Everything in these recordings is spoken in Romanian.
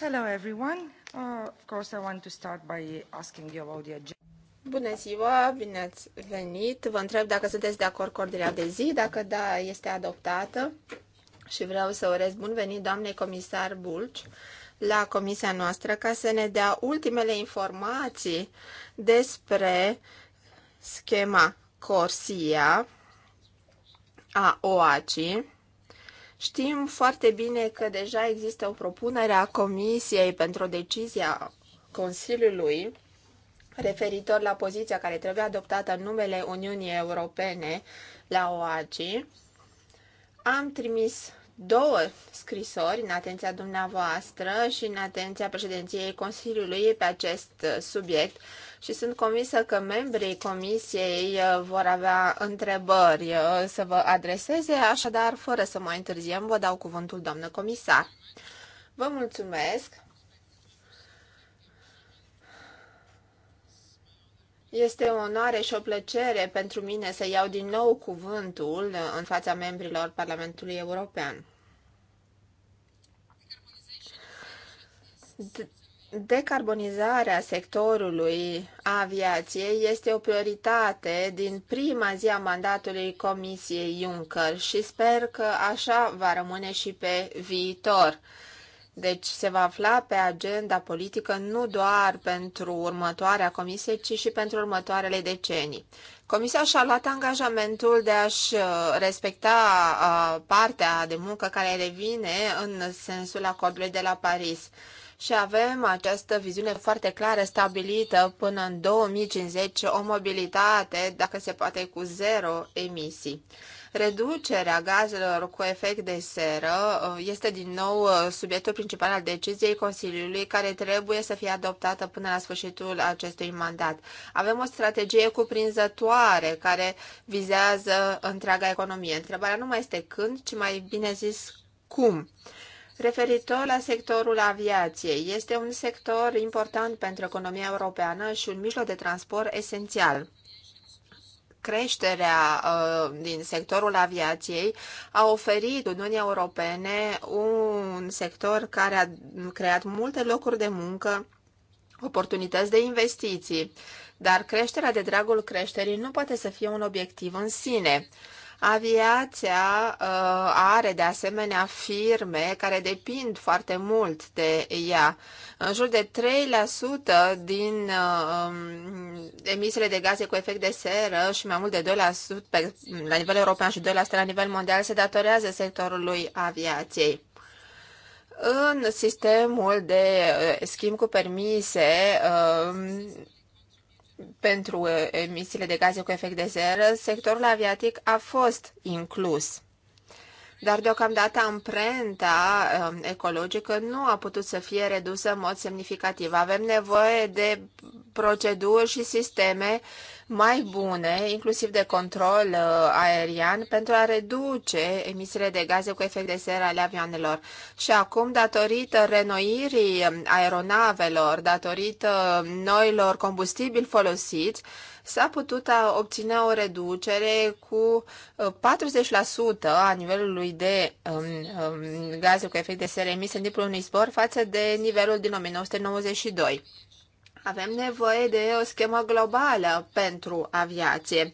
Hello everyone. Uh, of course I want to start by asking you about the agenda. Bună ziua, bine ați venit. Vă întreb dacă sunteți de acord cu ordinea de zi, dacă da, este adoptată. Și vreau să urez bun venit doamnei comisar Bulci la comisia noastră ca să ne dea ultimele informații despre schema Corsia a OACI Știm foarte bine că deja există o propunere a Comisiei pentru decizia Consiliului referitor la poziția care trebuie adoptată în numele Uniunii Europene la OACI. Am trimis două scrisori în atenția dumneavoastră și în atenția președinției Consiliului pe acest subiect și sunt convinsă că membrii comisiei uh, vor avea întrebări uh, să vă adreseze, așadar, fără să mai întârziem, vă dau cuvântul, doamnă comisar. Vă mulțumesc! Este o onoare și o plăcere pentru mine să iau din nou cuvântul uh, în fața membrilor Parlamentului European. Decarbonizarea sectorului aviației este o prioritate din prima zi a mandatului Comisiei Juncker și sper că așa va rămâne și pe viitor. Deci se va afla pe agenda politică nu doar pentru următoarea comisie, ci și pentru următoarele decenii. Comisia și-a luat angajamentul de a-și uh, respecta uh, partea de muncă care revine în sensul acordului de la Paris și avem această viziune foarte clară stabilită până în 2050, o mobilitate, dacă se poate, cu zero emisii. Reducerea gazelor cu efect de seră uh, este din nou uh, subiectul principal al deciziei Consiliului care trebuie să fie adoptată până la sfârșitul acestui mandat. Avem o strategie cuprinzătoare care vizează întreaga economie. Întrebarea nu mai este când, ci mai bine zis cum. Referitor la sectorul aviației, este un sector important pentru economia europeană și un mijloc de transport esențial creșterea uh, din sectorul aviației a oferit Uniunii Europene un sector care a creat multe locuri de muncă, oportunități de investiții, dar creșterea de dragul creșterii nu poate să fie un obiectiv în sine. Aviația uh, are de asemenea firme care depind foarte mult de ea. În jur de 3% din uh, um, emisiile de gaze cu efect de seră și mai mult de 2% pe, la nivel european și 2% la nivel mondial se datorează sectorului aviației. În sistemul de uh, schimb cu permise, uh, pentru uh, emisiile de gaze cu efect de seră, sectorul aviatic a fost inclus dar deocamdată amprenta um, ecologică nu a putut să fie redusă în mod semnificativ. Avem nevoie de proceduri și sisteme mai bune, inclusiv de control uh, aerian, pentru a reduce emisiile de gaze cu efect de seră ale avioanelor. Și acum, datorită renoirii um, aeronavelor, datorită um, noilor combustibili folosiți, s-a putut obține o reducere cu 40% uh, a nivelului de um, um, gaze cu efect de seră emise în timpul unui zbor față de nivelul din 1992. Avem nevoie de o schemă globală pentru aviație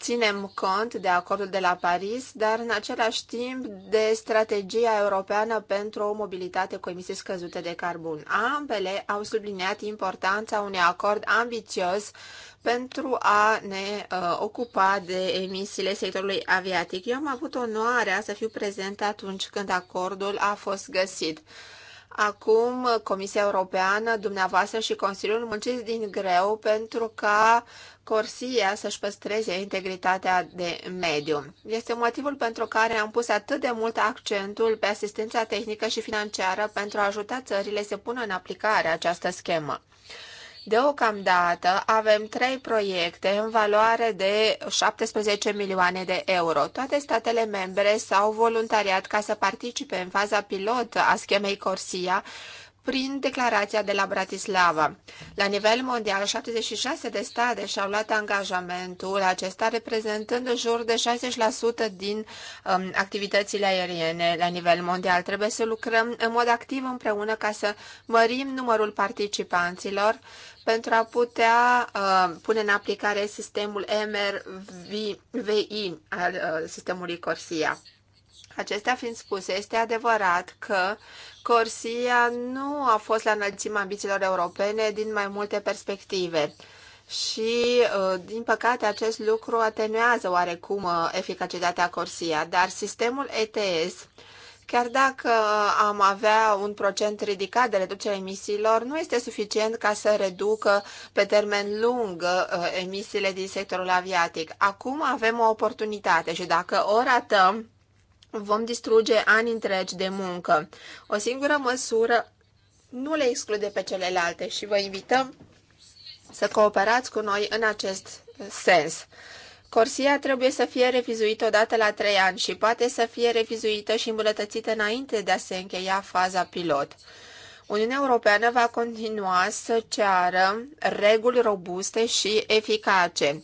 ținem cont de acordul de la Paris, dar în același timp de strategia europeană pentru o mobilitate cu emisii scăzute de carbon. Ambele au subliniat importanța unui acord ambițios pentru a ne uh, ocupa de emisiile sectorului aviatic. Eu am avut onoarea să fiu prezent atunci când acordul a fost găsit. Acum Comisia Europeană, dumneavoastră și Consiliul munciți din greu pentru ca Corsia să-și păstreze integritatea de mediu. Este motivul pentru care am pus atât de mult accentul pe asistența tehnică și financiară pentru a ajuta țările să pună în aplicare această schemă. Deocamdată avem trei proiecte în valoare de 17 milioane de euro. Toate statele membre s-au voluntariat ca să participe în faza pilot a schemei Corsia prin declarația de la Bratislava. La nivel mondial, 76 de state și-au luat angajamentul acesta, reprezentând în jur de 60% din um, activitățile aeriene la nivel mondial. Trebuie să lucrăm în mod activ împreună ca să mărim numărul participanților pentru a putea uh, pune în aplicare sistemul MRVI al uh, sistemului Corsia. Acestea fiind spuse, este adevărat că Corsia nu a fost la înălțimea ambițiilor europene din mai multe perspective. Și, uh, din păcate, acest lucru atenuează oarecum uh, eficacitatea Corsia, dar sistemul ETS Chiar dacă am avea un procent ridicat de reducere emisiilor, nu este suficient ca să reducă pe termen lung uh, emisiile din sectorul aviatic. Acum avem o oportunitate și dacă o ratăm, vom distruge ani întregi de muncă. O singură măsură nu le exclude pe celelalte și vă invităm să cooperați cu noi în acest uh, sens. Corsia trebuie să fie revizuită odată la trei ani și poate să fie revizuită și îmbunătățită înainte de a se încheia faza pilot. Uniunea Europeană va continua să ceară reguli robuste și eficace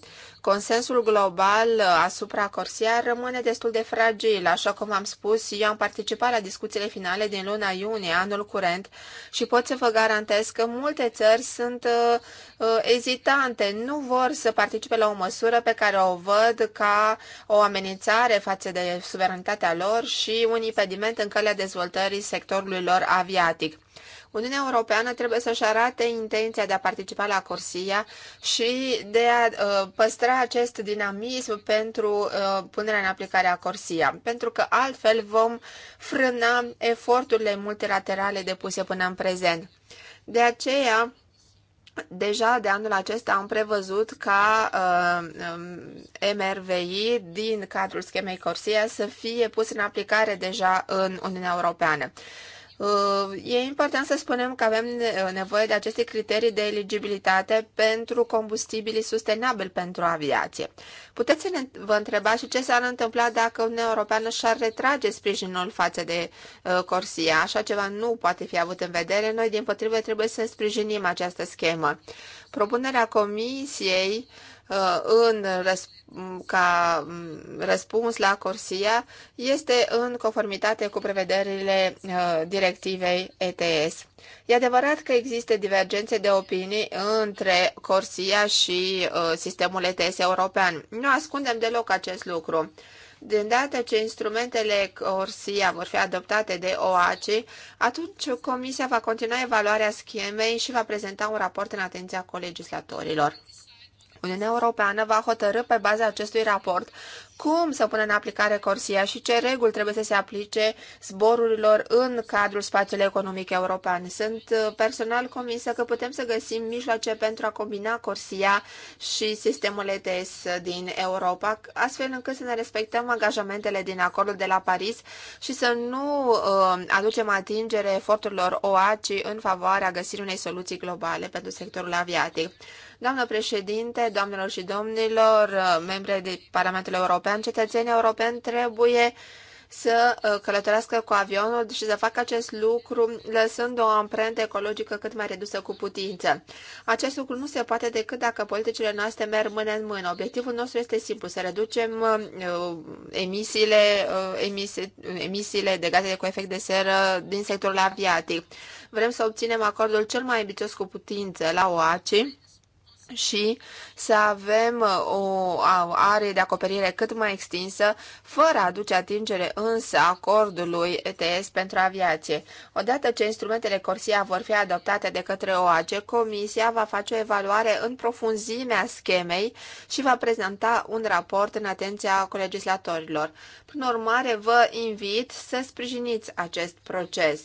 Consensul global uh, asupra Corsia rămâne destul de fragil, așa cum am spus, eu am participat la discuțiile finale din luna iunie, anul curent, și pot să vă garantez că multe țări sunt uh, uh ezitante, nu vor să participe la o măsură pe care o văd ca o amenințare față de suveranitatea lor și un impediment în calea dezvoltării sectorului lor aviatic. Uniunea Europeană trebuie să-și arate intenția de a participa la Corsia și de a uh, păstra acest dinamism pentru uh, punerea în aplicare a Corsia, pentru că altfel vom frâna eforturile multilaterale depuse până în prezent. De aceea, Deja de anul acesta am prevăzut ca uh, MRVI um, din cadrul schemei Corsia să fie pus în aplicare deja în Uniunea Europeană. Uh, e important să spunem că avem uh, nevoie de aceste criterii de eligibilitate pentru combustibilii sustenabili pentru aviație. Puteți să ne, vă întrebați și ce s-ar întâmpla dacă Uniunea Europeană și-ar retrage sprijinul față de uh, Corsia. Așa ceva nu poate fi avut în vedere. Noi, din potrivă, trebuie să sprijinim această schemă. Propunerea Comisiei uh, Uh, în, ca mm, răspuns la Corsia este în conformitate cu prevederile uh, directivei ETS. E adevărat că există divergențe de opinii între Corsia și uh, sistemul ETS european. Nu ascundem deloc acest lucru. De îndată ce instrumentele Corsia vor fi adoptate de OACI, atunci Comisia va continua evaluarea schemei și va prezenta un raport în atenția colegislatorilor. Uniunea Europeană va hotărâ pe baza acestui raport cum să pună în aplicare Corsia și ce reguli trebuie să se aplice zborurilor în cadrul spațiului economic european. Sunt uh, personal convinsă că putem să găsim mijloace pentru a combina Corsia și sistemul ETS din Europa, astfel încât să ne respectăm angajamentele din acordul de la Paris și să nu uh, aducem atingere eforturilor OACI în favoarea găsirii unei soluții globale pentru sectorul aviatic. Doamnă președinte, doamnelor și domnilor, uh, membre de Parlamentul European, european, cetățenii europeni trebuie să uh, călătorească cu avionul și să facă acest lucru lăsând o amprentă ecologică cât mai redusă cu putință. Acest lucru nu se poate decât dacă politicile noastre merg mână în mână. Obiectivul nostru este simplu, să reducem uh, emisiile, uh, emisiile de gaze cu efect de seră din sectorul aviatic. Vrem să obținem acordul cel mai ambițios cu putință la OACI, și să avem uh, o are de acoperire cât mai extinsă, fără a aduce atingere însă acordului ETS pentru aviație. Odată ce instrumentele Corsia vor fi adoptate de către OAG, Comisia va face o evaluare în profunzimea schemei și va prezenta un raport în atenția colegislatorilor. Prin urmare, vă invit să sprijiniți acest proces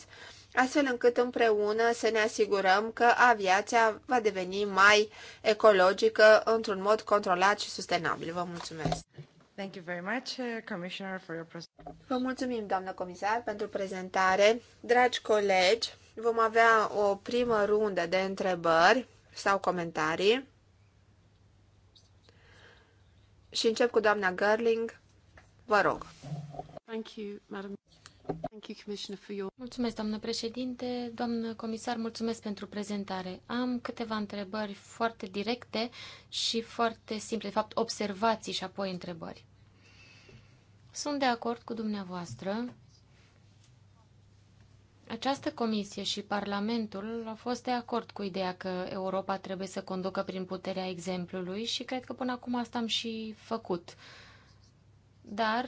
astfel încât împreună să ne asigurăm că aviația va deveni mai ecologică într-un mod controlat și sustenabil. Vă mulțumesc! Thank you very much, uh, Commissioner, for your Vă mulțumim, doamnă comisar, pentru prezentare. Dragi colegi, vom avea o primă rundă de întrebări sau comentarii. Și încep cu doamna Gerling. Vă rog. Thank you, madam. Mulțumesc, doamnă președinte. Doamnă comisar, mulțumesc pentru prezentare. Am câteva întrebări foarte directe și foarte simple, de fapt observații și apoi întrebări. Sunt de acord cu dumneavoastră. Această comisie și Parlamentul au fost de acord cu ideea că Europa trebuie să conducă prin puterea exemplului și cred că până acum asta am și făcut. Dar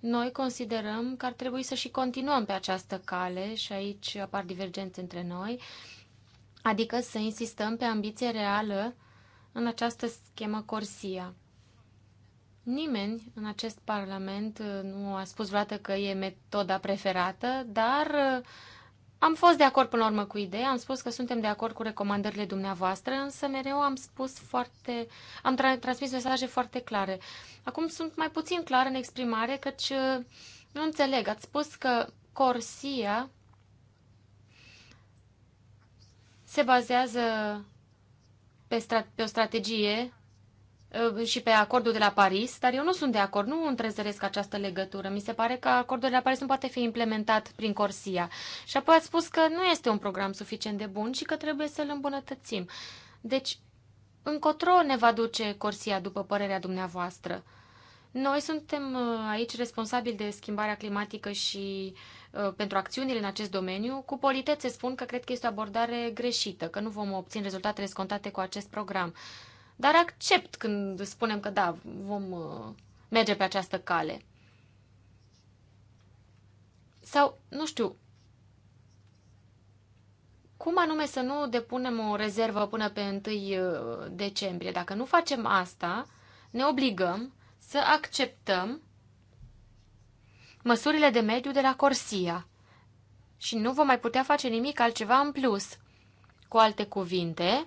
noi considerăm că ar trebui să și continuăm pe această cale și aici apar divergențe între noi, adică să insistăm pe ambiție reală în această schemă Corsia. Nimeni în acest parlament nu a spus vreodată că e metoda preferată, dar am fost de acord până la urmă cu ideea, am spus că suntem de acord cu recomandările dumneavoastră, însă mereu am spus foarte, am tra- transmis mesaje foarte clare. Acum sunt mai puțin clar în exprimare, căci uh, nu înțeleg. Ați spus că Corsia se bazează pe, stra- pe o strategie Uh, și pe acordul de la Paris, dar eu nu sunt de acord, nu întrezăresc această legătură. Mi se pare că acordul de la Paris nu poate fi implementat prin Corsia. Și apoi ați spus că nu este un program suficient de bun și că trebuie să-l îmbunătățim. Deci, încotro ne va duce Corsia, după părerea dumneavoastră? Noi suntem uh, aici responsabili de schimbarea climatică și uh, pentru acțiunile în acest domeniu. Cu politețe spun că cred că este o abordare greșită, că nu vom obține rezultatele scontate cu acest program. Dar accept când spunem că da, vom uh, merge pe această cale. Sau, nu știu, cum anume să nu depunem o rezervă până pe 1 uh, decembrie? Dacă nu facem asta, ne obligăm să acceptăm măsurile de mediu de la Corsia și nu vom mai putea face nimic altceva în plus. Cu alte cuvinte,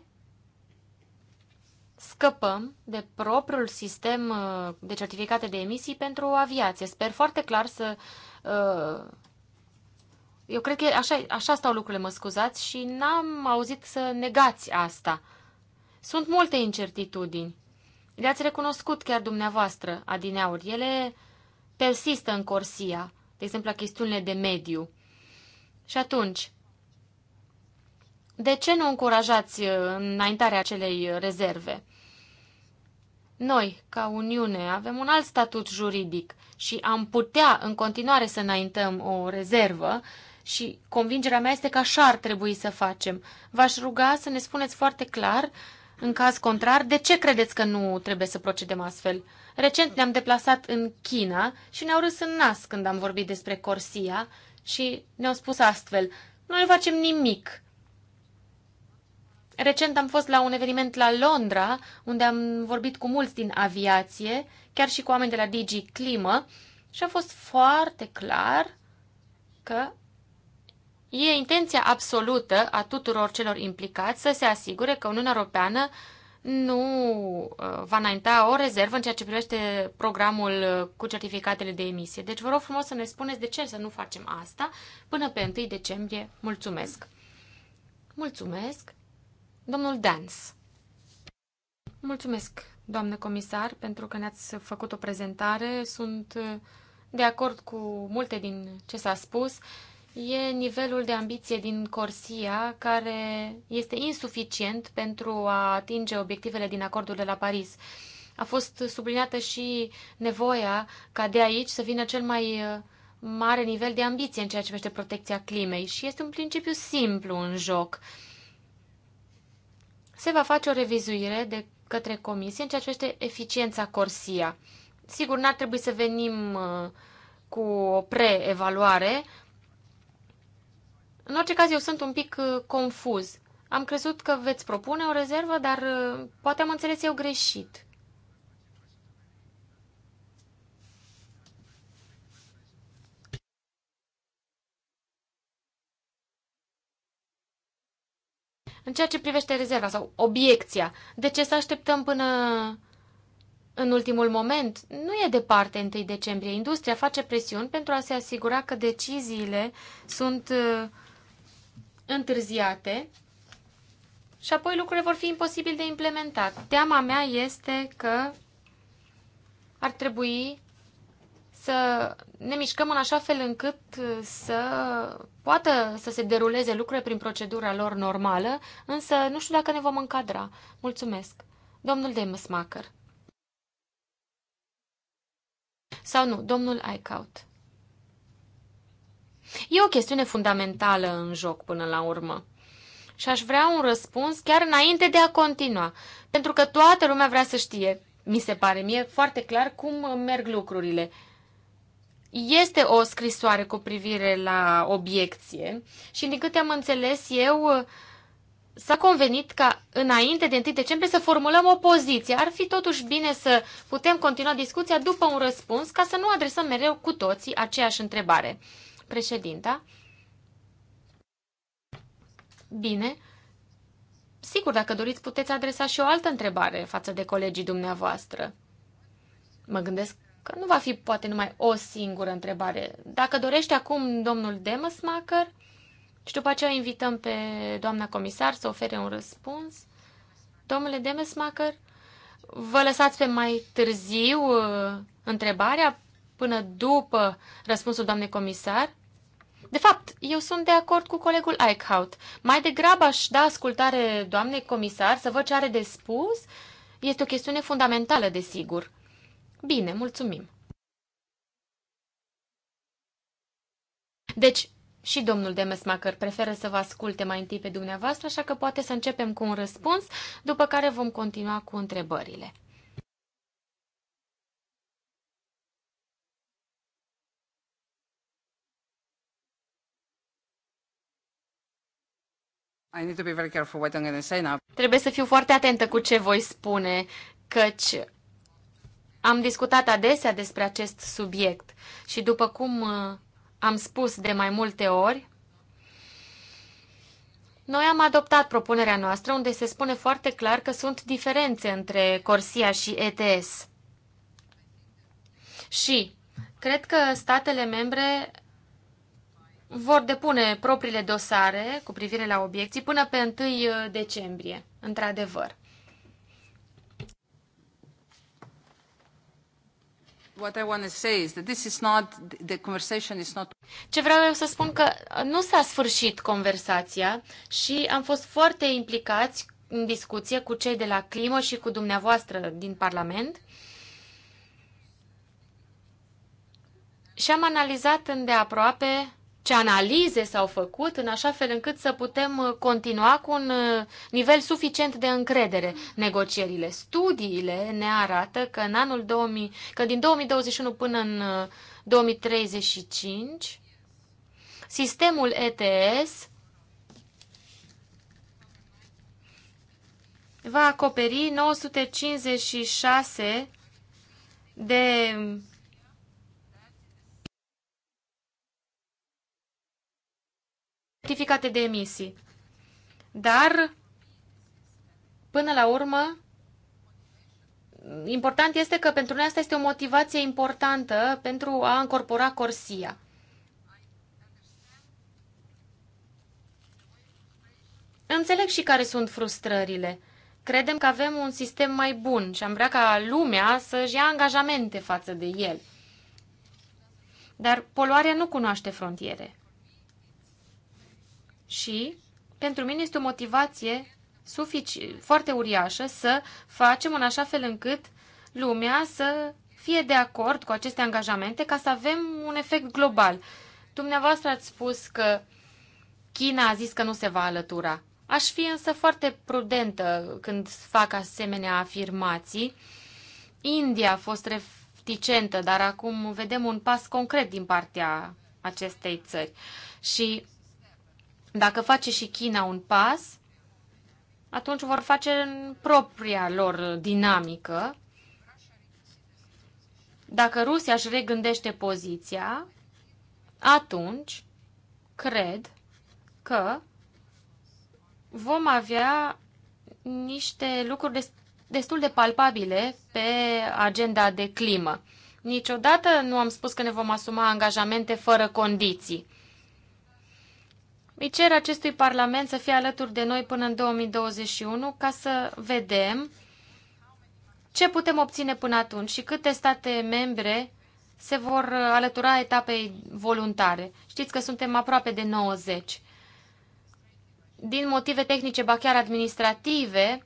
scăpăm de propriul sistem uh, de certificate de emisii pentru aviație. Sper foarte clar să... Uh, eu cred că așa, așa stau lucrurile, mă scuzați, și n-am auzit să negați asta. Sunt multe incertitudini. Le-ați recunoscut chiar dumneavoastră, adineauri. Ele persistă în Corsia, de exemplu la chestiunile de mediu. Și atunci, de ce nu încurajați uh, înaintarea acelei rezerve? Noi, ca Uniune, avem un alt statut juridic și am putea în continuare să înaintăm o rezervă și convingerea mea este că așa ar trebui să facem. V-aș ruga să ne spuneți foarte clar, în caz contrar, de ce credeți că nu trebuie să procedem astfel? Recent ne-am deplasat în China și ne-au râs în nas când am vorbit despre Corsia și ne-au spus astfel, noi nu facem nimic Recent am fost la un eveniment la Londra, unde am vorbit cu mulți din aviație, chiar și cu oameni de la DG Climă, și a fost foarte clar că e intenția absolută a tuturor celor implicați să se asigure că Uniunea Europeană nu uh, va înainta o rezervă în ceea ce privește programul uh, cu certificatele de emisie. Deci vă rog frumos să ne spuneți de ce să nu facem asta până pe 1 decembrie. Mulțumesc! Mulțumesc! Domnul Dans. Mulțumesc, doamnă comisar, pentru că ne-ați făcut o prezentare. Sunt de acord cu multe din ce s-a spus. E nivelul de ambiție din Corsia care este insuficient pentru a atinge obiectivele din acordul de la Paris. A fost subliniată și nevoia ca de aici să vină cel mai uh, mare nivel de ambiție în ceea ce privește protecția climei și este un principiu simplu în joc se va face o revizuire de către comisie în ceea ce este eficiența Corsia. Sigur, n-ar trebui să venim uh, cu o pre-evaluare. În orice caz, eu sunt un pic uh, confuz. Am crezut că veți propune o rezervă, dar uh, poate am înțeles eu greșit. În ceea ce privește rezerva sau obiecția, de ce să așteptăm până în ultimul moment? Nu e departe 1 decembrie. Industria face presiuni pentru a se asigura că deciziile sunt uh, întârziate și apoi lucrurile vor fi imposibil de implementat. Teama mea este că ar trebui să ne mișcăm în așa fel încât să poată să se deruleze lucrurile prin procedura lor normală, însă nu știu dacă ne vom încadra. Mulțumesc. Domnul Demesmacher. Sau nu, domnul Eichhout. E o chestiune fundamentală în joc până la urmă. Și aș vrea un răspuns chiar înainte de a continua, pentru că toată lumea vrea să știe, mi se pare mie, foarte clar cum merg lucrurile. Este o scrisoare cu privire la obiecție și, din câte am înțeles eu, s-a convenit ca înainte de 1 decembrie să formulăm o poziție. Ar fi totuși bine să putem continua discuția după un răspuns ca să nu adresăm mereu cu toții aceeași întrebare. Președinta? Bine. Sigur, dacă doriți, puteți adresa și o altă întrebare față de colegii dumneavoastră. Mă gândesc că nu va fi poate numai o singură întrebare. Dacă dorește acum domnul Demasmacher, și după aceea invităm pe doamna comisar să ofere un răspuns. Domnule Demasmacher vă lăsați pe mai târziu uh, întrebarea până după răspunsul doamnei comisar? De fapt, eu sunt de acord cu colegul Eichhout. Mai degrabă aș da ascultare doamnei comisar să văd ce are de spus. Este o chestiune fundamentală, desigur. Bine, mulțumim. Deci, și domnul Demesmacher preferă să vă asculte mai întâi pe dumneavoastră, așa că poate să începem cu un răspuns, după care vom continua cu întrebările. I need to be very careful what I'm going to say now. Trebuie să fiu foarte atentă cu ce voi spune, căci am discutat adesea despre acest subiect și după cum uh, am spus de mai multe ori, noi am adoptat propunerea noastră unde se spune foarte clar că sunt diferențe între Corsia și ETS. Și cred că statele membre vor depune propriile dosare cu privire la obiecții până pe 1 uh, decembrie, într-adevăr. What I want to say is that this is not the conversation is not Ce vreau eu să spun că nu s-a sfârșit conversația și am fost foarte implicați în discuție cu cei de la climă și cu dumneavoastră din Parlament. Și am analizat îndeaproape ce analize s-au făcut în așa fel încât să putem uh, continua cu un uh, nivel suficient de încredere negocierile. Studiile ne arată că în anul 2000, că din 2021 până în 2035 uh, sistemul ETS va acoperi 956 de certificate de emisii. Dar, până la urmă, important este că pentru noi asta este o motivație importantă pentru a încorpora Corsia. Înțeleg și care sunt frustrările. Credem că avem un sistem mai bun și am vrea ca lumea să-și ia angajamente față de el. Dar poluarea nu cunoaște frontiere și pentru mine este o motivație foarte uriașă să facem în așa fel încât lumea să fie de acord cu aceste angajamente ca să avem un efect global. Dumneavoastră ați spus că China a zis că nu se va alătura. Aș fi însă foarte prudentă când fac asemenea afirmații. India a fost reticentă, dar acum vedem un pas concret din partea acestei țări. Și dacă face și China un pas, atunci vor face în propria lor dinamică. Dacă Rusia își regândește poziția, atunci cred că vom avea niște lucruri destul de palpabile pe agenda de climă. Niciodată nu am spus că ne vom asuma angajamente fără condiții. Îi cer acestui Parlament să fie alături de noi până în 2021 ca să vedem ce putem obține până atunci și câte state membre se vor alătura etapei voluntare. Știți că suntem aproape de 90. Din motive tehnice, ba chiar administrative,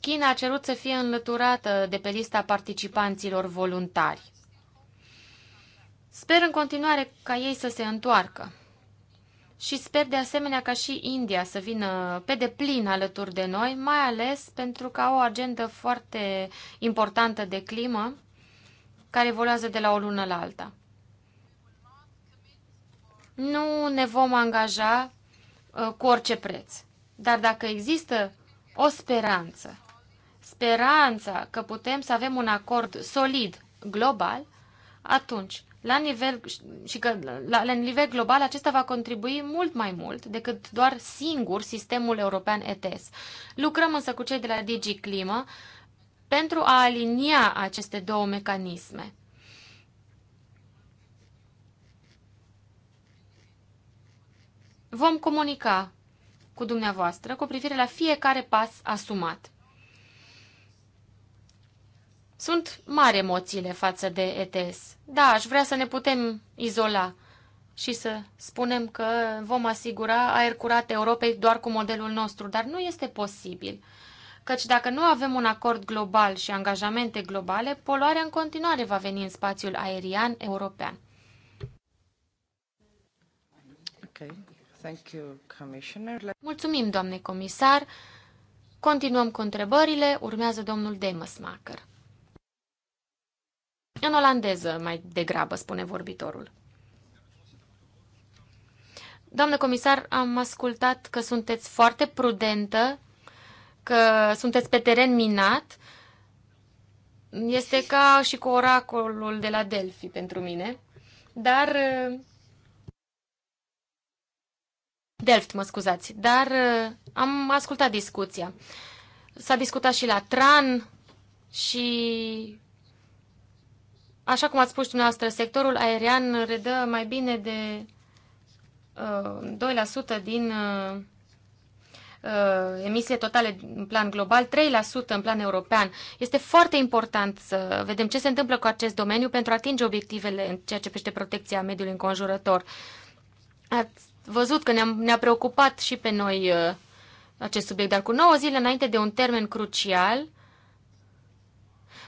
China a cerut să fie înlăturată de pe lista participanților voluntari. Sper în continuare ca ei să se întoarcă și sper de asemenea ca și India să vină pe deplin alături de noi, mai ales pentru că au o agendă foarte importantă de climă care evoluează de la o lună la alta. Nu ne vom angaja uh, cu orice preț, dar dacă există o speranță, speranța că putem să avem un acord solid global, atunci la nivel, și că la, la nivel global acesta va contribui mult mai mult decât doar singur sistemul european ETS. Lucrăm însă cu cei de la DG Climă pentru a alinia aceste două mecanisme. Vom comunica cu dumneavoastră cu privire la fiecare pas asumat. Sunt mari emoțiile față de ETS. Da, aș vrea să ne putem izola și să spunem că vom asigura aer curat Europei doar cu modelul nostru, dar nu este posibil. Căci dacă nu avem un acord global și angajamente globale, poluarea în continuare va veni în spațiul aerian european. Okay. Thank you, Commissioner. Mulțumim, doamne comisar. Continuăm cu întrebările. Urmează domnul Demasmacher. În olandeză, mai degrabă, spune vorbitorul. Doamnă comisar, am ascultat că sunteți foarte prudentă, că sunteți pe teren minat. Este ca și cu oracolul de la Delphi pentru mine. Dar... Eh, Delft, mă scuzați. Dar eh, am ascultat discuția. S-a discutat și la TRAN și Așa cum ați spus dumneavoastră, sectorul aerian redă mai bine de uh, 2% din uh, uh, emisie totale în plan global, 3% în plan european. Este foarte important să vedem ce se întâmplă cu acest domeniu pentru a atinge obiectivele în ceea ce privește protecția mediului înconjurător. Ați văzut că ne-a, ne preocupat și pe noi uh, acest subiect, dar cu 9 zile înainte de un termen crucial,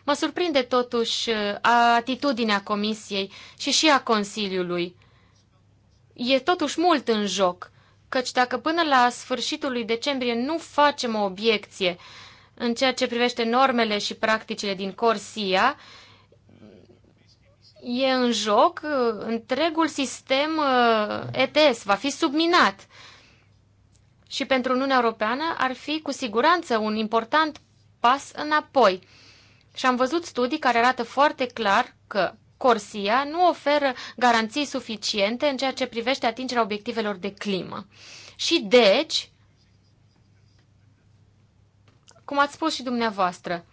Mă surprinde totuși uh, atitudinea Comisiei și și a Consiliului. E totuși mult în joc, căci dacă până la sfârșitul lui decembrie nu facem o obiecție în ceea ce privește normele și practicile din Corsia, e în joc uh, întregul sistem uh, ETS, va fi subminat. Și pentru Uniunea Europeană ar fi cu siguranță un important pas înapoi. Și am văzut studii care arată foarte clar că Corsia nu oferă garanții suficiente în ceea ce privește atingerea obiectivelor de climă. Și deci, cum ați spus și dumneavoastră,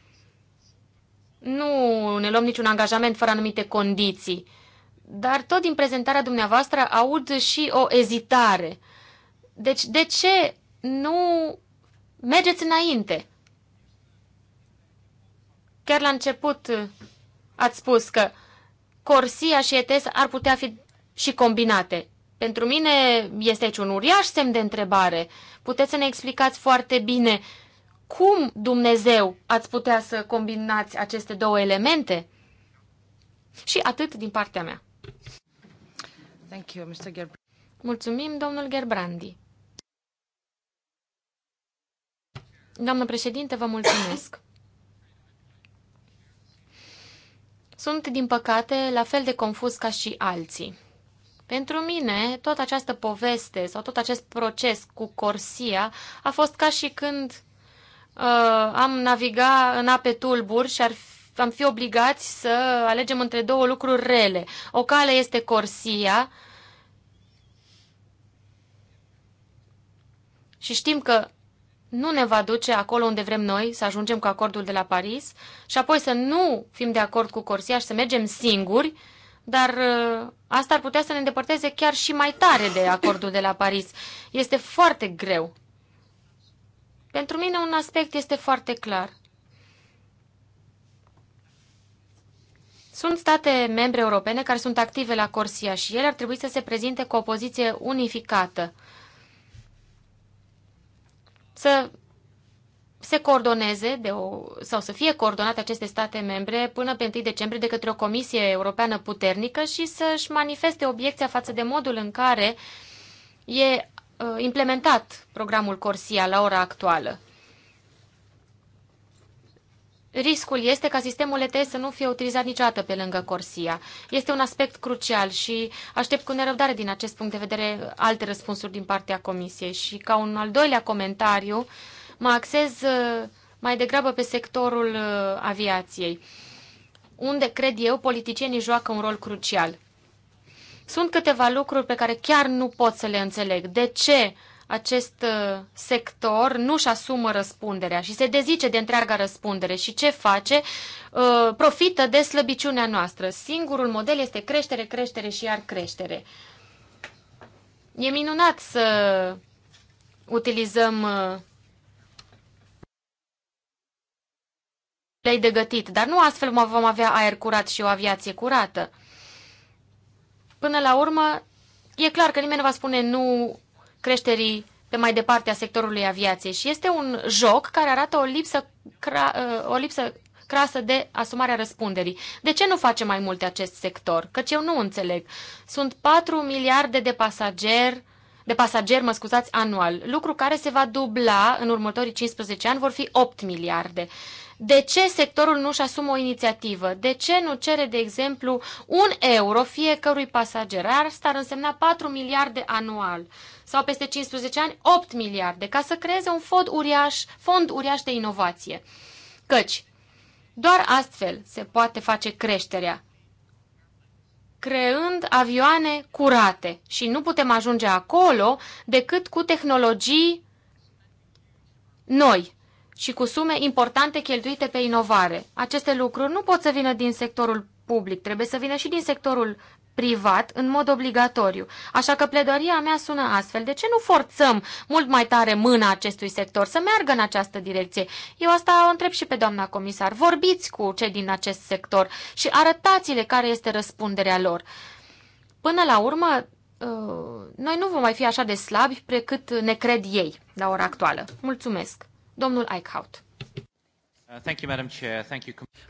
nu ne luăm niciun angajament fără anumite condiții, dar tot din prezentarea dumneavoastră aud și o ezitare. Deci, de ce nu mergeți înainte? Chiar la început uh, ați spus că Corsia și ETS ar putea fi și combinate. Pentru mine este aici un uriaș semn de întrebare. Puteți să ne explicați foarte bine cum Dumnezeu ați putea să combinați aceste două elemente? Și atât din partea mea. Thank you, Mr. Ger- Mulțumim, domnul Gerbrandi. Doamnă președinte, vă mulțumesc. sunt, din păcate, la fel de confuz ca și alții. Pentru mine, tot această poveste sau tot acest proces cu Corsia a fost ca și când uh, am naviga în ape tulburi și ar fi, am fi obligați să alegem între două lucruri rele. O cale este Corsia și știm că nu ne va duce acolo unde vrem noi să ajungem cu acordul de la Paris și apoi să nu fim de acord cu Corsia și să mergem singuri, dar uh, asta ar putea să ne îndepărteze chiar și mai tare de acordul de la Paris. Este foarte greu. Pentru mine un aspect este foarte clar. Sunt state membre europene care sunt active la Corsia și ele ar trebui să se prezinte cu o poziție unificată să se coordoneze de o, sau să fie coordonate aceste state membre până pe 1 decembrie de către o comisie europeană puternică și să-și manifeste obiecția față de modul în care e uh, implementat programul Corsia la ora actuală. Riscul este ca sistemul ETS să nu fie utilizat niciodată pe lângă Corsia. Este un aspect crucial și aștept cu nerăbdare din acest punct de vedere alte răspunsuri din partea Comisiei. Și ca un al doilea comentariu, mă axez uh, mai degrabă pe sectorul uh, aviației, unde, cred eu, politicienii joacă un rol crucial. Sunt câteva lucruri pe care chiar nu pot să le înțeleg. De ce acest uh, sector nu-și asumă răspunderea și se dezice de întreaga răspundere și ce face? Uh, profită de slăbiciunea noastră. Singurul model este creștere, creștere și iar creștere. E minunat să utilizăm uh, lei de gătit, dar nu astfel vom avea aer curat și o aviație curată. Până la urmă, e clar că nimeni nu va spune nu creșterii pe mai departe a sectorului aviației și este un joc care arată o lipsă, cra, uh, o lipsă crasă de asumarea răspunderii. De ce nu face mai multe acest sector? Căci eu nu înțeleg. Sunt 4 miliarde de pasageri de pasageri, mă scuzați, anual, lucru care se va dubla în următorii 15 ani, vor fi 8 miliarde. De ce sectorul nu și asumă o inițiativă? De ce nu cere, de exemplu, un euro fiecărui pasager? Asta ar însemna 4 miliarde anual sau peste 15 ani 8 miliarde ca să creeze un fond uriaș, fond uriaș de inovație. Căci doar astfel se poate face creșterea, creând avioane curate și nu putem ajunge acolo decât cu tehnologii noi și cu sume importante cheltuite pe inovare. Aceste lucruri nu pot să vină din sectorul public, trebuie să vină și din sectorul privat în mod obligatoriu. Așa că pledoaria mea sună astfel. De ce nu forțăm mult mai tare mâna acestui sector să meargă în această direcție? Eu asta o întreb și pe doamna comisar. Vorbiți cu cei din acest sector și arătați-le care este răspunderea lor. Până la urmă, uh, noi nu vom mai fi așa de slabi precât ne cred ei la ora actuală. Mulțumesc. Domnul Eichhout. Uh,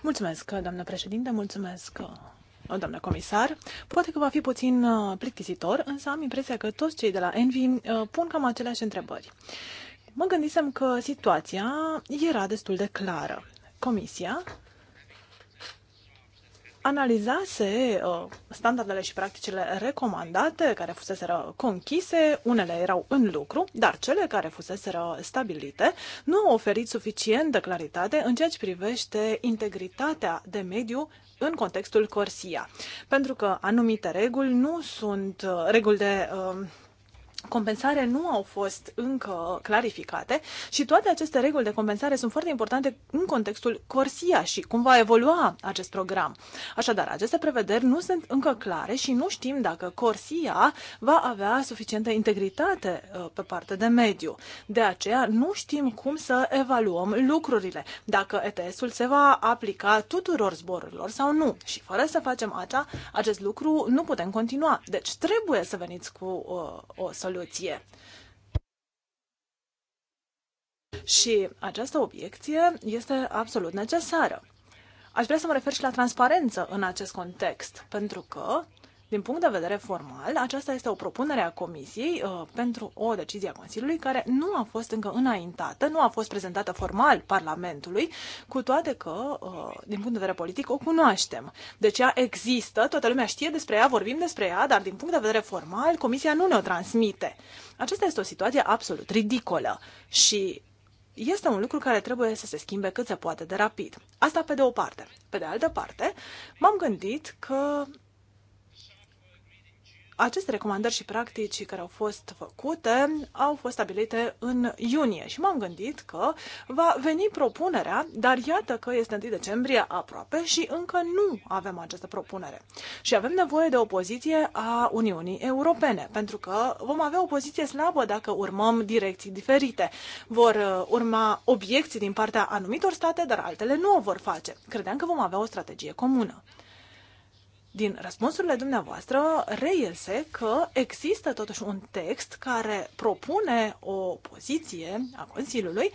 mulțumesc, doamnă președinte, mulțumesc, uh, doamnă comisar. Poate că va fi puțin uh, plictisitor, însă am impresia că toți cei de la Envi pun cam aceleași întrebări. Mă gândisem că situația era destul de clară. Comisia analizase uh, standardele și practicile recomandate care fuseseră conchise, unele erau în lucru, dar cele care fuseseră stabilite nu au oferit suficientă claritate în ceea ce privește integritatea de mediu în contextul Corsia, pentru că anumite reguli nu sunt uh, reguli de uh, compensare nu au fost încă clarificate și toate aceste reguli de compensare sunt foarte importante în contextul Corsia și cum va evolua acest program. Așadar, aceste prevederi nu sunt încă clare și nu știm dacă Corsia va avea suficientă integritate uh, pe parte de mediu. De aceea, nu știm cum să evaluăm lucrurile, dacă ETS-ul se va aplica tuturor zborurilor sau nu. Și fără să facem acea, acest lucru, nu putem continua. Deci trebuie să veniți cu uh, o soluție soluție. Și această obiecție este absolut necesară. Aș vrea să mă refer și la transparență în acest context, pentru că din punct de vedere formal, aceasta este o propunere a Comisiei uh, pentru o decizie a Consiliului care nu a fost încă înaintată, nu a fost prezentată formal Parlamentului, cu toate că, uh, din punct de vedere politic, o cunoaștem. Deci ea există, toată lumea știe despre ea, vorbim despre ea, dar din punct de vedere formal, Comisia nu ne-o transmite. Aceasta este o situație absolut ridicolă și este un lucru care trebuie să se schimbe cât se poate de rapid. Asta pe de o parte. Pe de altă parte, m-am gândit că aceste recomandări și practici care au fost făcute au fost stabilite în iunie și m-am gândit că va veni propunerea, dar iată că este 1 decembrie aproape și încă nu avem această propunere. Și avem nevoie de o poziție a Uniunii Europene, pentru că vom avea o poziție slabă dacă urmăm direcții diferite. Vor uh, urma obiecții din partea anumitor state, dar altele nu o vor face. Credeam că vom avea o strategie comună. Din răspunsurile dumneavoastră reiese că există totuși un text care propune o poziție a Consiliului,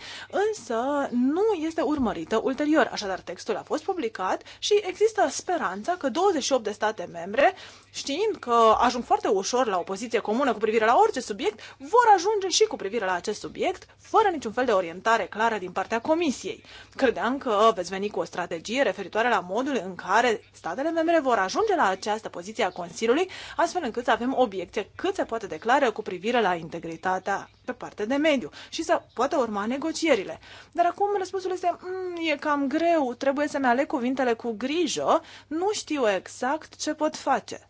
însă nu este urmărită ulterior. Așadar, textul a fost publicat și există speranța că 28 de state membre, știind că ajung foarte ușor la o poziție comună cu privire la orice subiect, vor ajunge și cu privire la acest subiect, fără niciun fel de orientare clară din partea Comisiei. Credeam că veți veni cu o strategie referitoare la modul în care statele membre vor ajunge ajunge la această poziție a Consiliului, astfel încât să avem obiecte cât se poate declară cu privire la integritatea pe partea de mediu și să poată urma negocierile. Dar acum răspunsul este, mm, e cam greu, trebuie să-mi aleg cuvintele cu grijă, nu știu exact ce pot face.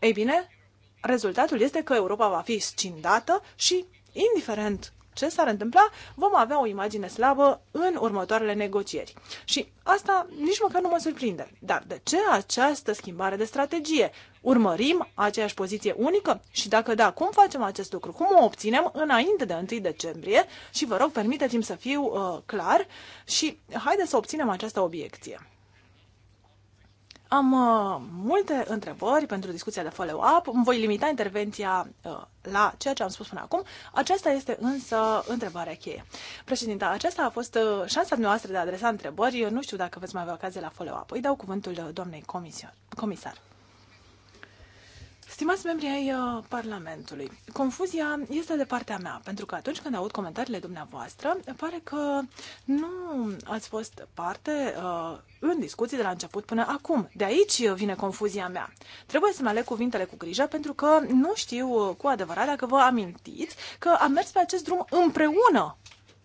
Ei bine, rezultatul este că Europa va fi scindată și, indiferent ce s-ar întâmpla, vom avea o imagine slabă în următoarele negocieri. Și asta nici măcar nu mă surprinde. Dar de ce această schimbare de strategie? Urmărim aceeași poziție unică? Și dacă da, cum facem acest lucru? Cum o obținem înainte de 1 decembrie? Și vă rog, permiteți-mi să fiu uh, clar și haideți să obținem această obiecție. Am uh, multe întrebări pentru discuția de follow-up. Voi limita intervenția uh, la ceea ce am spus până acum. Aceasta este însă întrebarea cheie. Președinta, aceasta a fost uh, șansa noastră de a adresa întrebări. Eu nu știu dacă veți mai avea ocazie la follow-up. Îi dau cuvântul uh, doamnei comisar. Stimați membri ai uh, Parlamentului, confuzia este de partea mea, pentru că atunci când aud comentariile dumneavoastră, pare că nu ați fost parte uh, în discuții de la început până acum. De aici vine confuzia mea. Trebuie să-mi aleg cuvintele cu grijă, pentru că nu știu uh, cu adevărat dacă vă amintiți că am mers pe acest drum împreună,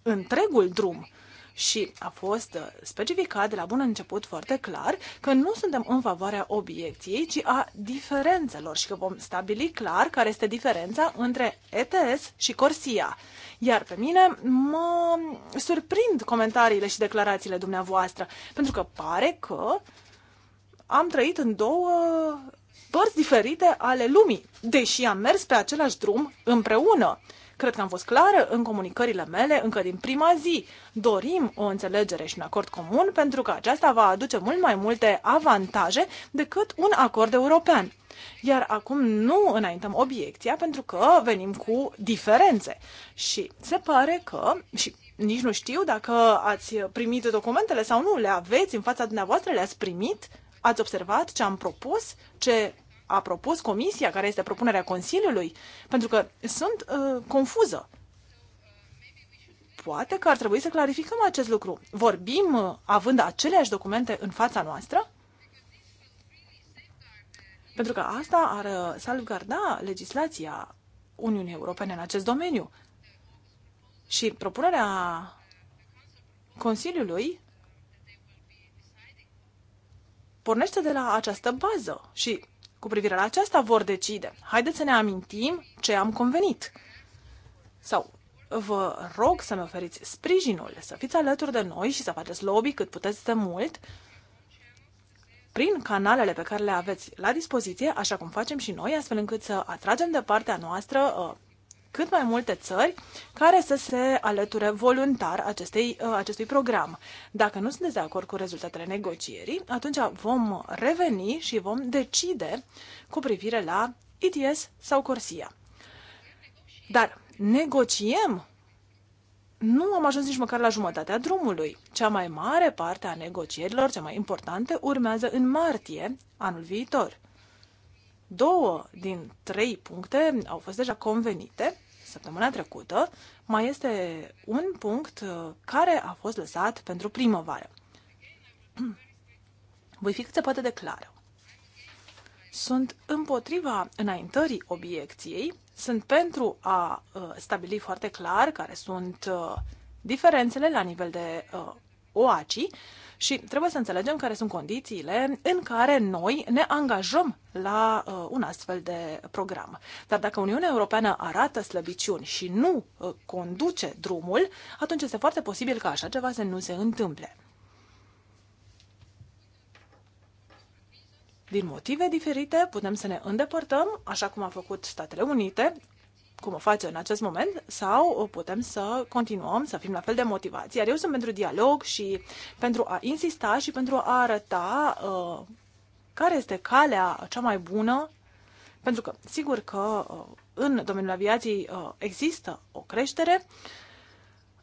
întregul drum și a fost uh, specificat de la bun început foarte clar că nu suntem în favoarea obiecției, ci a diferențelor și că vom stabili clar care este diferența între ETS și Corsia. Iar pe mine mă surprind comentariile și declarațiile dumneavoastră, pentru că pare că am trăit în două părți diferite ale lumii, deși am mers pe același drum împreună. Cred că am fost clară în comunicările mele încă din prima zi. Dorim o înțelegere și un acord comun pentru că aceasta va aduce mult mai multe avantaje decât un acord european. Iar acum nu înaintăm obiecția pentru că venim cu diferențe. Și se pare că, și nici nu știu dacă ați primit documentele sau nu, le aveți în fața dumneavoastră, le-ați primit, ați observat ce am propus, ce a propus Comisia, care este propunerea Consiliului? Pentru că sunt uh, confuză. Poate că ar trebui să clarificăm acest lucru. Vorbim uh, având aceleași documente în fața noastră? Pentru că asta ar uh, salvgarda legislația Uniunii Europene în acest domeniu. Și propunerea Consiliului pornește de la această bază și cu privire la aceasta vor decide. Haideți să ne amintim ce am convenit. Sau vă rog să-mi oferiți sprijinul, să fiți alături de noi și să faceți lobby cât puteți de mult prin canalele pe care le aveți la dispoziție, așa cum facem și noi, astfel încât să atragem de partea noastră uh, cât mai multe țări care să se alăture voluntar acestei, uh, acestui program. Dacă nu sunteți de acord cu rezultatele negocierii, atunci vom reveni și vom decide cu privire la ETS sau Corsia. Dar negociem nu am ajuns nici măcar la jumătatea drumului. Cea mai mare parte a negocierilor, cea mai importante, urmează în martie anul viitor. Două din trei puncte au fost deja convenite săptămâna trecută. Mai este un punct uh, care a fost lăsat pentru primăvară. Voi fi cât se poate declară. Sunt împotriva înaintării obiecției, sunt pentru a uh, stabili foarte clar care sunt uh, diferențele la nivel de OACI și trebuie să înțelegem care sunt condițiile în care noi ne angajăm la uh, un astfel de program. Dar dacă Uniunea Europeană arată slăbiciuni și nu uh, conduce drumul, atunci este foarte posibil ca așa ceva să nu se întâmple. Din motive diferite, putem să ne îndepărtăm, așa cum a făcut Statele Unite, cum o face în acest moment, sau putem să continuăm să fim la fel de motivați. Iar eu sunt pentru dialog și pentru a insista și pentru a arăta uh, care este calea cea mai bună, pentru că sigur că uh, în domeniul aviației uh, există o creștere,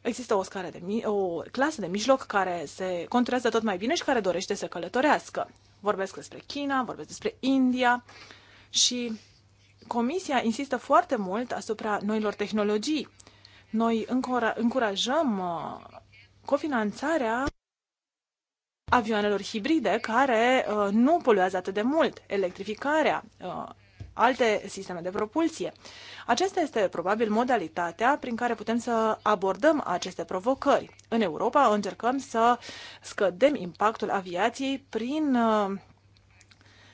există o, scară de o clasă de mijloc care se conturează tot mai bine și care dorește să călătorească. Vorbesc despre China, vorbesc despre India și Comisia insistă foarte mult asupra noilor tehnologii. Noi încurajăm uh, cofinanțarea avioanelor hibride care uh, nu poluează atât de mult, electrificarea, uh, alte sisteme de propulsie. Aceasta este probabil modalitatea prin care putem să abordăm aceste provocări. În Europa încercăm să scădem impactul aviației prin uh,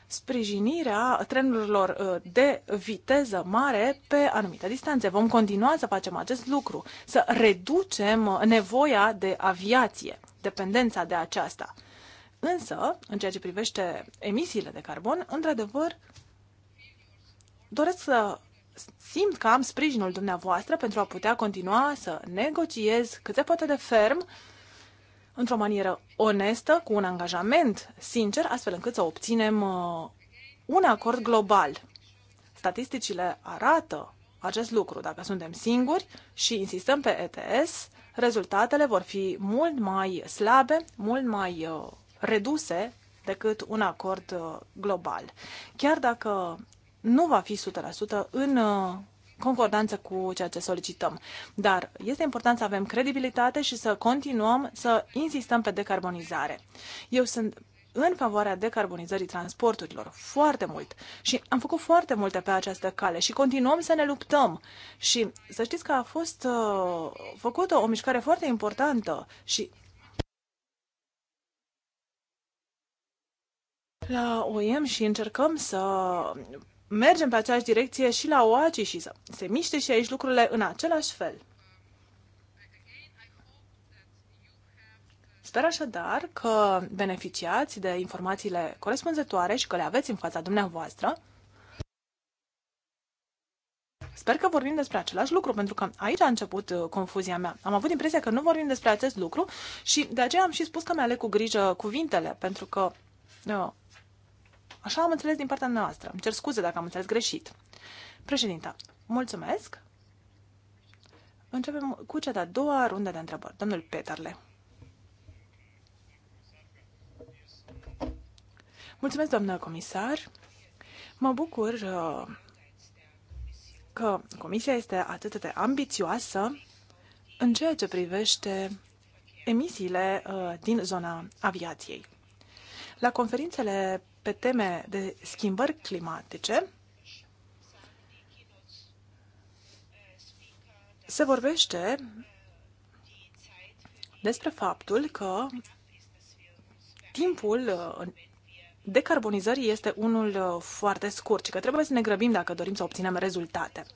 sprijinirea trenurilor uh, de viteză mare pe anumite distanțe. Vom continua să facem acest lucru, să reducem uh, nevoia de aviație, dependența de aceasta. Însă, în ceea ce privește emisiile de carbon, într-adevăr, doresc să simt că am sprijinul dumneavoastră pentru a putea continua să negociez cât se poate de ferm într-o manieră onestă, cu un angajament sincer, astfel încât să obținem uh, un acord global. Statisticile arată acest lucru. Dacă suntem singuri și insistăm pe ETS, rezultatele vor fi mult mai slabe, mult mai uh, reduse decât un acord uh, global. Chiar dacă nu va fi 100% în concordanță cu ceea ce solicităm. Dar este important să avem credibilitate și să continuăm să insistăm pe decarbonizare. Eu sunt în favoarea decarbonizării transporturilor foarte mult și am făcut foarte multe pe această cale și continuăm să ne luptăm. Și să știți că a fost uh, făcută o mișcare foarte importantă și la OEM și încercăm să mergem pe aceeași direcție și la OACI și să se miște și aici lucrurile în același fel. Sper așadar că beneficiați de informațiile corespunzătoare și că le aveți în fața dumneavoastră. Sper că vorbim despre același lucru, pentru că aici a început uh, confuzia mea. Am avut impresia că nu vorbim despre acest lucru și de aceea am și spus că mi-aleg cu grijă cuvintele, pentru că eu, uh, Așa am înțeles din partea noastră. Îmi cer scuze dacă am înțeles greșit. Președinta, mulțumesc. Începem cu cea de-a doua rundă de întrebări. Domnul Peterle. Mulțumesc, doamnă comisar. Mă bucur uh, că comisia este atât de ambițioasă în ceea ce privește emisiile uh, din zona aviației. La conferințele pe teme de schimbări climatice, se vorbește despre faptul că timpul uh, decarbonizării este unul uh, foarte scurt și că trebuie să ne grăbim dacă dorim să obținem rezultate.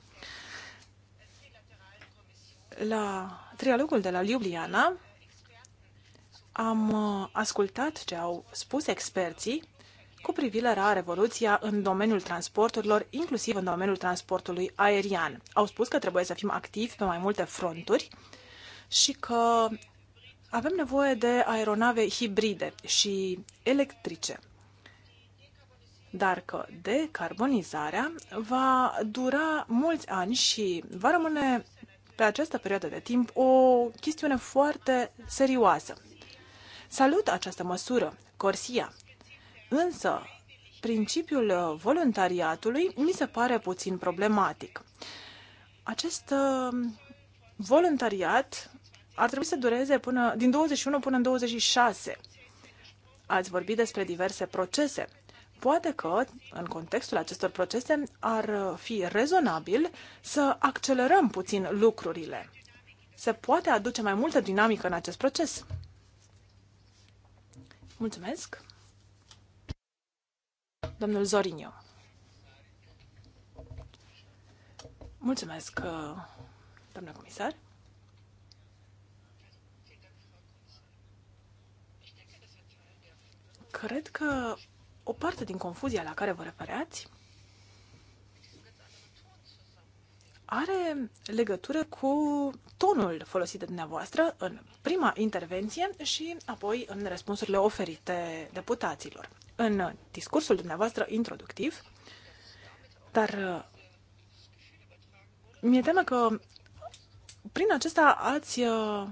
La trialogul de la Ljubljana am uh, ascultat ce au spus experții cu privire la revoluția în domeniul transporturilor, inclusiv în domeniul transportului aerian. Au spus că trebuie să fim activi pe mai multe fronturi și că avem nevoie de aeronave hibride și electrice, dar că decarbonizarea va dura mulți ani și va rămâne pe această perioadă de timp o chestiune foarte serioasă. Salut această măsură, Corsia, Însă, principiul uh, voluntariatului mi se pare puțin problematic. Acest uh, voluntariat ar trebui să dureze până, din 21 până în 26. Ați vorbit despre diverse procese. Poate că, în contextul acestor procese, ar uh, fi rezonabil să accelerăm puțin lucrurile. Se poate aduce mai multă dinamică în acest proces. Mulțumesc! Domnul Zorinio. Mulțumesc, uh, doamna comisar. Cred că o parte din confuzia la care vă refereați are legătură cu tonul folosit de dumneavoastră în prima intervenție și apoi în răspunsurile oferite deputaților în discursul dumneavoastră introductiv, dar uh, mi-e teamă că prin acesta ați uh,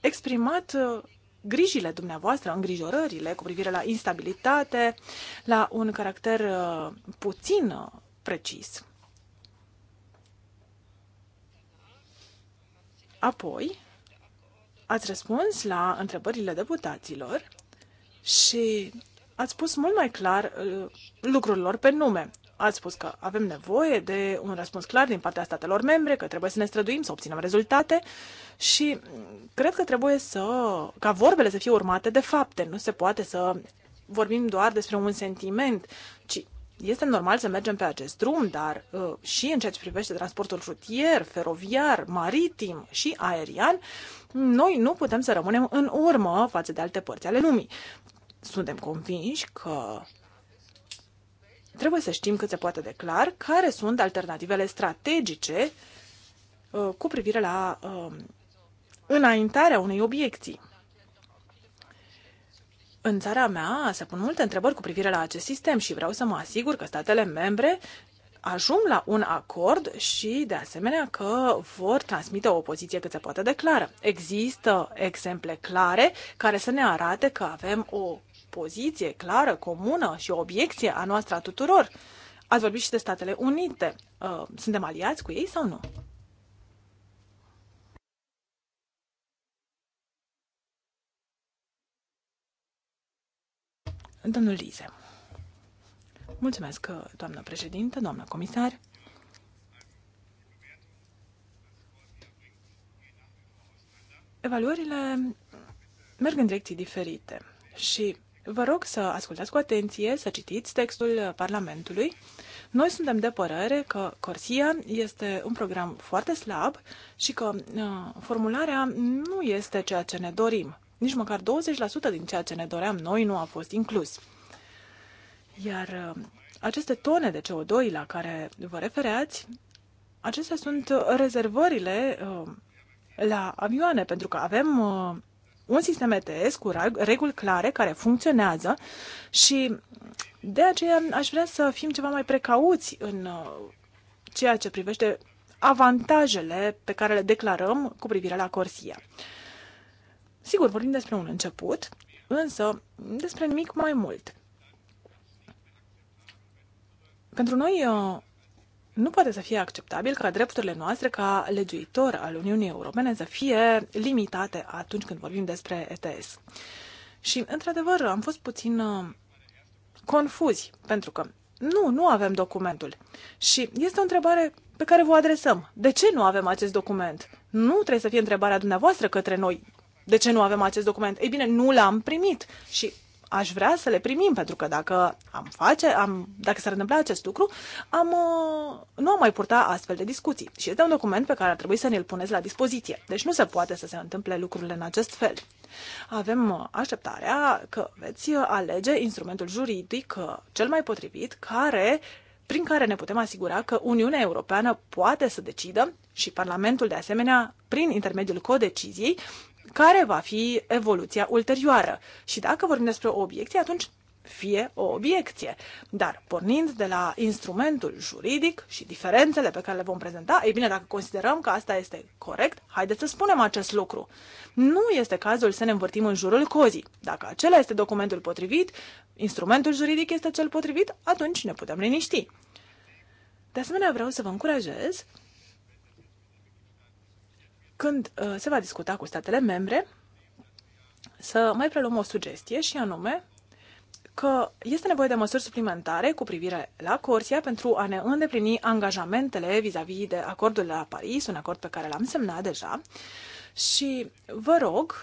exprimat uh, grijile dumneavoastră, îngrijorările cu privire la instabilitate, la un caracter puțin precis. Apoi, ați răspuns la întrebările deputaților și ați spus mult mai clar uh, lucrurilor pe nume. Ați spus că avem nevoie de un răspuns clar din partea statelor membre, că trebuie să ne străduim, să obținem rezultate și cred că trebuie să, ca vorbele să fie urmate de fapte. Nu se poate să vorbim doar despre un sentiment, ci este normal să mergem pe acest drum, dar uh, și în ceea ce privește transportul rutier, feroviar, maritim și aerian, noi nu putem să rămânem în urmă față de alte părți ale lumii. Suntem convinși că trebuie să știm cât se poate de clar care sunt alternativele strategice uh, cu privire la uh, înaintarea unei obiecții. În țara mea se pun multe întrebări cu privire la acest sistem și vreau să mă asigur că statele membre ajung la un acord și, de asemenea, că vor transmite o poziție cât se poate de clară. Există exemple clare care să ne arate că avem o poziție clară, comună și o obiecție a noastră a tuturor. Ați vorbit și de Statele Unite. Uh, suntem aliați cu ei sau nu? Domnul Lize. Mulțumesc, doamnă președintă, doamnă comisar. Evaluările merg în direcții diferite și Vă rog să ascultați cu atenție, să citiți textul Parlamentului. Noi suntem de părere că Corsia este un program foarte slab și că uh, formularea nu este ceea ce ne dorim. Nici măcar 20% din ceea ce ne doream noi nu a fost inclus. Iar uh, aceste tone de CO2 la care vă refereați, acestea sunt rezervările uh, la avioane, pentru că avem un sistem ETS cu reguli clare care funcționează și de aceea aș vrea să fim ceva mai precauți în uh, ceea ce privește avantajele pe care le declarăm cu privire la Corsia. Sigur, vorbim despre un început, însă despre nimic mai mult. Pentru noi, uh, nu poate să fie acceptabil ca drepturile noastre ca legiuitor al Uniunii Europene să fie limitate atunci când vorbim despre ETS. Și, într-adevăr, am fost puțin uh, confuzi, pentru că nu, nu avem documentul. Și este o întrebare pe care vă adresăm. De ce nu avem acest document? Nu trebuie să fie întrebarea dumneavoastră către noi. De ce nu avem acest document? Ei bine, nu l-am primit și aș vrea să le primim, pentru că dacă am face, am, dacă s-ar întâmpla acest lucru, am, uh, nu am mai purta astfel de discuții. Și este un document pe care ar trebui să ne-l puneți la dispoziție. Deci nu se poate să se întâmple lucrurile în acest fel. Avem uh, așteptarea că veți uh, alege instrumentul juridic cel mai potrivit care prin care ne putem asigura că Uniunea Europeană poate să decidă și Parlamentul de asemenea, prin intermediul codeciziei, care va fi evoluția ulterioară. Și dacă vorbim despre o obiecție, atunci fie o obiecție. Dar pornind de la instrumentul juridic și diferențele pe care le vom prezenta, ei bine, dacă considerăm că asta este corect, haideți să spunem acest lucru. Nu este cazul să ne învârtim în jurul cozii. Dacă acela este documentul potrivit, instrumentul juridic este cel potrivit, atunci ne putem liniști. De asemenea, vreau să vă încurajez când uh, se va discuta cu statele membre, să mai preluăm o sugestie și anume că este nevoie de măsuri suplimentare cu privire la Corsia pentru a ne îndeplini angajamentele vis-a-vis -vis de acordul de la Paris, un acord pe care l-am semnat deja. Și vă rog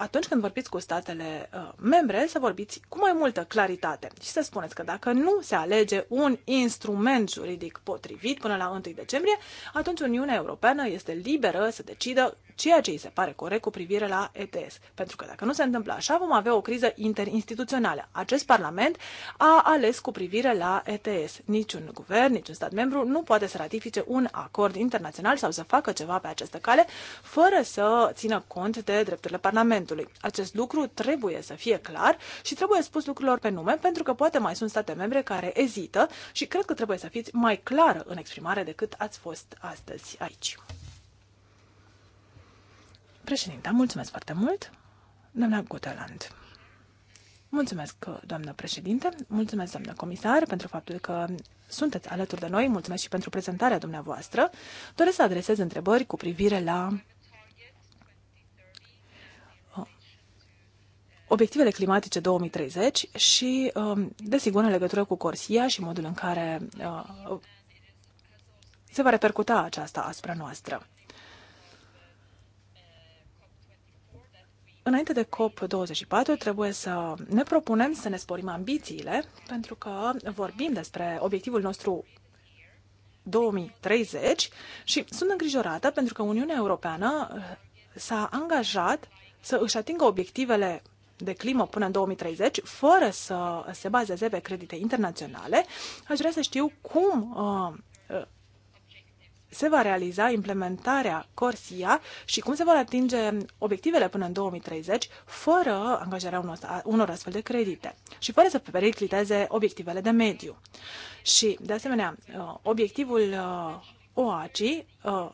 atunci când vorbiți cu statele uh, membre, să vorbiți cu mai multă claritate și să spuneți că dacă nu se alege un instrument juridic potrivit până la 1 decembrie, atunci Uniunea Europeană este liberă să decidă ceea ce îi se pare corect cu privire la ETS. Pentru că dacă nu se întâmplă așa, vom avea o criză interinstituțională. Acest Parlament a ales cu privire la ETS. Niciun guvern, niciun stat membru nu poate să ratifice un acord internațional sau să facă ceva pe această cale fără să țină cont de drepturile Parlamentului. Acest lucru trebuie să fie clar și trebuie spus lucrurilor pe nume pentru că poate mai sunt state membre care ezită și cred că trebuie să fiți mai clară în exprimare decât ați fost astăzi aici. Președinta, mulțumesc foarte mult. Doamna Guteland. Mulțumesc, doamnă președinte, mulțumesc, doamnă comisar, pentru faptul că sunteți alături de noi, mulțumesc și pentru prezentarea dumneavoastră. Doresc să adresez întrebări cu privire la uh, obiectivele climatice 2030 și, uh, desigur, în legătură cu Corsia și modul în care uh, se va repercuta aceasta asupra noastră. Înainte de COP24 trebuie să ne propunem să ne sporim ambițiile, pentru că vorbim despre obiectivul nostru 2030 și sunt îngrijorată pentru că Uniunea Europeană eh, s-a angajat să își atingă obiectivele de climă până în 2030, fără să se bazeze pe credite internaționale. Aș vrea să știu cum uh, se va realiza implementarea Corsia și cum se vor atinge obiectivele până în 2030 fără angajarea unor, unor astfel de credite și fără să pericliteze obiectivele de mediu. Și, de asemenea, uh, obiectivul uh, OACI uh,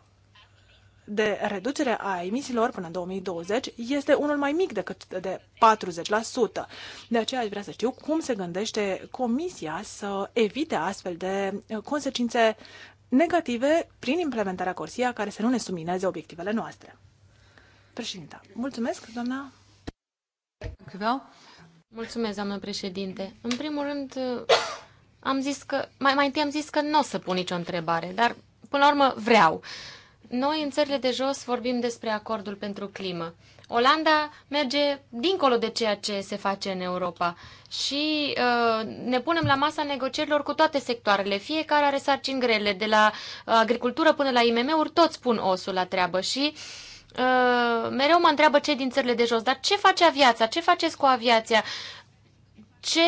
de reducere a emisiilor până în 2020 este unul mai mic decât de 40%. De aceea aș vrea să știu cum se gândește Comisia să evite astfel de consecințe negative prin implementarea Corsia care să nu ne sumineze obiectivele noastre. Președinta, mulțumesc, doamna. Mulțumesc, doamnă președinte. În primul rând, am zis că, mai, mai întâi am zis că nu o să pun nicio întrebare, dar până la urmă vreau. Uh, noi, în țările de jos, vorbim despre acordul pentru climă. Olanda merge dincolo de ceea ce se face în Europa și uh, ne punem la masa negocierilor cu toate sectoarele. Fiecare are sarcini grele, de la uh, agricultură până la IMM-uri, toți pun osul la treabă și uh, mereu mă întreabă cei din țările de jos, dar ce face aviația, ce faceți cu aviația, ce...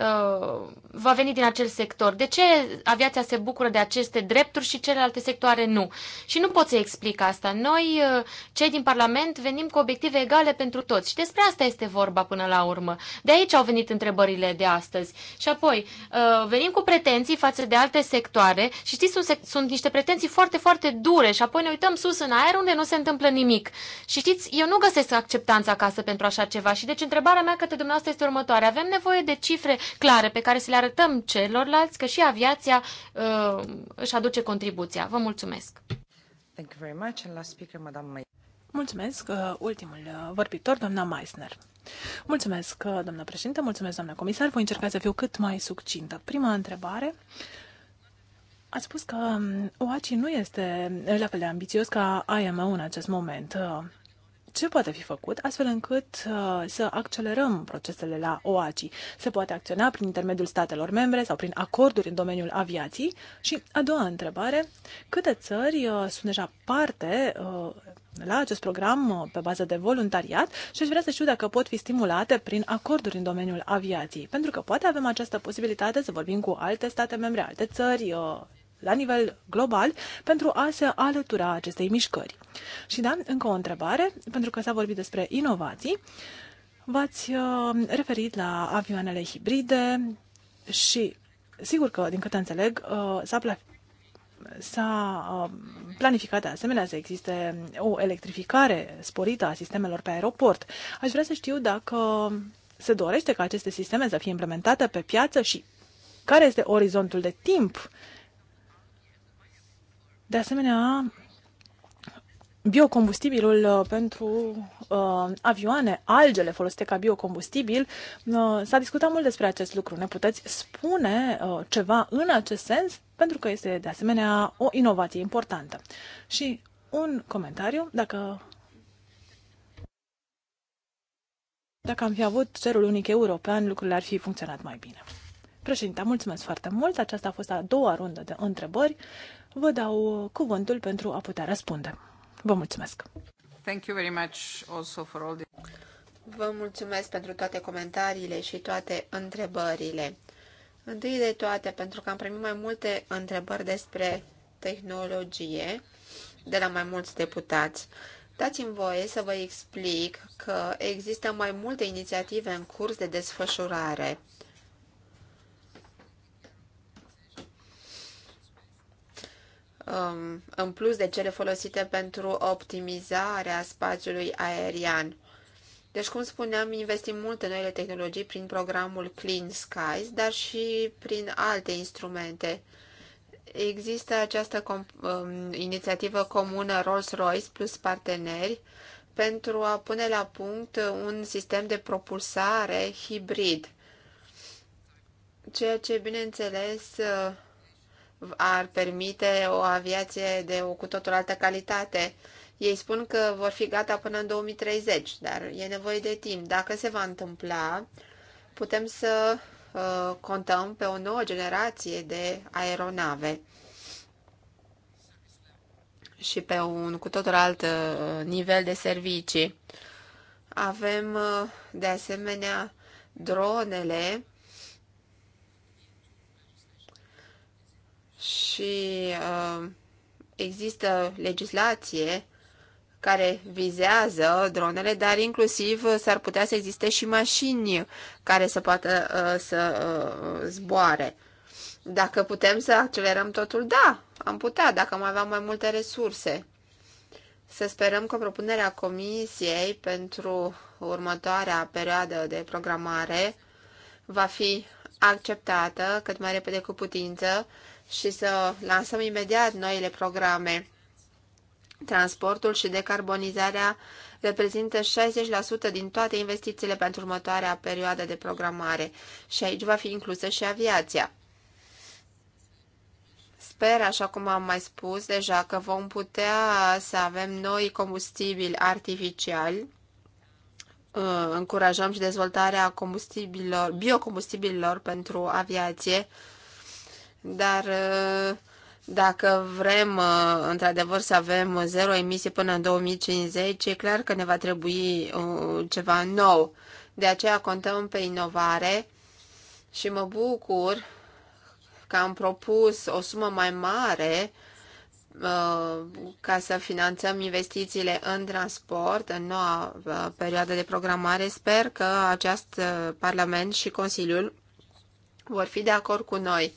Uh, va veni din acel sector. De ce aviația se bucură de aceste drepturi și celelalte sectoare nu? Și nu pot să explic asta. Noi, uh, cei din Parlament, venim cu obiective egale pentru toți și despre asta este vorba până la urmă. De aici au venit întrebările de astăzi. Și apoi, uh, venim cu pretenții față de alte sectoare și știți, sunt, sunt niște pretenții foarte, foarte dure și apoi ne uităm sus în aer unde nu se întâmplă nimic. Și știți, eu nu găsesc acceptanța acasă pentru așa ceva și deci întrebarea mea către dumneavoastră este următoare. Avem nevoie de cifre clare pe care să le arătăm arătăm celorlalți că și aviația uh, își aduce contribuția. Vă mulțumesc! Thank you very much. And last speaker, Madame Mulțumesc, uh, ultimul uh, vorbitor, doamna Meissner. Mulțumesc, uh, doamna președinte, mulțumesc, doamna comisar. Voi încerca să fiu cât mai succintă. Prima întrebare. Ați spus că um, OACI nu este la fel de ambițios ca IMO în acest moment ce poate fi făcut astfel încât uh, să accelerăm procesele la OACI. Se poate acționa prin intermediul statelor membre sau prin acorduri în domeniul aviației. Și a doua întrebare, câte țări uh, sunt deja parte uh, la acest program uh, pe bază de voluntariat și aș vrea să știu dacă pot fi stimulate prin acorduri în domeniul aviației, pentru că poate avem această posibilitate să vorbim cu alte state membre, alte țări uh, la nivel global pentru a se alătura acestei mișcări. Și da, încă o întrebare, pentru că s-a vorbit despre inovații. V-ați uh, referit la avioanele hibride și sigur că, din câte înțeleg, uh, s-a s-a uh, planificat de asemenea să existe o electrificare sporită a sistemelor pe aeroport. Aș vrea să știu dacă se dorește ca aceste sisteme să fie implementate pe piață și care este orizontul de timp de asemenea, biocombustibilul uh, pentru uh, avioane, algele folosite ca biocombustibil, uh, s-a discutat mult despre acest lucru. Ne puteți spune uh, ceva în acest sens? Pentru că este, de asemenea, o inovație importantă. Și un comentariu, dacă dacă am fi avut cerul unic european, lucrurile ar fi funcționat mai bine. Președinte, mulțumesc foarte mult. Aceasta a fost a doua rundă de întrebări vă dau uh, cuvântul pentru a putea răspunde. Vă mulțumesc! Thank you very much also for all the... Vă mulțumesc pentru toate comentariile și toate întrebările. Întâi de toate, pentru că am primit mai multe întrebări despre tehnologie de la mai mulți deputați. Dați-mi voie să vă explic că există mai multe inițiative în curs de desfășurare. Um, în plus de cele folosite pentru optimizarea spațiului aerian. Deci, cum spuneam, investim mult în noile tehnologii prin programul Clean Skies, dar și prin alte instrumente. Există această com- um, inițiativă comună Rolls-Royce plus parteneri pentru a pune la punct un sistem de propulsare hibrid, ceea ce, bineînțeles, uh, ar permite o aviație de o cu totul altă calitate. Ei spun că vor fi gata până în 2030, dar e nevoie de timp. Dacă se va întâmpla, putem să uh, contăm pe o nouă generație de aeronave și pe un cu totul alt uh, nivel de servicii. Avem, uh, de asemenea, dronele și uh, există legislație care vizează dronele, dar inclusiv s-ar putea să existe și mașini care să poată uh, să uh, zboare. Dacă putem să accelerăm totul, da, am putea, dacă am avea mai multe resurse. Să sperăm că propunerea Comisiei pentru următoarea perioadă de programare va fi acceptată cât mai repede cu putință și să lansăm imediat noile programe. Transportul și decarbonizarea reprezintă 60% din toate investițiile pentru următoarea perioadă de programare și aici va fi inclusă și aviația. Sper, așa cum am mai spus deja, că vom putea să avem noi combustibili artificiali, uh, încurajăm și dezvoltarea combustibililor, biocombustibililor pentru aviație, dar uh, dacă vrem uh, într-adevăr să avem zero emisii până în 2050, e clar că ne va trebui uh, ceva nou. De aceea contăm pe inovare și mă bucur că am propus o sumă mai mare ca să finanțăm investițiile în transport în noua perioadă de programare. Sper că acest Parlament și Consiliul vor fi de acord cu noi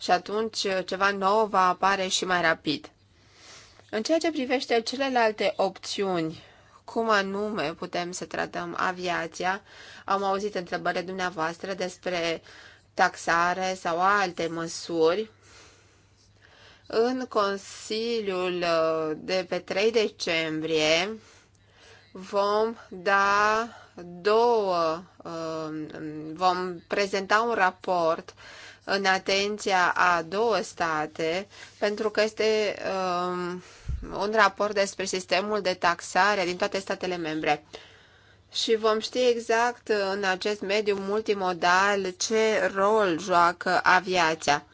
și atunci uh, ceva nou va apare și mai rapid. În ceea ce privește celelalte opțiuni, cum anume putem să tratăm aviația, am auzit întrebările dumneavoastră despre taxare sau alte măsuri. În Consiliul uh, de pe 3 decembrie vom da două, uh, vom prezenta un raport în atenția a două state, pentru că este um, un raport despre sistemul de taxare din toate statele membre. Și vom ști exact în acest mediu multimodal ce rol joacă aviația.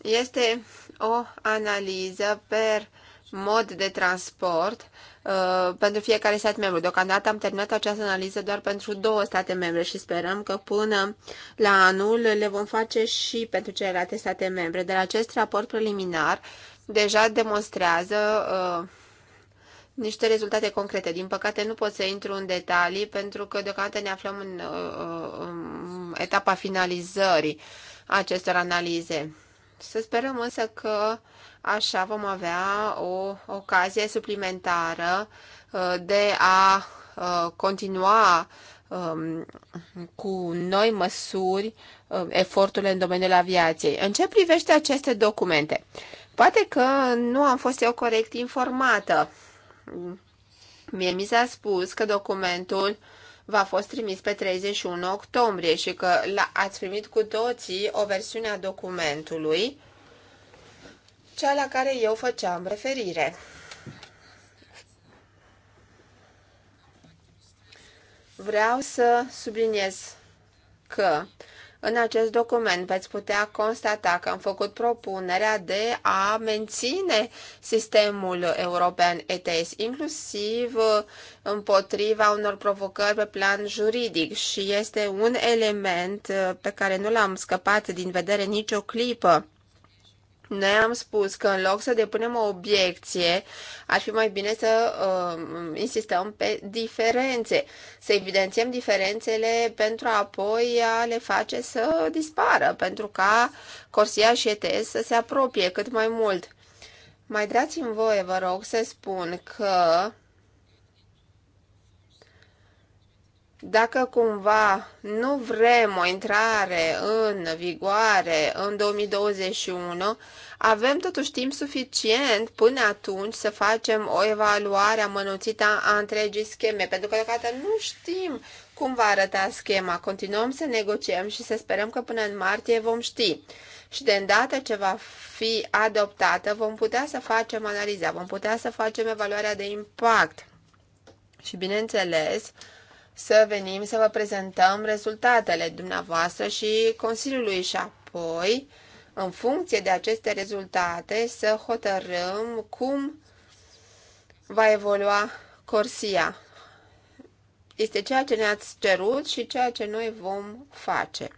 Este o analiză per mod de transport Uh, pentru fiecare stat membru. Deocamdată am terminat această analiză doar pentru două state membre și sperăm că până la anul le vom face și pentru celelalte state membre. Dar acest raport preliminar deja demonstrează uh, niște rezultate concrete. Din păcate nu pot să intru în detalii pentru că deocamdată ne aflăm în, uh, în etapa finalizării acestor analize. Să sperăm însă că Așa vom avea o ocazie suplimentară uh, de a uh, continua um, cu noi măsuri um, eforturile în domeniul aviației. În ce privește aceste documente? Poate că nu am fost eu corect informată. Mie mi s-a spus că documentul v-a fost trimis pe 31 octombrie și că ați primit cu toții o versiune a documentului cea la care eu făceam referire. Vreau să subliniez că în acest document veți putea constata că am făcut propunerea de a menține sistemul european ETS, inclusiv împotriva unor provocări pe plan juridic și este un element pe care nu l-am scăpat din vedere nicio clipă noi am spus că în loc să depunem o obiecție, ar fi mai bine să uh, insistăm pe diferențe, să evidențiem diferențele pentru a apoi a le face să dispară, pentru ca Corsia și ETS să se apropie cât mai mult. Mai dați-mi voie, vă rog, să spun că dacă cumva nu vrem o intrare în vigoare în 2021, avem totuși timp suficient până atunci să facem o evaluare amănunțită a întregii scheme, pentru că deocamdată nu știm cum va arăta schema. Continuăm să negociem și să sperăm că până în martie vom ști. Și de îndată ce va fi adoptată, vom putea să facem analiza, vom putea să facem evaluarea de impact. Și bineînțeles, să venim să vă prezentăm rezultatele dumneavoastră și Consiliului și apoi, în funcție de aceste rezultate, să hotărâm cum va evolua Corsia. Este ceea ce ne-ați cerut și ceea ce noi vom face.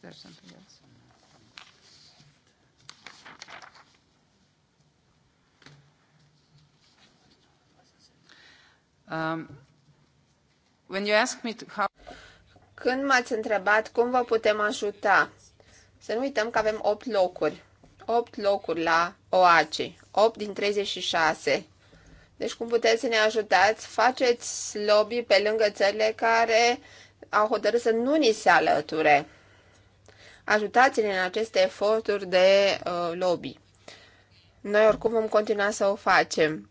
Person. Um, Când m-ați întrebat cum vă putem ajuta, să nu uităm că avem 8 locuri. 8 locuri la OACI, 8 din 36. Deci cum puteți să ne ajutați? Faceți lobby pe lângă țările care au hotărât să nu ni se alăture. Ajutați-ne în aceste eforturi de uh, lobby. Noi oricum vom continua să o facem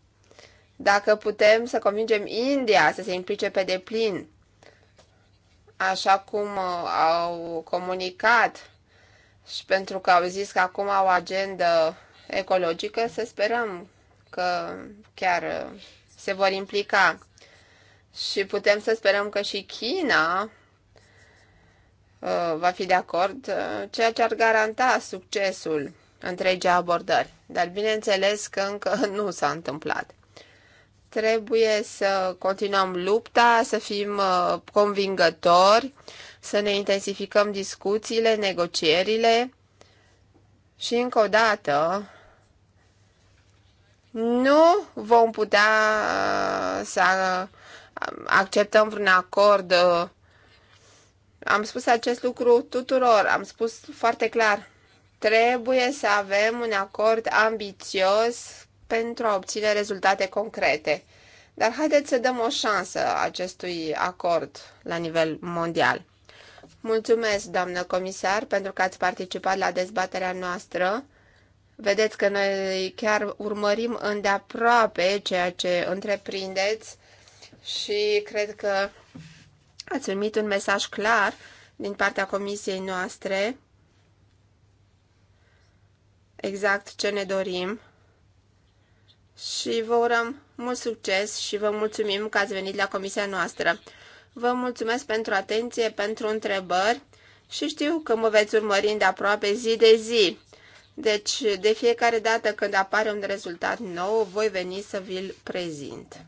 dacă putem să convingem India să se implice pe deplin, așa cum uh, au comunicat și pentru că au zis că acum au o agendă ecologică, să sperăm că chiar uh, se vor implica. Și putem să sperăm că și China uh, va fi de acord, ceea ce ar garanta succesul întregii abordări. Dar bineînțeles că încă nu s-a întâmplat. Trebuie să continuăm lupta, să fim uh, convingători, să ne intensificăm discuțiile, negocierile și încă o dată nu vom putea uh, să uh, acceptăm vreun acord. Am spus acest lucru tuturor, am spus foarte clar. Trebuie să avem un acord ambițios pentru a obține rezultate concrete. Dar haideți să dăm o șansă acestui acord la nivel mondial. Mulțumesc, doamnă comisar, pentru că ați participat la dezbaterea noastră. Vedeți că noi chiar urmărim îndeaproape ceea ce întreprindeți și cred că ați primit un mesaj clar din partea comisiei noastre exact ce ne dorim și vă urăm mult succes și vă mulțumim că ați venit la comisia noastră. Vă mulțumesc pentru atenție, pentru întrebări și știu că mă veți urmări de aproape zi de zi. Deci, de fiecare dată când apare un rezultat nou, voi veni să vi-l prezint.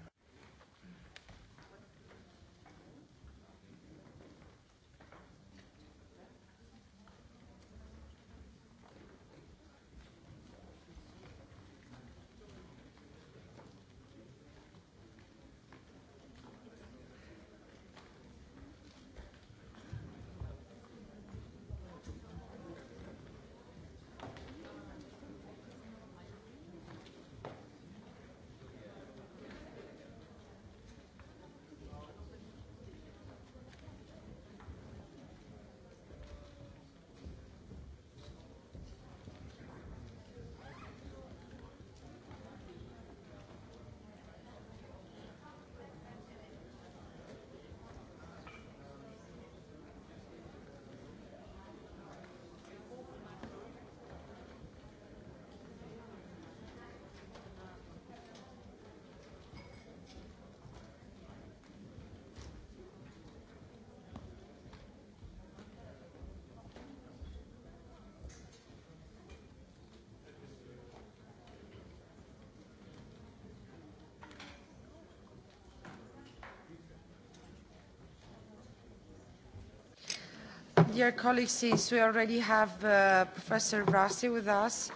dear colleagues, since we already have uh, Professor Rossi with us,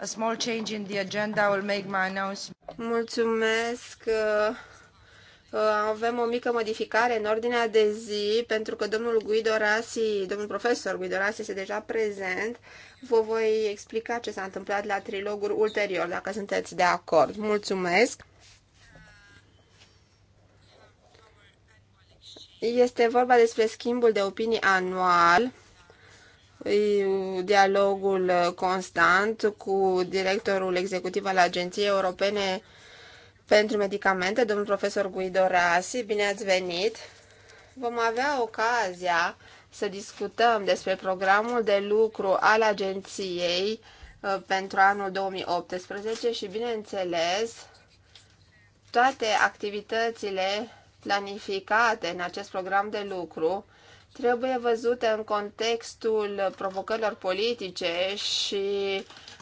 a small change in the agenda will make my announcement. Mulțumesc. Uh, uh, avem o mică modificare în ordinea de zi, pentru că domnul Guido Rasi, domnul profesor Guido Rasi este deja prezent. Vă voi explica ce s-a întâmplat la triloguri ulterior, dacă sunteți de acord. Mulțumesc. Este vorba despre schimbul de opinii anual, dialogul constant cu directorul executiv al Agenției Europene pentru Medicamente, domnul profesor Guido Rasi. Bine ați venit! Vom avea ocazia să discutăm despre programul de lucru al agenției uh, pentru anul 2018 și, bineînțeles, toate activitățile planificate în acest program de lucru trebuie văzute în contextul provocărilor politice și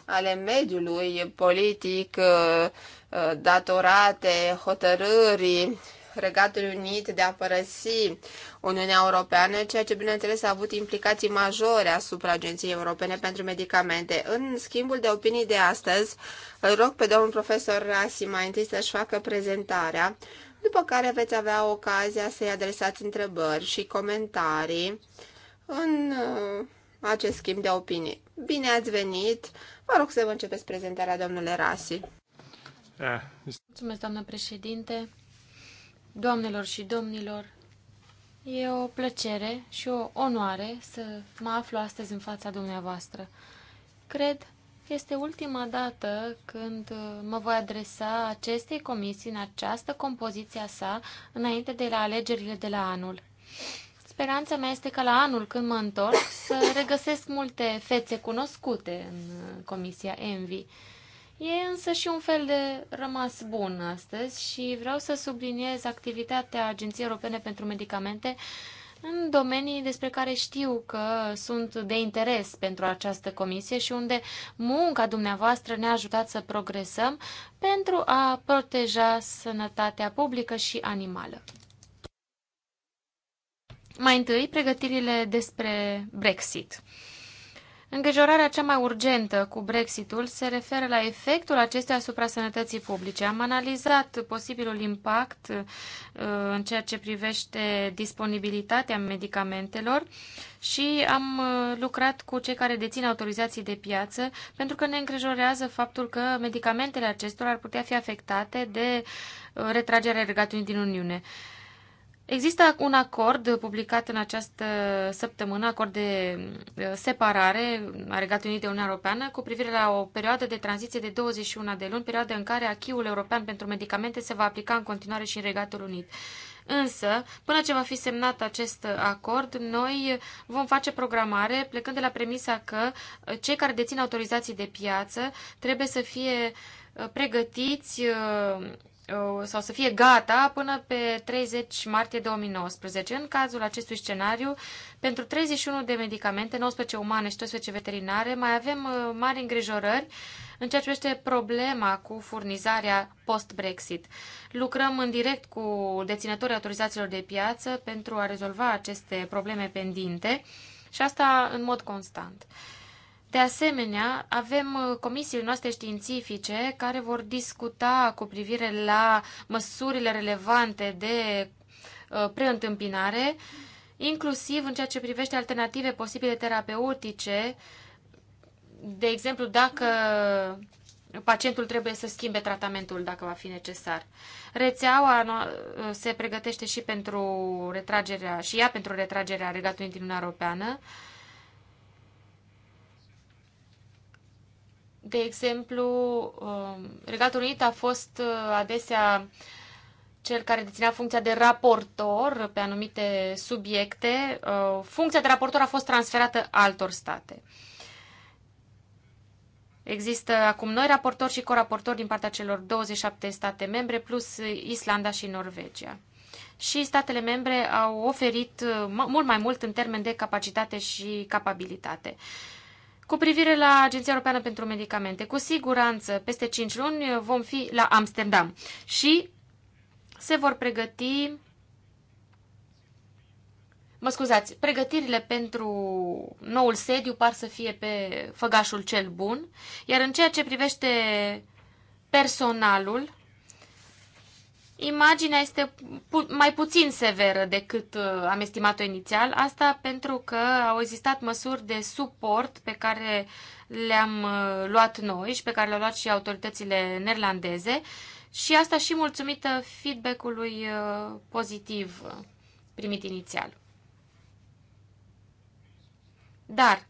ale mediului politic uh, uh, datorate hotărârii Regatului Unit de a părăsi Uniunea Europeană, ceea ce, bineînțeles, a avut implicații majore asupra Agenției Europene pentru Medicamente. În schimbul de opinii de astăzi, îl rog pe domnul profesor Rasi mai întâi să-și facă prezentarea, după care veți avea ocazia să-i adresați întrebări și comentarii în uh, acest schimb de opinii. Bine ați venit! Vă rog să vă începeți prezentarea, domnule Rasi. Eh, Mulțumesc, doamnă președinte, doamnelor și domnilor. E o plăcere și o onoare să mă aflu astăzi în fața dumneavoastră. Cred este ultima dată când uh, mă voi adresa acestei comisii în această compoziție a sa, înainte de la alegerile de la anul. Speranța mea este că la anul, când mă întorc, să regăsesc multe fețe cunoscute în uh, comisia Envi. E însă și un fel de rămas bun astăzi și vreau să subliniez activitatea Agenției Europene pentru Medicamente, în domenii despre care știu că sunt de interes pentru această comisie și unde munca dumneavoastră ne-a ajutat să progresăm pentru a proteja sănătatea publică și animală. Mai întâi, pregătirile despre Brexit. Îngrijorarea cea mai urgentă cu Brexitul se referă la efectul acestei asupra sănătății publice. Am analizat posibilul impact uh, în ceea ce privește disponibilitatea medicamentelor și am uh, lucrat cu cei care dețin autorizații de piață pentru că ne îngrijorează faptul că medicamentele acestora ar putea fi afectate de uh, retragerea regatului din Uniune. Există un acord publicat în această săptămână, acord de uh, separare a Regatului Unit de Uniunea Europeană cu privire la o perioadă de tranziție de 21 de luni, perioadă în care achiul european pentru medicamente se va aplica în continuare și în Regatul Unit. Însă, până ce va fi semnat acest acord, noi vom face programare plecând de la premisa că cei care dețin autorizații de piață trebuie să fie uh, pregătiți uh, Uh, sau să fie gata până pe 30 martie 2019. În cazul acestui scenariu, pentru 31 de medicamente, 19 umane și 12 veterinare, mai avem uh, mari îngrijorări în ceea ce privește problema cu furnizarea post-Brexit. Lucrăm în direct cu deținătorii autorizațiilor de piață pentru a rezolva aceste probleme pendinte și asta în mod constant. De asemenea, avem uh, comisiile noastre științifice care vor discuta cu privire la măsurile relevante de uh, preîntâmpinare, inclusiv în ceea ce privește alternative posibile terapeutice, de exemplu, dacă pacientul trebuie să schimbe tratamentul dacă va fi necesar. Rețeaua uh, se pregătește și pentru retragerea, și ea pentru retragerea regatului din Uniunea Europeană. De exemplu, um, Regatul Unit a fost uh, adesea cel care deținea funcția de raportor pe anumite subiecte. Uh, funcția de raportor a fost transferată altor state. Există acum noi raportori și coraportori din partea celor 27 state membre, plus Islanda și Norvegia. Și statele membre au oferit uh, mult mai mult în termen de capacitate și capabilitate. Cu privire la Agenția Europeană pentru Medicamente, cu siguranță peste 5 luni uh, vom fi la Amsterdam și se vor pregăti Mă scuzați, pregătirile pentru noul sediu par să fie pe făgașul cel bun, iar în ceea ce privește personalul, imaginea este pu- mai puțin severă decât uh, am estimat-o inițial. Asta pentru că au existat măsuri de suport pe care le-am uh, luat noi și pe care le-au luat și autoritățile neerlandeze și asta și mulțumită feedback-ului uh, pozitiv primit inițial. Dar,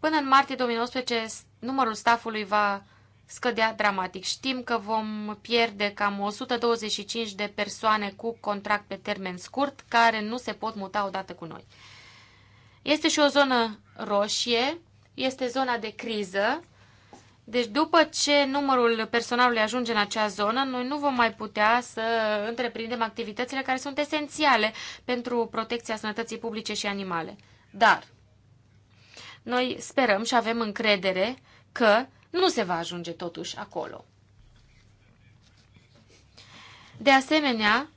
până în martie 2019, numărul stafului va scădea dramatic. Știm că vom pierde cam 125 de persoane cu contract pe termen scurt care nu se pot muta odată cu noi. Este și o zonă roșie, este zona de criză, deci după ce numărul personalului ajunge în acea zonă, noi nu vom mai putea să întreprindem activitățile care sunt esențiale pentru protecția sănătății publice și animale. Dar noi sperăm și avem încredere că nu se va ajunge totuși acolo. De asemenea,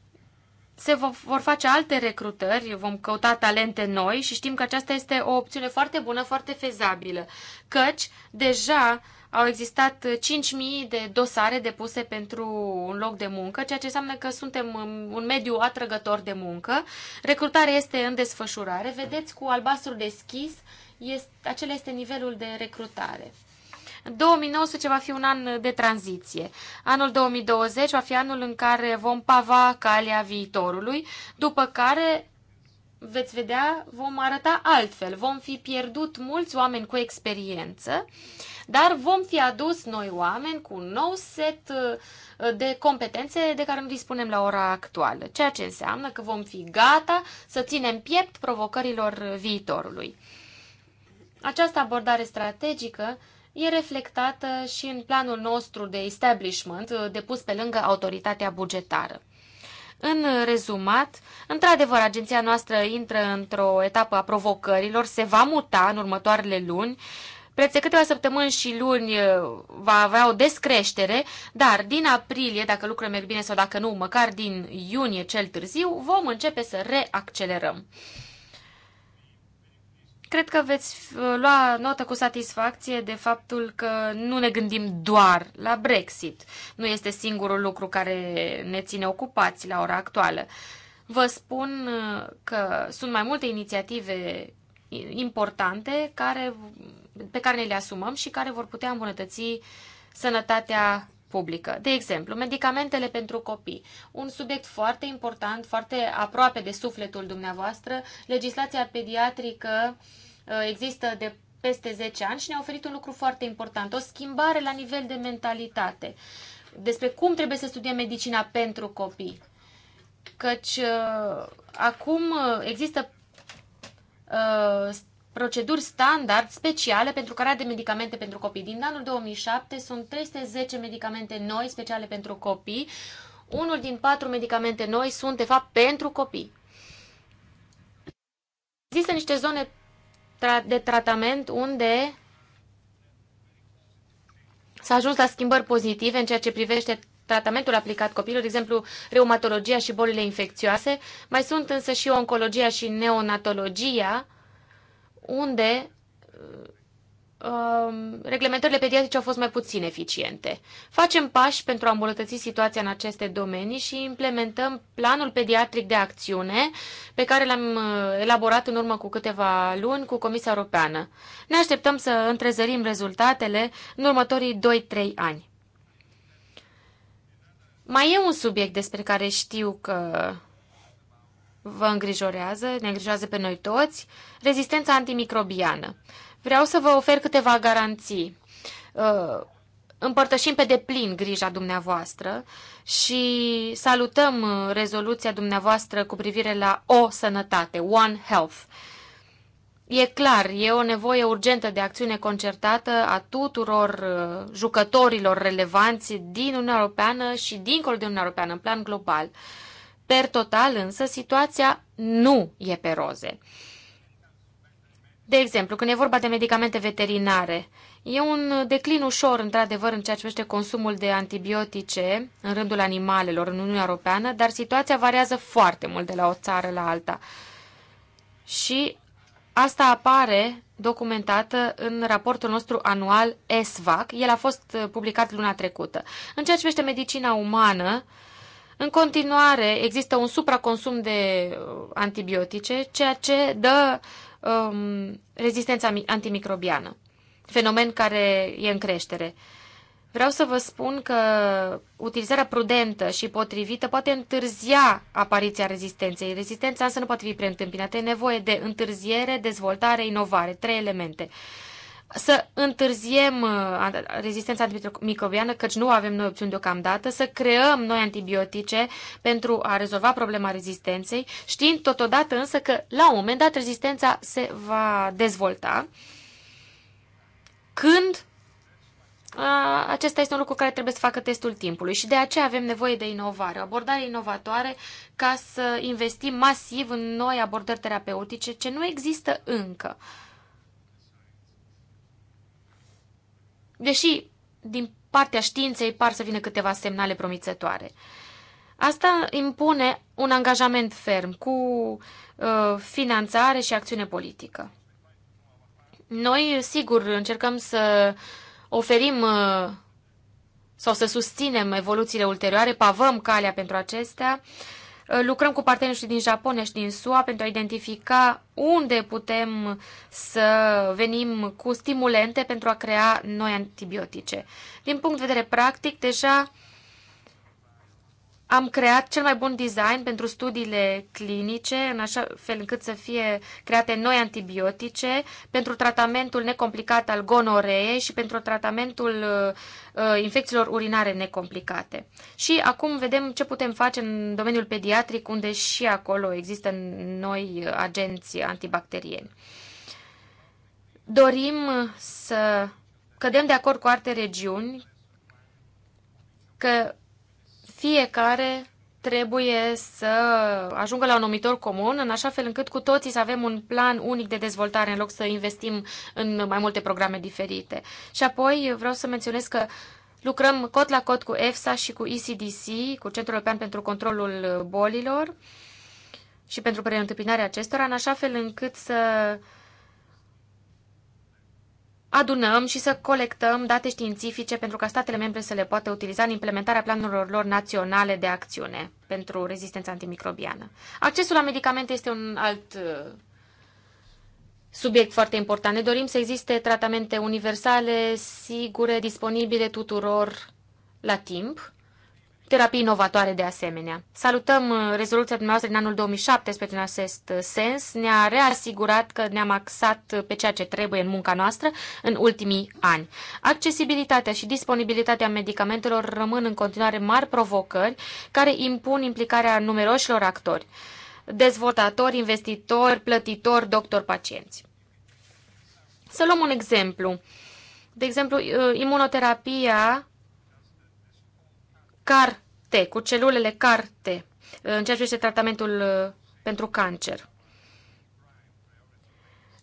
se vor face alte recrutări, vom căuta talente noi și știm că aceasta este o opțiune foarte bună, foarte fezabilă, căci deja au existat 5.000 de dosare depuse pentru un loc de muncă, ceea ce înseamnă că suntem un mediu atrăgător de muncă. Recrutarea este în desfășurare. Vedeți cu albastru deschis, este, acela este nivelul de recrutare. 2019 va fi un an de tranziție. Anul 2020 va fi anul în care vom pava calea viitorului, după care veți vedea, vom arăta altfel. Vom fi pierdut mulți oameni cu experiență, dar vom fi adus noi oameni cu un nou set uh, de competențe de care nu dispunem la ora actuală, ceea ce înseamnă că vom fi gata să ținem piept provocărilor viitorului. Această abordare strategică e reflectată și în planul nostru de establishment uh, depus pe lângă autoritatea bugetară. În rezumat, într-adevăr, agenția noastră intră într-o etapă a provocărilor, se va muta în următoarele luni, Preț câteva săptămâni și luni uh, va avea o descreștere, dar din aprilie, dacă lucrurile merg bine sau dacă nu, măcar din iunie cel târziu, vom începe să reaccelerăm. Cred că veți uh, lua notă cu satisfacție de faptul că nu ne gândim doar la Brexit. Nu este singurul lucru care ne ține ocupați la ora actuală. Vă spun uh, că sunt mai multe inițiative importante care, pe care ne le asumăm și care vor putea îmbunătăți sănătatea publică. De exemplu, medicamentele pentru copii, un subiect foarte important, foarte aproape de sufletul dumneavoastră, legislația pediatrică uh, există de peste 10 ani și ne-a oferit un lucru foarte important, o schimbare la nivel de mentalitate despre cum trebuie să studiem medicina pentru copii. Căci uh, acum uh, există uh, proceduri standard speciale pentru care de medicamente pentru copii. Din anul 2007 sunt 310 medicamente noi speciale pentru copii. Unul din patru medicamente noi sunt, de fapt, pentru copii. Există niște zone de tratament unde s-a ajuns la schimbări pozitive în ceea ce privește tratamentul aplicat copilului, de exemplu reumatologia și bolile infecțioase. Mai sunt însă și oncologia și neonatologia, unde um, reglementările pediatrice au fost mai puțin eficiente. Facem pași pentru a îmbunătăți situația în aceste domenii și implementăm planul pediatric de acțiune pe care l-am uh, elaborat în urmă cu câteva luni cu Comisia Europeană. Ne așteptăm să întrezărim rezultatele în următorii 2-3 ani. Mai e un subiect despre care știu că vă îngrijorează, ne îngrijorează pe noi toți, rezistența antimicrobiană. Vreau să vă ofer câteva garanții. Uh, împărtășim pe deplin grija dumneavoastră și salutăm uh, rezoluția dumneavoastră cu privire la o sănătate, One Health. E clar, e o nevoie urgentă de acțiune concertată a tuturor uh, jucătorilor relevanți din Uniunea Europeană și dincolo de Uniunea Europeană, în plan global. Uh, Per total însă situația nu e pe roze. De exemplu, când e vorba de medicamente veterinare, e un declin ușor, într-adevăr, în ceea ce privește consumul de antibiotice în rândul animalelor în Uniunea Europeană, dar situația variază foarte mult de la o țară la alta. Și asta apare documentată în raportul nostru anual ESVAC. El a fost publicat luna trecută. În ceea ce privește medicina umană, uh, în continuare, există un supraconsum de uh, antibiotice, ceea ce dă um, rezistența antimicrobiană, fenomen care e în creștere. Vreau să vă spun că utilizarea prudentă și potrivită poate întârzia apariția rezistenței. Rezistența însă nu poate fi preîntâmpinată. E nevoie de întârziere, dezvoltare, inovare. Trei elemente să întârziem uh, rezistența antimicrobiană, căci nu avem noi opțiuni deocamdată, să creăm noi antibiotice pentru a rezolva problema rezistenței, știind totodată însă că la un moment dat rezistența se va dezvolta când acesta este un lucru care trebuie să facă testul timpului și de aceea avem nevoie de inovare, o abordare inovatoare ca să investim masiv în noi abordări terapeutice ce nu există încă. deși din partea științei par să vină câteva semnale promițătoare. Asta impune un angajament ferm cu uh, finanțare și acțiune politică. Noi, sigur, încercăm să oferim uh, sau să susținem evoluțiile ulterioare, pavăm calea pentru acestea, uh, Uh, lucrăm cu partenerii și din Japonia și din SUA pentru a identifica unde putem să venim cu stimulente pentru a crea noi antibiotice. Din punct de vedere practic, deja am creat cel mai bun design pentru studiile clinice, în așa fel încât să fie create noi antibiotice pentru tratamentul necomplicat al gonoreei și pentru tratamentul uh, uh, infecțiilor urinare necomplicate. Și acum vedem ce putem face în domeniul pediatric, unde și acolo există noi agenți antibacterieni. Dorim să cădem de acord cu alte regiuni că fiecare trebuie să ajungă la un numitor comun, în așa fel încât cu toții să avem un plan unic de dezvoltare, în loc să investim în mai multe programe diferite. Și apoi vreau să menționez că lucrăm cot la cot cu EFSA și cu ECDC, cu Centrul European pentru Controlul Bolilor și pentru preîntâmpinarea acestora, în așa fel încât să adunăm și să colectăm date științifice pentru ca statele membre să le poată utiliza în implementarea planurilor lor naționale de acțiune pentru rezistența antimicrobiană. Accesul la medicamente este un alt uh, subiect foarte important. Ne dorim să existe tratamente universale, sigure, disponibile tuturor la timp terapii inovatoare de asemenea. Salutăm uh, rezoluția dumneavoastră din anul 2017 în acest uh, sens. Ne-a reasigurat că ne-am axat uh, pe ceea ce trebuie în munca noastră în ultimii ani. Accesibilitatea și disponibilitatea medicamentelor rămân în continuare mari provocări care impun implicarea numeroșilor actori, dezvoltatori, investitori, plătitori, doctori, pacienți. Să luăm un exemplu. De exemplu, imunoterapia CAR-T, cu celulele CAR-T, în ceea ce este tratamentul uh, pentru cancer.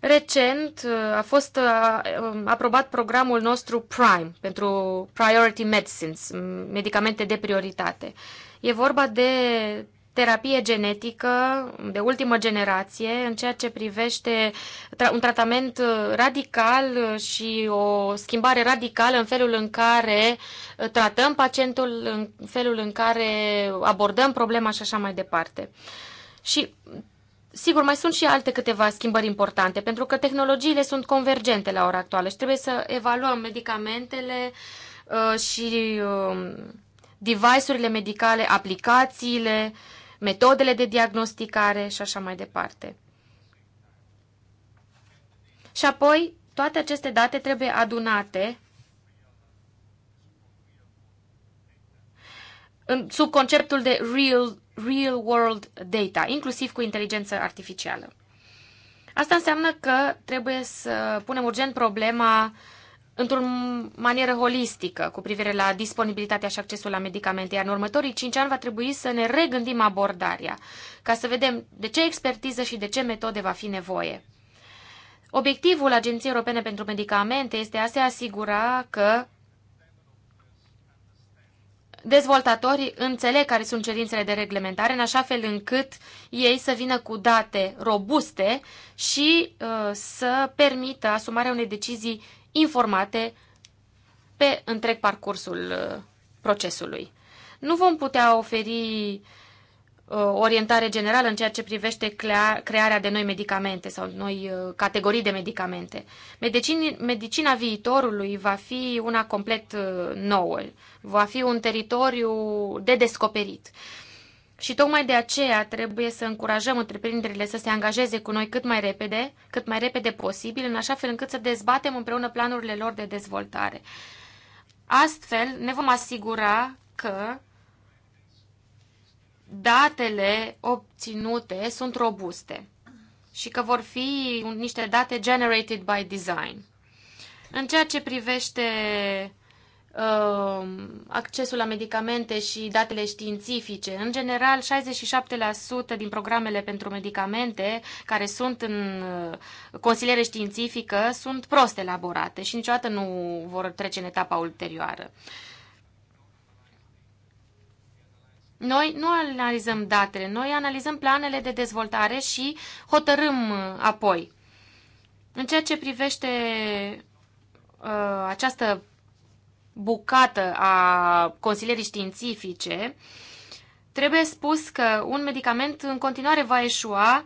Recent uh, a fost uh, um, aprobat programul nostru PRIME pentru Priority Medicines, medicamente de prioritate. E vorba de terapie genetică de ultimă generație în ceea ce privește un tratament radical și o schimbare radicală în felul în care uh, tratăm pacientul, în felul în care abordăm problema și așa mai departe. Și Sigur, mai sunt și alte câteva schimbări importante, pentru că tehnologiile sunt convergente la ora actuală și trebuie să evaluăm medicamentele uh, și uh, device-urile medicale, aplicațiile uh, metodele de diagnosticare și așa mai departe. Și apoi, toate aceste date trebuie adunate sub conceptul de real, real world data, inclusiv cu inteligență artificială. Asta înseamnă că trebuie să punem urgent problema uh, într-o manieră holistică cu privire la disponibilitatea și accesul la medicamente, iar în următorii cinci ani va trebui să ne regândim abordarea ca să vedem de ce expertiză și de ce metode va fi nevoie. Obiectivul Agenției Europene pentru Medicamente este a se asigura că dezvoltatorii înțeleg care sunt cerințele de reglementare, în așa fel încât ei să vină cu date robuste și uh, să permită asumarea unei decizii informate pe întreg parcursul uh, procesului. Nu vom putea oferi uh, orientare generală în ceea ce privește crearea de noi medicamente sau noi uh, categorii de medicamente. medicina viitorului va fi una complet nouă, va fi un teritoriu de descoperit. Și tocmai de aceea trebuie să încurajăm întreprinderile să se angajeze cu noi cât mai repede, cât mai repede posibil, în așa fel încât să dezbatem împreună planurile lor de dezvoltare. Astfel ne vom asigura că datele obținute sunt robuste și că vor fi niște date generated by design. În ceea ce privește Um, accesul la medicamente și datele științifice. În general, 67% din programele pentru medicamente care sunt în uh, consiliere științifică sunt prost elaborate și niciodată nu vor trece în etapa ulterioară. Noi nu analizăm datele, noi analizăm planele de dezvoltare și hotărâm apoi. În ceea ce privește uh, această bucată a consilierii științifice, trebuie spus că un medicament în continuare va eșua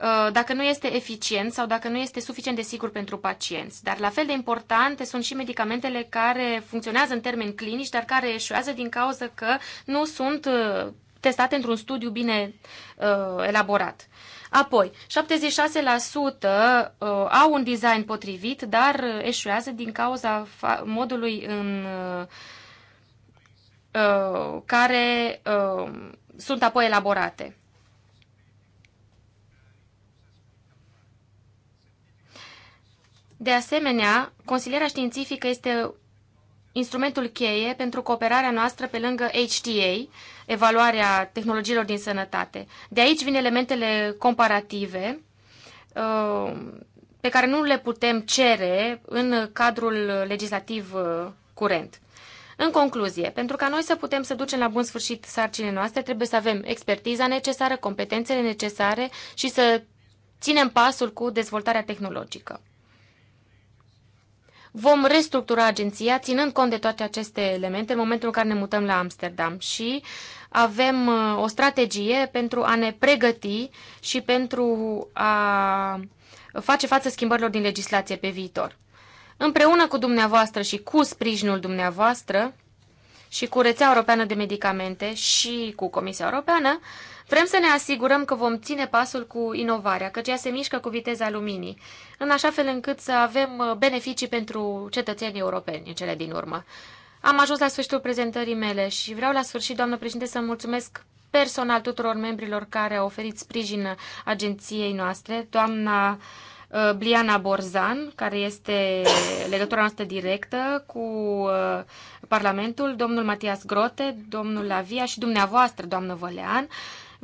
uh, dacă nu este eficient sau dacă nu este suficient de sigur pentru pacienți. Dar la fel de importante sunt și medicamentele care funcționează în termeni clinici, dar care eșuează din cauza că nu sunt uh, testate într-un studiu bine uh, elaborat. Apoi, 76% uh, au un design potrivit, dar uh, eșuează din cauza modului în uh, care sunt apoi elaborate. De asemenea, consilierea științifică este instrumentul cheie pentru cooperarea noastră pe lângă HTA, evaluarea tehnologiilor din sănătate. De aici vin elementele comparative uh, pe care nu le putem cere în cadrul legislativ uh, curent. În concluzie, pentru ca noi să putem să ducem la bun sfârșit sarcinile noastre, trebuie să avem expertiza necesară, competențele necesare și să ținem pasul cu dezvoltarea tehnologică. Vom restructura agenția ținând cont de toate aceste elemente în momentul în care ne mutăm la Amsterdam și avem uh, o strategie pentru a ne pregăti și pentru a face față schimbărilor din legislație pe viitor. Împreună cu dumneavoastră și cu sprijinul dumneavoastră și cu Rețeaua Europeană de Medicamente și cu Comisia Europeană, Vrem să ne asigurăm că vom ține pasul cu inovarea, că ea se mișcă cu viteza luminii, în așa fel încât să avem uh, beneficii pentru cetățenii europeni în cele din urmă. Am ajuns la sfârșitul prezentării mele și vreau la sfârșit, doamnă președinte, să mulțumesc personal tuturor membrilor care au oferit sprijin agenției noastre, doamna uh, Bliana Borzan, care este legătura noastră directă cu uh, Parlamentul, domnul Matias Grote, domnul Lavia și dumneavoastră, doamnă Vălean,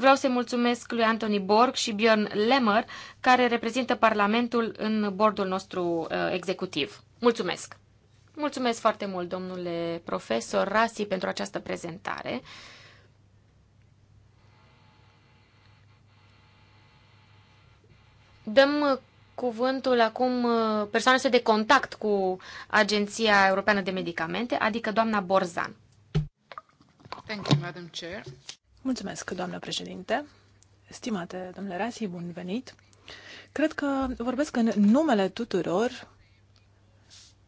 Vreau să-i mulțumesc lui Anthony Borg și Björn Lemmer, care reprezintă Parlamentul în bordul nostru uh, executiv. Mulțumesc! Mulțumesc foarte mult, domnule profesor Rasi, pentru această prezentare. Dăm uh, cuvântul acum uh, persoanei de contact cu Agenția Europeană de Medicamente, adică doamna Borzan. Thank you, Madam Chair. Mulțumesc, doamnă președinte. Stimate domnule Rasi, bun venit. Cred că vorbesc în numele tuturor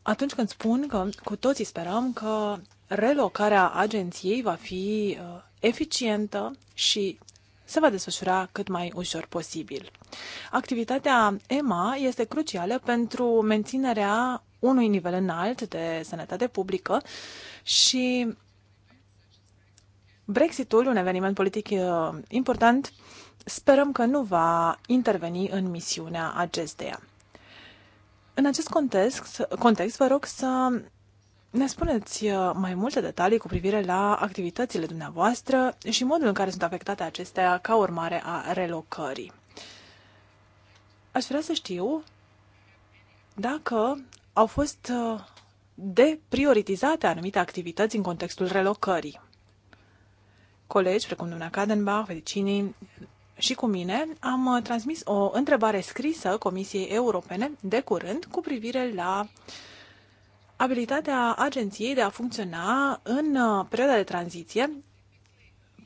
atunci când spun că cu toții sperăm că relocarea agenției va fi uh, eficientă și se va desfășura cât mai ușor posibil. Activitatea EMA este crucială pentru menținerea unui nivel înalt de sănătate publică și Brexitul, un eveniment politic uh, important, sperăm că nu va interveni în misiunea acesteia. În acest context, context vă rog să ne spuneți uh, mai multe detalii cu privire la activitățile dumneavoastră și modul în care sunt afectate acestea ca urmare a relocării. Aș vrea să știu dacă au fost uh, deprioritizate anumite activități în contextul relocării colegi, precum doamna Cadenbach, Felicini și cu mine, am uh, transmis o întrebare scrisă Comisiei Europene de curând cu privire la abilitatea agenției de a funcționa în uh, perioada de tranziție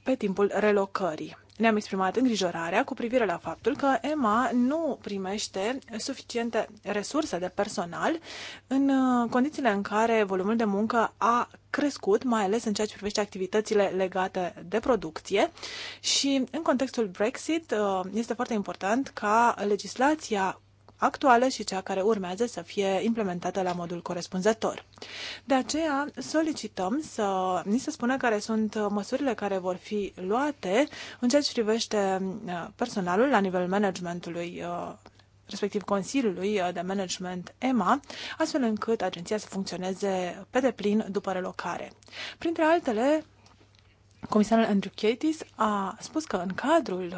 pe timpul relocării ne-am exprimat îngrijorarea cu privire la faptul că EMA nu primește suficiente resurse de personal în uh, condițiile în care volumul de muncă a crescut, mai ales în ceea ce privește activitățile legate de producție și în contextul Brexit uh, este foarte important ca legislația actuală și cea care urmează să fie implementată la modul corespunzător. De aceea solicităm să ni se spună care sunt măsurile care vor fi luate în ceea ce privește uh, personalul la nivel managementului uh, respectiv Consiliului uh, de Management EMA, astfel încât agenția să funcționeze pe deplin după relocare. Printre altele, comisarul Andrew Kaitis a spus că în cadrul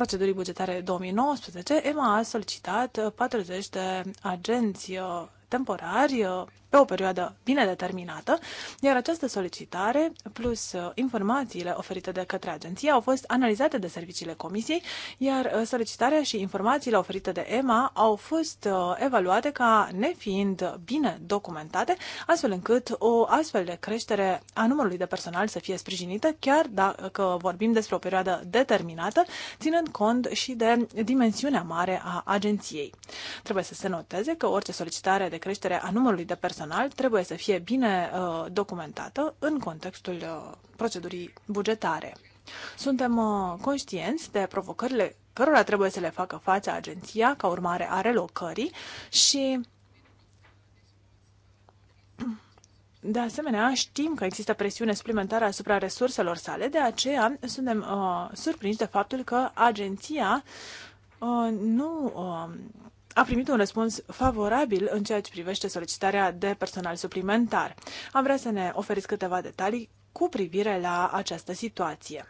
procedurii bugetare 2019, EMA a solicitat 40 uh, de agenți uh, temporari uh, pe o perioadă bine determinată, iar această solicitare plus uh, informațiile oferite de către agenție au fost analizate de serviciile comisiei, iar uh, solicitarea și informațiile oferite de EMA au fost uh, evaluate ca nefiind bine documentate, astfel încât o astfel de creștere a numărului de personal să fie sprijinită, chiar dacă vorbim despre o perioadă determinată, ținând cont și de dimensiunea mare a agenției. Trebuie să se noteze că orice solicitare de creștere a numărului de personal personal trebuie să fie bine uh, documentată în contextul uh, procedurii bugetare. Suntem uh, conștienți de provocările cărora trebuie să le facă față agenția ca urmare a relocării și de asemenea, știm că există presiune suplimentară asupra resurselor sale, de aceea suntem uh, surprinși de faptul că agenția uh, nu uh, a primit un răspuns favorabil în ceea ce privește solicitarea de personal suplimentar. Am vrea să ne oferiți câteva detalii cu privire la această situație.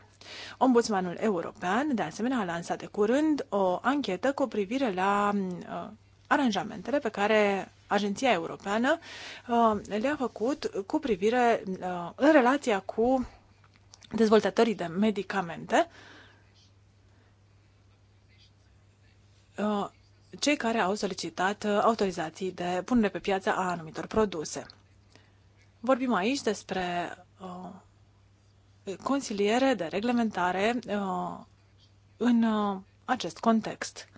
Ombudsmanul european, de asemenea, a lansat de curând o anchetă cu privire la mm, uh, aranjamentele pe care Agenția Europeană uh, le-a făcut cu privire uh, în relația cu dezvoltatorii de medicamente uh, cei care au solicitat uh, autorizații de punere pe piață a anumitor produse. Vorbim aici despre uh, consiliere de reglementare uh, în acest context.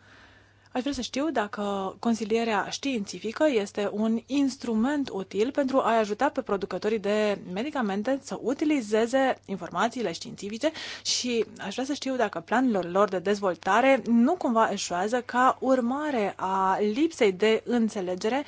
Aș vrea să știu dacă consilierea științifică este un instrument util pentru a ajuta pe producătorii de medicamente să utilizeze informațiile științifice și aș vrea să știu dacă planurile lor de dezvoltare nu cumva eșuează ca urmare a lipsei de înțelegere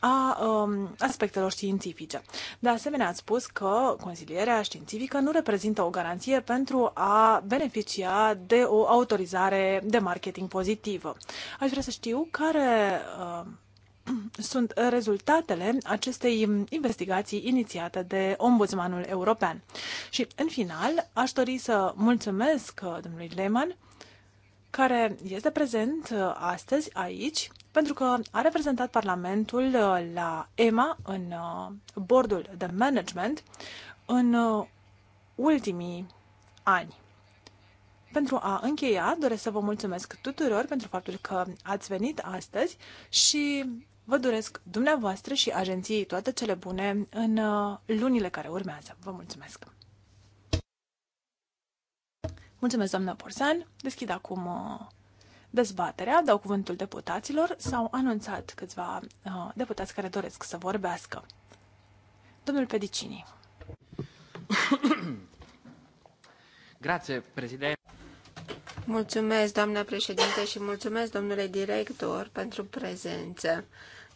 a um, aspectelor științifice. De asemenea, ați spus că consilierea științifică nu reprezintă o garanție pentru a beneficia de o autorizare de marketing pozitivă. Aș vrea să știu care uh, sunt rezultatele acestei investigații inițiate de Ombudsmanul European. Și, în final, aș dori să mulțumesc uh, domnului Lehmann, care este prezent uh, astăzi aici pentru că a reprezentat Parlamentul uh, la EMA, în uh, bordul de management, în uh, ultimii ani. Pentru a încheia, doresc să vă mulțumesc tuturor pentru faptul că ați venit astăzi și vă doresc dumneavoastră și agenției toate cele bune în lunile care urmează. Vă mulțumesc! Mulțumesc, doamna Porsan. Deschid acum dezbaterea, dau cuvântul deputaților, s-au anunțat câțiva uh, deputați care doresc să vorbească. Domnul Pedicini. Grație, președinte. Mulțumesc, doamna președinte, și mulțumesc, domnule director, pentru prezență.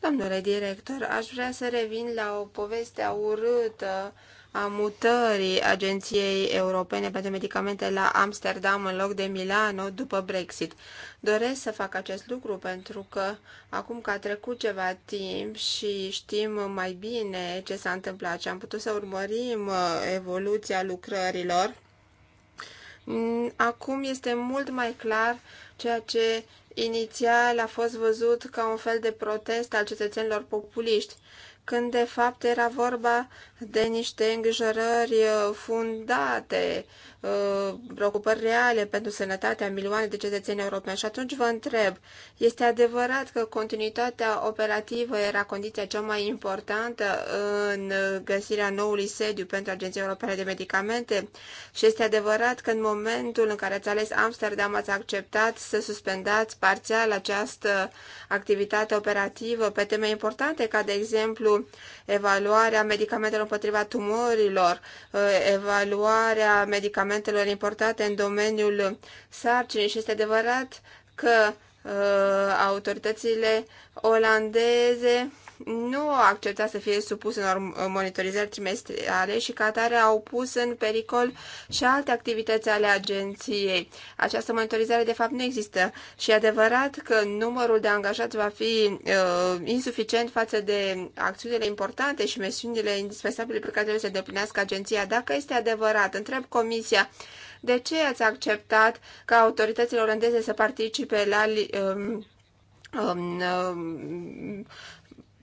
Domnule director, aș vrea să revin la o poveste urâtă a mutării Agenției Europene pentru Medicamente la Amsterdam în loc de Milano după Brexit. Doresc să fac acest lucru pentru că acum că a trecut ceva timp și știm mai bine ce s-a întâmplat și am putut să urmărim uh, evoluția lucrărilor, mm, acum este mult mai clar ceea ce inițial a fost văzut ca un fel de protest al cetățenilor populiști când de fapt era vorba de niște îngrijorări uh, fundate Uh, preocupări reale pentru sănătatea milioane de cetățeni europeni. Și atunci vă întreb, este adevărat că continuitatea operativă era condiția cea mai importantă în găsirea noului sediu pentru Agenția Europeană de Medicamente? Și este adevărat că în momentul în care ați ales Amsterdam ați acceptat să suspendați parțial această activitate operativă pe teme importante, ca de exemplu evaluarea medicamentelor împotriva tumorilor, uh, evaluarea medicamentelor medicamentelor importate în domeniul sarcinii și este adevărat că uh, autoritățile olandeze nu a acceptat să fie supus unor monitorizări trimestriale și ca atare au pus în pericol și alte activități ale agenției. Această monitorizare de fapt nu există și e adevărat că numărul de angajați va fi uh, insuficient față de acțiunile importante și misiunile indispensabile pe care trebuie să deplinească agenția. Dacă este adevărat, întreb Comisia, de ce ați acceptat ca autoritățile olandeze să participe la um, um, um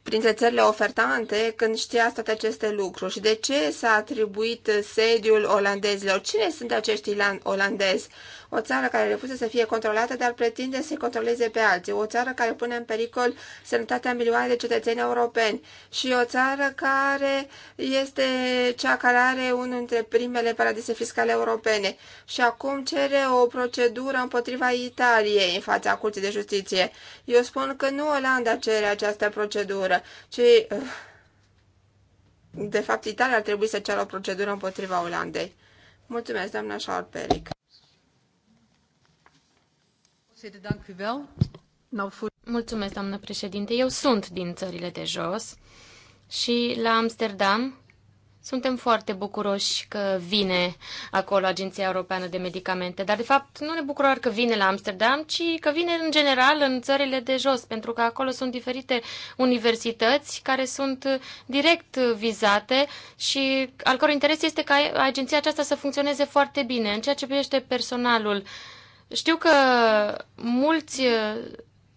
printre țările ofertante când știați toate aceste lucruri și de ce s-a atribuit sediul olandezilor? Cine sunt acești olandezi? o țară care refuză să fie controlată, dar pretinde să controleze pe alții, o țară care pune în pericol sănătatea milioane de cetățeni europeni și o țară care este cea care are unul dintre primele paradise fiscale europene și acum cere o procedură împotriva Italiei în fața Curții de Justiție. Eu spun că nu Olanda cere această procedură, ci... De fapt, Italia ar trebui să ceară o procedură împotriva Olandei. Mulțumesc, doamna Șarperic. Mulțumesc, doamnă președinte. Eu sunt din țările de jos și la Amsterdam suntem foarte bucuroși că vine acolo Agenția Europeană de Medicamente, dar de fapt nu ne bucurăm că vine la Amsterdam, ci că vine în general în țările de jos, pentru că acolo sunt diferite universități care sunt direct vizate și al căror interes este ca agenția aceasta să funcționeze foarte bine. În ceea ce privește personalul uh, știu că mulți uh,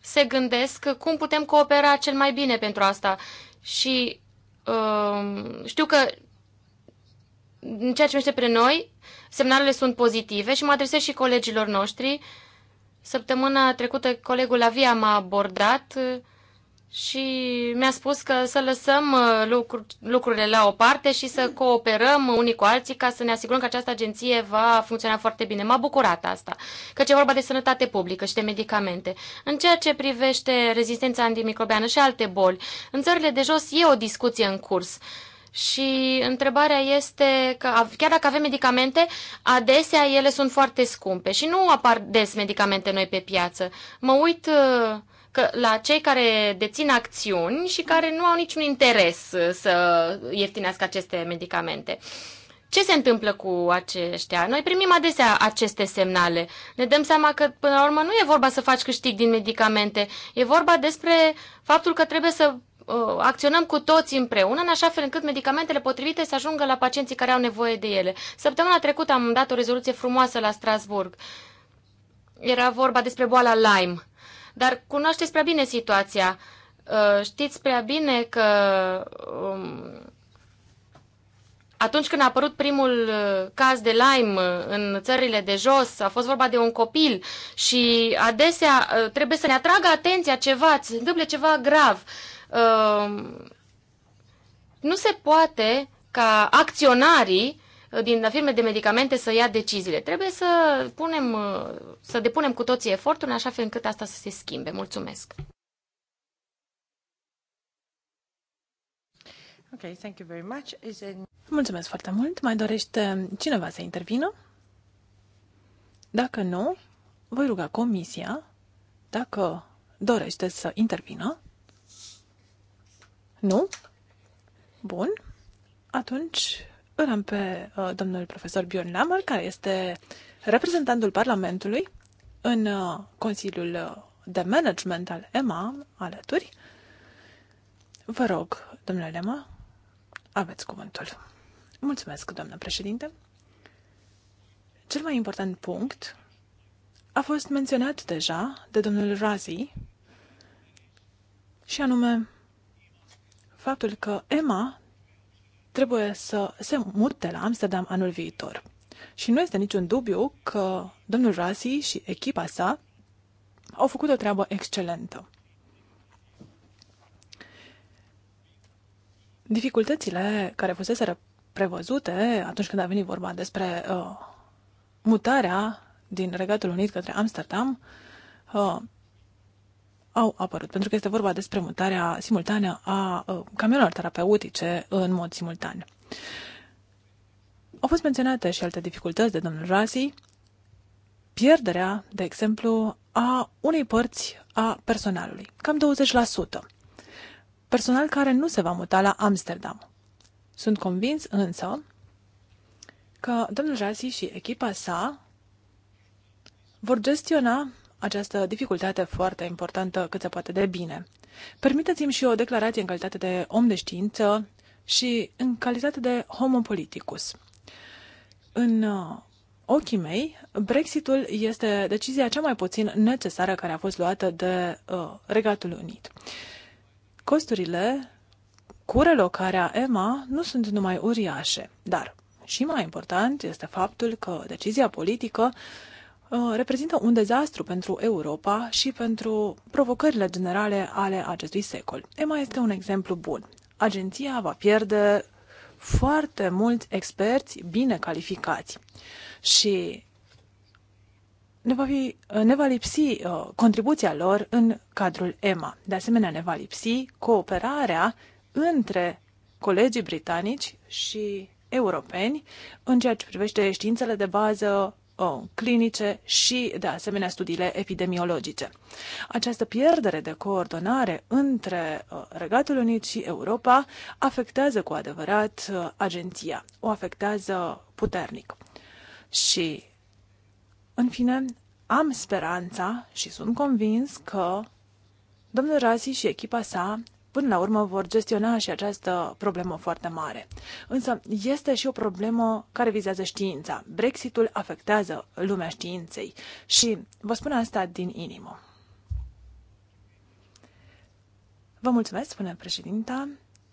se gândesc cum putem coopera cel mai bine pentru asta și uh, știu că în ceea ce mește pre noi, semnalele sunt pozitive și mă adresez și colegilor noștri. Săptămâna trecută colegul Avia m-a abordat uh, și mi-a spus că să lăsăm uh, lucru, lucrurile la o parte și să cooperăm unii cu alții ca să ne asigurăm că această agenție va funcționa foarte bine. M-a bucurat asta, că e vorba de sănătate publică și de medicamente. În ceea ce privește rezistența antimicrobiană și alte boli, în țările de jos e o discuție în curs. Și întrebarea este că chiar dacă avem medicamente, adesea ele sunt foarte scumpe și nu apar des medicamente noi pe piață. Mă uit uh, că la cei care dețin acțiuni și care nu au niciun interes uh, să ieftinească aceste medicamente. Ce se întâmplă cu aceștia? Noi primim adesea aceste semnale. Ne dăm seama că, până la urmă, nu e vorba să faci câștig din medicamente. E vorba despre faptul că trebuie să uh, acționăm cu toți împreună, în așa fel încât medicamentele potrivite să ajungă la pacienții care au nevoie de ele. Săptămâna trecută am dat o rezoluție frumoasă la Strasburg. Era vorba despre boala Lyme dar cunoașteți prea bine situația. Uh, știți prea bine că um, atunci când a apărut primul uh, caz de Lyme uh, în țările de jos, a fost vorba de un copil și adesea trebuie să ne atragă atenția ceva, se întâmplă ceva grav. Nu se poate ca acționarii din firme de medicamente să ia deciziile. Trebuie să, punem, să depunem cu toții efortul în așa fel încât asta să se schimbe. Mulțumesc! Okay, thank you very much. Is it... Mulțumesc foarte mult. Mai dorește cineva să intervină? Dacă nu, voi ruga comisia dacă dorește să intervină. Nu? Bun. Atunci îl am pe uh, domnul profesor Bjorn Lamer, care este reprezentantul Parlamentului în uh, Consiliul uh, de Management al EMA alături. Vă rog, domnule Lema, aveți cuvântul. Mulțumesc, doamnă președinte. Cel mai important punct a fost menționat deja de domnul Razi, și anume faptul că EMA trebuie să se mute la Amsterdam anul viitor. Și nu este niciun dubiu că domnul Rasi și echipa sa au făcut o treabă excelentă. Dificultățile care fusese prevăzute atunci când a venit vorba despre uh, mutarea din Regatul Unit către Amsterdam uh, au apărut, pentru că este vorba despre mutarea simultană a ă, camionelor terapeutice în mod simultan. Au fost menționate și alte dificultăți de domnul Rasi, pierderea, de exemplu, a unei părți a personalului, cam 20%, personal care nu se va muta la Amsterdam. Sunt convins însă că domnul Rasi și echipa sa vor gestiona această dificultate foarte importantă cât se poate de bine. Permiteți-mi și o declarație în calitate de om de știință și în calitate de homo politicus. În uh, ochii mei, Brexitul este decizia cea mai puțin necesară care a fost luată de uh, Regatul Unit. Costurile cu relocarea EMA nu sunt numai uriașe, dar și mai important este faptul că decizia politică uh, Uh, reprezintă un dezastru pentru Europa și pentru provocările generale ale acestui secol. EMA este un exemplu bun. Agenția va pierde foarte mulți experți bine calificați și ne va, fi, uh, ne va lipsi uh, contribuția lor în cadrul EMA. De asemenea, ne va lipsi cooperarea între colegii britanici și europeni în ceea ce privește științele de bază, Uh, clinice și, de asemenea, studiile epidemiologice. Această pierdere de coordonare între uh, Regatul Unit și Europa afectează cu adevărat uh, agenția, o afectează puternic. Și, în fine, am speranța și sunt convins că domnul Rasi și echipa sa până la urmă vor gestiona și această problemă foarte mare. Însă este și o problemă care vizează știința. Brexitul afectează lumea științei și vă spun asta din inimă. Vă mulțumesc, spune președinta.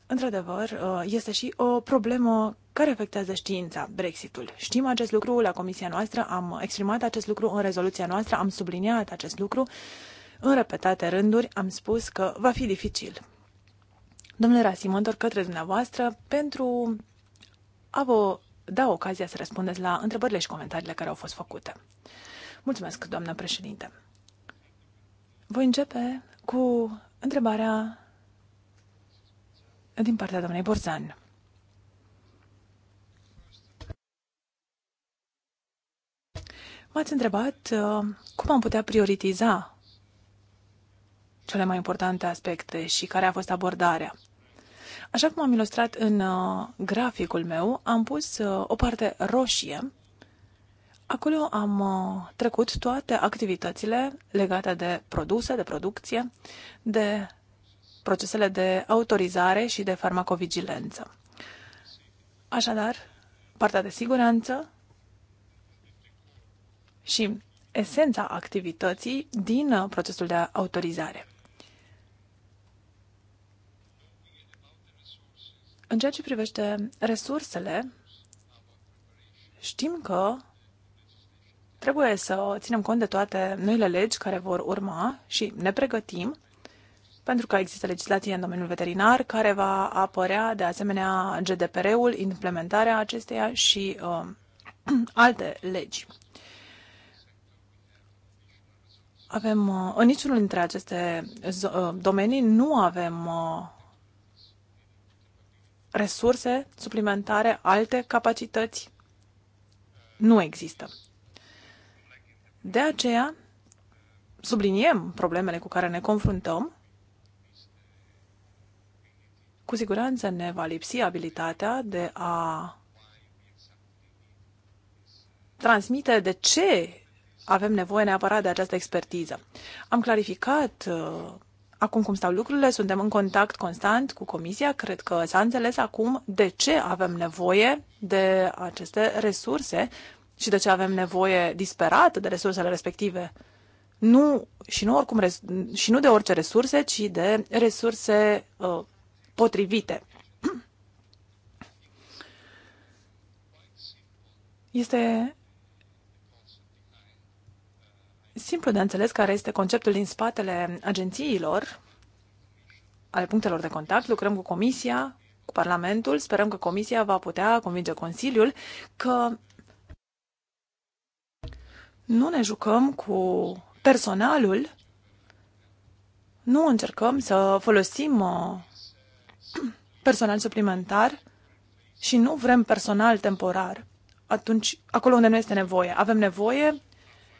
Într-adevăr, uh, este și o problemă care afectează știința, Brexitul. Știm acest lucru la comisia noastră, am exprimat acest lucru în rezoluția noastră, am subliniat acest lucru. În repetate rânduri am spus că va fi dificil. Domnule Rasim, mă întorc către dumneavoastră pentru a vă da ocazia să răspundeți la întrebările și comentariile care au fost făcute. Mulțumesc, doamnă președinte. Voi începe cu întrebarea din partea doamnei Borzan. M-ați întrebat uh, cum am putea prioritiza cele mai importante aspecte și care a fost abordarea. Așa cum am ilustrat în uh, graficul meu, am pus uh, o parte roșie. Acolo am uh, trecut toate activitățile legate de produse, de producție, de procesele de autorizare și de farmacovigilență. Așadar, partea de siguranță și esența activității din procesul de autorizare. În ceea ce privește resursele, știm că trebuie să ținem cont de toate noile legi care vor urma și ne pregătim pentru că există legislație în domeniul veterinar care va apărea, de asemenea, GDPR-ul, implementarea acesteia și uh, alte legi. Avem, uh, în niciunul dintre aceste uh, domenii nu avem uh, resurse suplimentare, alte capacități, nu există. De aceea, subliniem problemele cu care ne confruntăm. Cu siguranță ne va lipsi abilitatea de a transmite de ce avem nevoie neapărat de această expertiză. Am clarificat uh, acum cum stau lucrurile, suntem în contact constant cu Comisia. Cred că s-a înțeles acum de ce avem nevoie de aceste resurse și de ce avem nevoie disperat de resursele respective. Nu, și, nu oricum, și nu de orice resurse, ci de resurse uh, potrivite. Este simplu de înțeles care este conceptul din spatele agențiilor, ale punctelor de contact, lucrăm cu Comisia, cu Parlamentul, sperăm că Comisia va putea convinge Consiliul că nu ne jucăm cu personalul, nu încercăm să folosim uh, personal suplimentar și nu vrem personal temporar. Atunci, acolo unde nu este nevoie, avem nevoie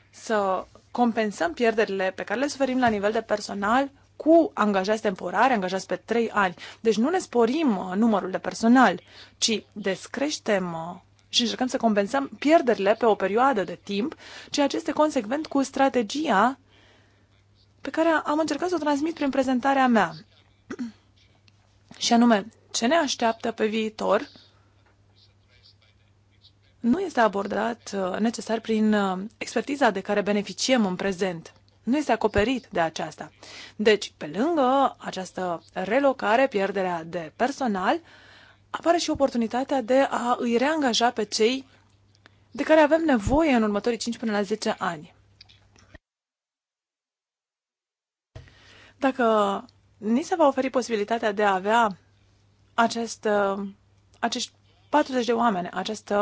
să compensăm pierderile pe care le suferim la nivel de personal cu angajați temporari, angajați pe 3 ani. Deci nu ne sporim uh, numărul de personal, ci descreștem uh, și încercăm să compensăm pierderile pe o perioadă de timp, ceea ce este consecvent cu strategia pe care am încercat să o transmit prin prezentarea mea. Și anume, ce ne așteaptă pe viitor nu este abordat uh, necesar prin uh, expertiza de care beneficiem în prezent. Nu este acoperit de aceasta. Deci, pe lângă această relocare, pierderea de personal, apare și oportunitatea de a îi reangaja pe cei de care avem nevoie în următorii 5 până la 10 ani. Dacă ni se va oferi posibilitatea de a avea acest, uh, acești 40 de oameni, această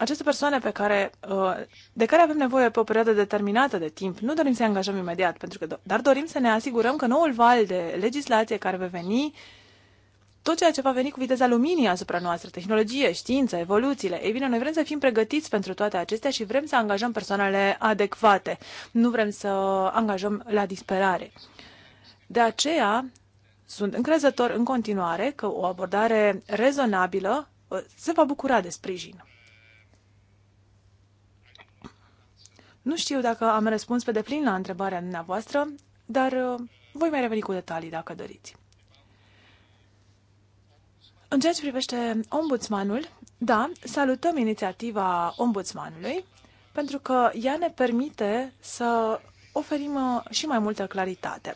aceste persoane pe care, uh, de care avem nevoie pe o perioadă determinată de timp, nu dorim să-i angajăm imediat, pentru că, dar dorim să ne asigurăm că noul val de legislație care va veni, tot ceea ce va veni cu viteza luminii asupra noastră, tehnologie, știință, evoluțiile, ei bine, noi vrem să fim pregătiți pentru toate acestea și vrem să angajăm persoanele adecvate. Nu vrem să angajăm la disperare. De aceea, sunt încrezător în continuare că o abordare rezonabilă uh, se va bucura de sprijin. Nu știu dacă am răspuns pe deplin la întrebarea dumneavoastră, dar uh, voi mai reveni cu detalii dacă doriți. În ceea ce privește ombudsmanul, da, salutăm inițiativa ombudsmanului, pentru că ea ne permite să oferim uh, și mai multă claritate.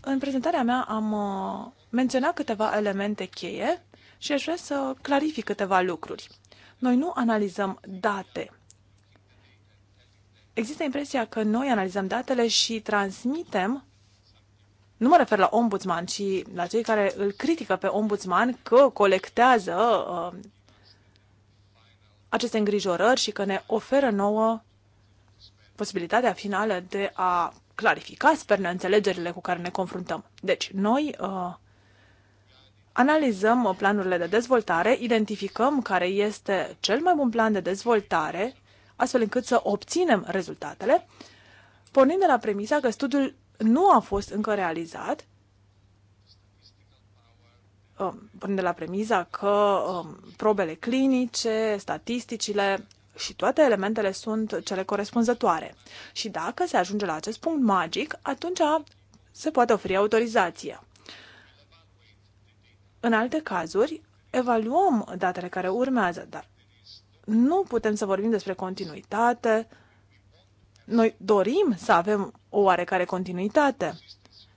În prezentarea mea am uh, menționat câteva elemente cheie și aș vrea să clarific câteva lucruri. Noi nu analizăm date, există impresia că noi analizăm datele și transmitem nu mă refer la ombudsman, ci la cei care îl critică pe ombudsman că colectează uh, aceste îngrijorări și că ne oferă nouă posibilitatea finală de a clarifica, sper, înțelegerile cu care ne confruntăm. Deci, noi uh, analizăm uh, planurile de dezvoltare, identificăm care este cel mai bun plan de dezvoltare astfel încât să obținem rezultatele, pornind de la premisa că studiul nu a fost încă realizat, um, pornind de la premisa că um, probele clinice, statisticile și toate elementele sunt cele corespunzătoare. Și dacă se ajunge la acest punct magic, atunci se poate oferi autorizația. În alte cazuri, evaluăm datele care urmează, dar nu putem să vorbim despre continuitate. Noi dorim să avem o oarecare continuitate,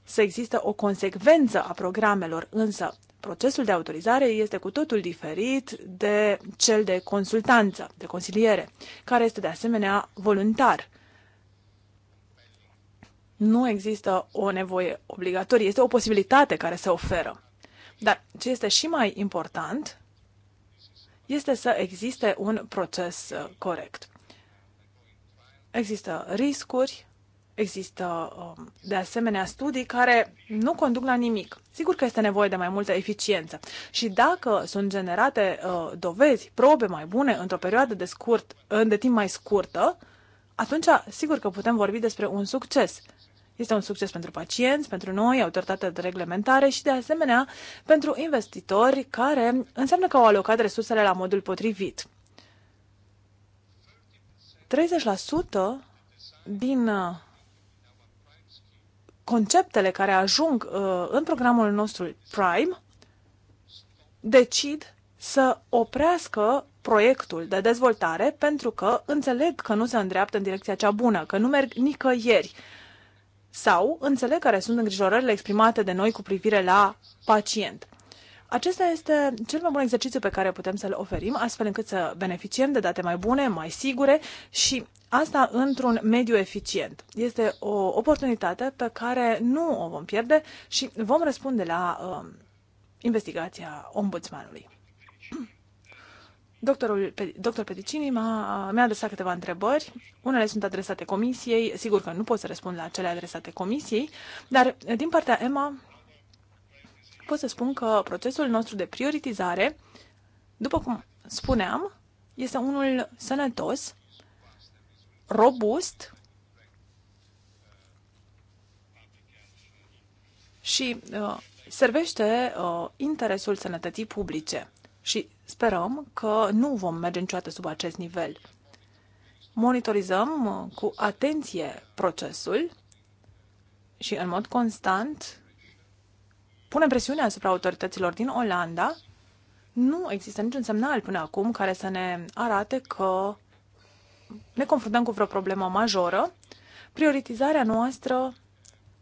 să există o consecvență a programelor, însă procesul de autorizare este cu totul diferit de cel de consultanță, de consiliere, care este de asemenea voluntar. Nu există o nevoie obligatorie, este o posibilitate care se oferă. Dar ce este și mai important este să existe un proces uh, corect. Există riscuri, există um, de asemenea studii care nu conduc la nimic. Sigur că este nevoie de mai multă eficiență și dacă sunt generate uh, dovezi, probe mai bune într-o perioadă de, scurt, uh, de timp mai scurtă, atunci sigur că putem vorbi despre un succes. Este un succes pentru pacienți, pentru noi, autoritatea de reglementare și, de asemenea, pentru investitori, care înseamnă că au alocat resursele la modul potrivit. 30% din uh, conceptele care ajung uh, în programul nostru Prime decid să oprească proiectul de dezvoltare pentru că înțeleg că nu se îndreaptă în direcția cea bună, că nu merg nicăieri. Uh, sau înțeleg care sunt îngrijorările exprimate de noi cu privire la pacient. Acesta este cel mai bun exercițiu pe care putem să-l oferim, astfel încât să beneficiem de date mai bune, mai sigure și asta într-un mediu eficient. Este o oportunitate pe care nu o vom pierde și vom răspunde la uh, investigația ombudsmanului. Doctorul, doctor Pedicini m-a, mi-a adresat câteva întrebări. Unele sunt adresate comisiei. Sigur că nu pot să răspund la cele adresate comisiei, dar din partea EMA pot să spun că procesul nostru de prioritizare, după cum spuneam, este unul sănătos, robust și uh, servește uh, interesul sănătății publice și sperăm că nu vom merge niciodată sub acest nivel. Monitorizăm cu atenție procesul și în mod constant punem presiune asupra autorităților din Olanda. Nu există niciun semnal până acum care să ne arate că ne confruntăm cu vreo problemă majoră. Prioritizarea noastră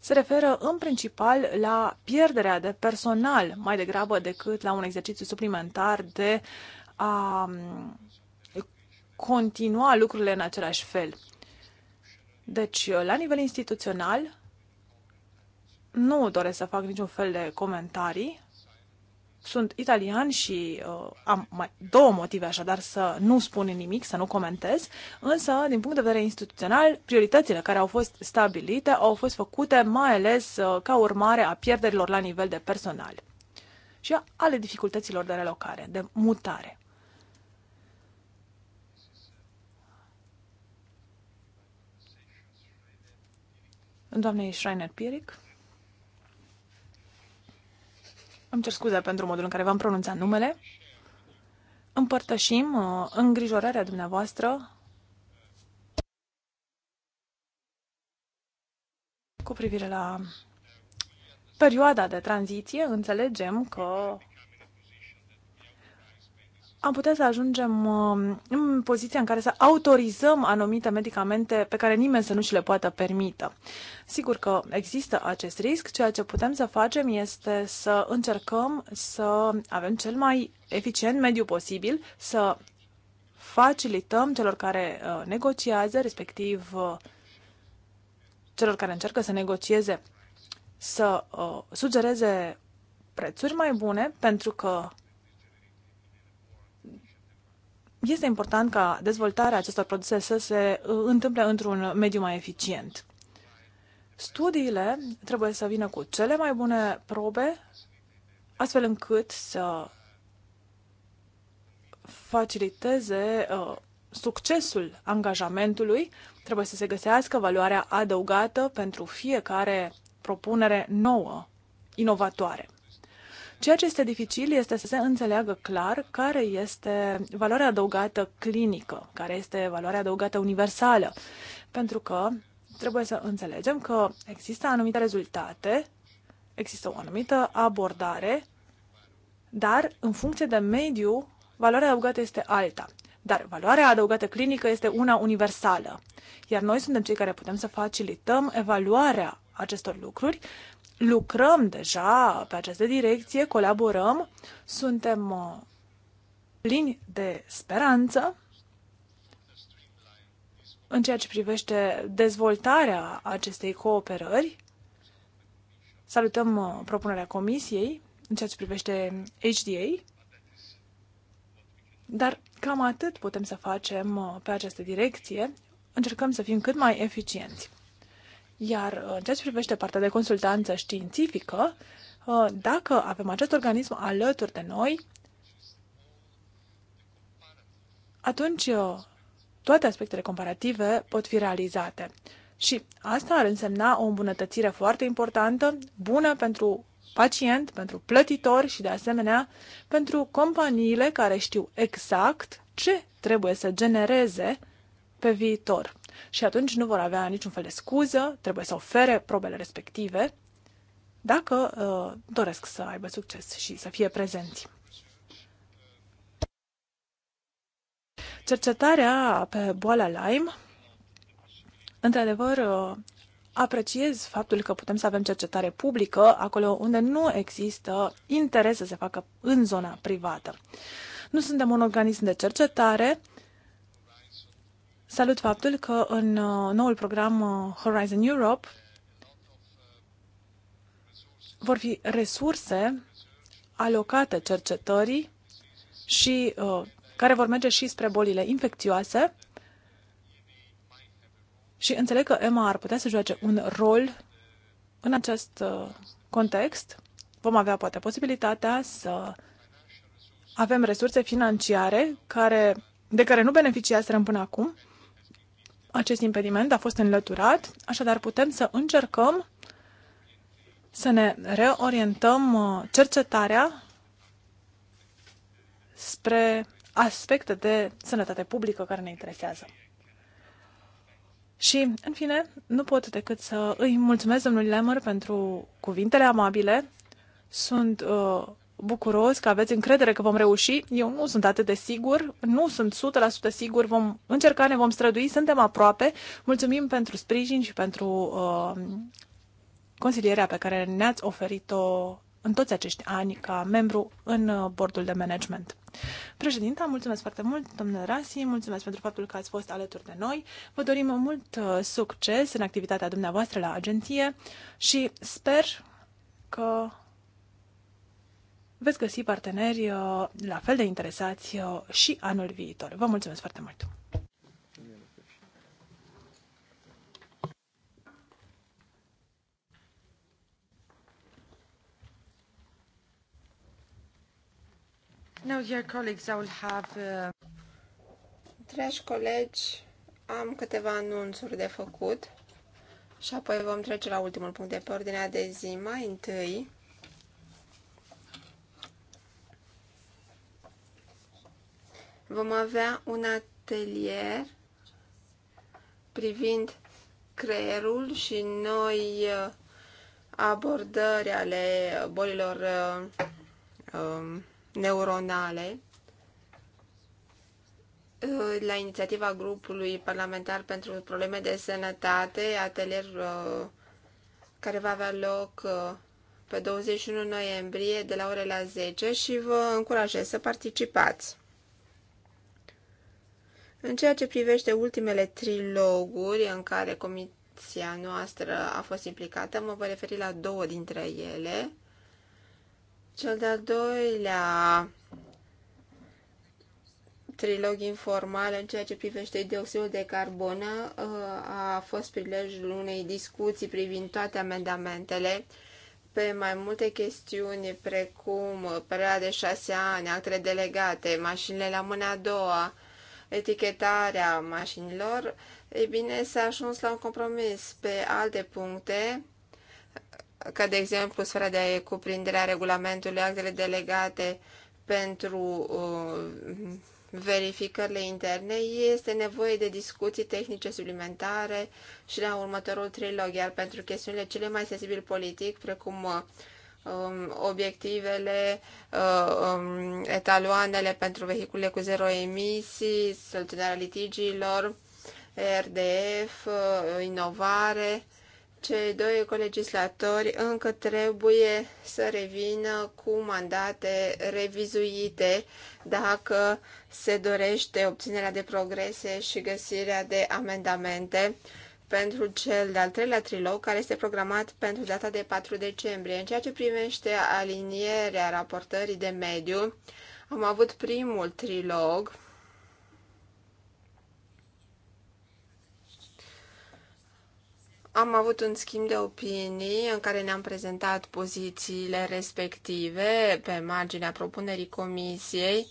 se referă în principal la pierderea de personal mai degrabă decât la un exercițiu suplimentar de a continua lucrurile în același fel. Deci, la nivel instituțional, nu doresc să fac niciun fel de comentarii sunt italian și uh, am mai, două motive așadar să nu spun nimic, să nu comentez, însă din punct de vedere instituțional, prioritățile care au fost stabilite au fost făcute mai ales uh, ca urmare a pierderilor la nivel de personal și ale dificultăților de relocare, de mutare. Doamnei Schreiner-Pieric. Îmi cer scuze pentru modul în care v-am pronunțat numele. Împărtășim uh, îngrijorarea dumneavoastră cu privire la perioada de tranziție. Înțelegem că am putea să ajungem uh, în poziția în care să autorizăm anumite medicamente pe care nimeni să nu și le poată permită. Sigur că există acest risc, ceea ce putem să facem este să încercăm să avem cel mai eficient mediu posibil, să facilităm celor care uh, negociază, respectiv uh, celor care încearcă să negocieze, să sugereze prețuri mai bune, pentru că este important ca dezvoltarea acestor produse să se uh, întâmple într-un mediu mai eficient. Studiile trebuie să vină cu cele mai bune probe, astfel încât să faciliteze uh, succesul angajamentului, trebuie să se găsească valoarea adăugată pentru fiecare propunere nouă, inovatoare. Ceea ce este dificil este să se înțeleagă clar care este valoarea adăugată clinică, care este valoarea adăugată universală, pentru că trebuie să înțelegem că există anumite rezultate, există o anumită abordare, dar în funcție de mediu, valoarea adăugată este alta. Dar valoarea adăugată clinică este una universală. Iar noi suntem cei care putem să facilităm evaluarea acestor lucruri lucrăm deja pe această direcție, colaborăm, suntem uh, plini de speranță în ceea ce privește dezvoltarea acestei cooperări. Salutăm uh, propunerea Comisiei în ceea ce privește HDA, dar cam atât putem să facem uh, pe această direcție. Încercăm să fim cât mai eficienți. Iar uh, în ceea ce privește partea de consultanță științifică, uh, dacă avem acest organism alături de noi, atunci uh, toate aspectele comparative pot fi realizate. Și asta ar însemna o îmbunătățire foarte importantă, bună pentru pacient, pentru plătitor și, de asemenea, pentru companiile care știu exact ce trebuie să genereze pe viitor. Și atunci nu vor avea niciun fel de scuză, trebuie să ofere probele respective dacă uh, doresc să aibă succes și să fie prezenți. Cercetarea pe boala Lyme, într-adevăr, uh, apreciez faptul că putem să avem cercetare publică acolo unde nu există interes să se facă în zona privată. Nu suntem un organism de cercetare, Salut faptul că în uh, noul program uh, Horizon Europe vor fi resurse alocate cercetării și uh, care vor merge și spre bolile infecțioase. Și înțeleg că EMA ar putea să joace un rol în acest context. Vom avea poate posibilitatea să avem resurse financiare care, de care nu beneficiaserăm până acum acest impediment a fost înlăturat, așadar putem să încercăm să ne reorientăm uh, cercetarea spre aspecte de sănătate publică care ne interesează. Și, în fine, nu pot decât să îi mulțumesc domnului Lemmer pentru cuvintele amabile. Sunt uh, bucuros că aveți încredere că vom reuși. Eu nu sunt atât de sigur, nu sunt 100% sigur, vom încerca, ne vom strădui, suntem aproape. Mulțumim pentru sprijin și pentru uh, consilierea pe care ne-ați oferit-o în toți acești ani ca membru în uh, bordul de management. Președinta, mulțumesc foarte mult, domnule Rasi, mulțumesc pentru faptul că ați fost alături de noi. Vă dorim mult uh, succes în activitatea dumneavoastră la agenție și sper că veți găsi parteneri uh, la fel de interesați uh, și anul viitor. Vă mulțumesc foarte mult! Now, dear colleagues, I will have, uh... Dragi colegi, am câteva anunțuri de făcut și apoi vom trece la ultimul punct de pe ordinea de zi. Mai întâi, Vom avea un atelier privind creierul și noi uh, abordări ale bolilor uh, um, neuronale uh, la inițiativa grupului parlamentar pentru probleme de sănătate, atelier care va avea loc pe 21 noiembrie de la orele la 10 și vă încurajez să participați. În ceea ce privește ultimele triloguri în care comisia noastră a fost implicată, mă voi referi la două dintre ele. Cel de-al doilea trilog informal în ceea ce privește dioxidul de carbonă ă, a fost prilejul unei discuții privind toate amendamentele pe mai multe chestiuni, precum perioada de șase ani, actele delegate, mașinile la mâna a doua, etichetarea mașinilor, e bine, s-a ajuns la un compromis pe alte puncte, ca de exemplu sfera de cuprindere a regulamentului, actele delegate pentru uh, verificările interne, este nevoie de discuții tehnice suplimentare și la următorul trilog, iar pentru chestiunile cele mai sensibile politic, precum uh, Um, obiectivele, uh, um, etaloanele pentru vehicule cu zero emisii, soluționarea litigiilor, RDF, uh, inovare. Cei doi colegislatori încă trebuie să revină cu mandate revizuite dacă se dorește obținerea de progrese și găsirea de amendamente pentru cel de-al treilea trilog, care este programat pentru data de 4 decembrie. În ceea ce privește alinierea raportării de mediu, am avut primul trilog Am avut un schimb de opinii în care ne-am prezentat pozițiile respective pe marginea propunerii comisiei.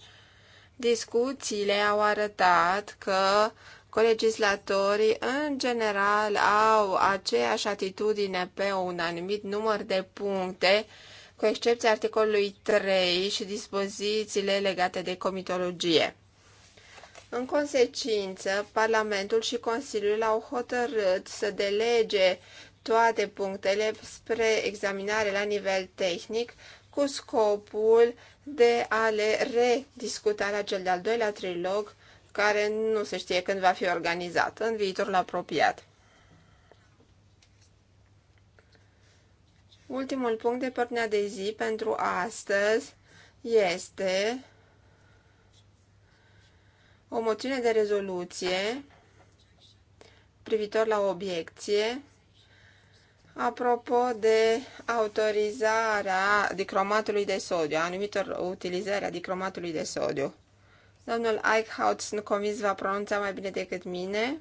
Discuțiile au arătat că colegislatorii în general au aceeași atitudine pe un anumit număr de puncte, cu excepția articolului 3 și dispozițiile legate de comitologie. În consecință, Parlamentul și Consiliul au hotărât să delege toate punctele spre examinare la nivel tehnic, cu scopul de a le rediscuta la cel de-al doilea trilog care nu se știe când va fi organizată în viitorul apropiat. Ultimul punct de părnea de zi pentru astăzi este o moțiune de rezoluție privitor la obiecție apropo de autorizarea dicromatului de sodiu, anumitor utilizarea dicromatului de sodiu. Domnul Eichhout, sunt convins, va pronunța mai bine decât mine.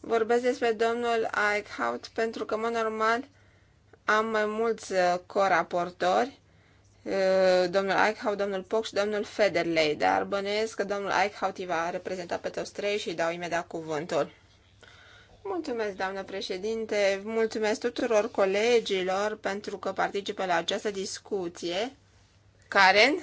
Vorbesc despre domnul Eichhout pentru că, mă normal, am mai mulți uh, coraportori, uh, domnul Eichhout, domnul Poc și domnul Federley, dar bănuiesc că domnul Eichhout îi va reprezenta pe toți trei și îi dau imediat cuvântul. Mulțumesc, doamnă președinte, mulțumesc tuturor colegilor pentru că participă la această discuție. Karen?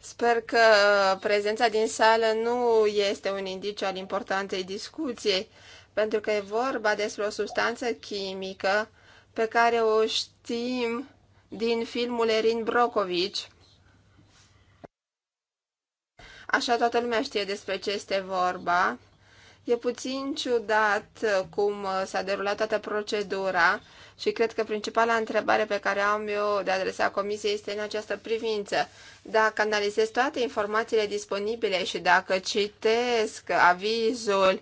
Sper că uh, prezența din sală nu este un indiciu al importanței discuției, pentru că e vorba despre o substanță chimică pe care o știm din filmul Erin Brokovich. Așa toată lumea știe despre ce este vorba. E puțin ciudat uh, cum uh, s-a derulat toată procedura și cred că principala întrebare pe care am eu de adresa comisiei este în această privință. Dacă analizez toate informațiile disponibile și dacă citesc avizul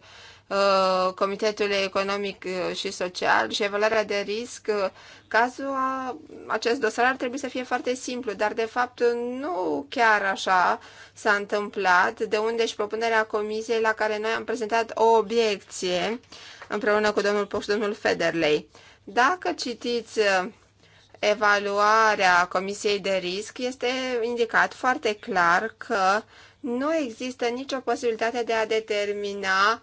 Uh, Comitetului Economic uh, și Social și evaluarea de risc, uh, cazul a, acest dosar ar trebui să fie foarte simplu, dar de fapt nu chiar așa s-a întâmplat, de unde și propunerea comisiei la care noi am prezentat o obiecție împreună cu domnul Poș, domnul Federley. Dacă citiți evaluarea comisiei de risc, este indicat foarte clar că nu există nicio posibilitate de a determina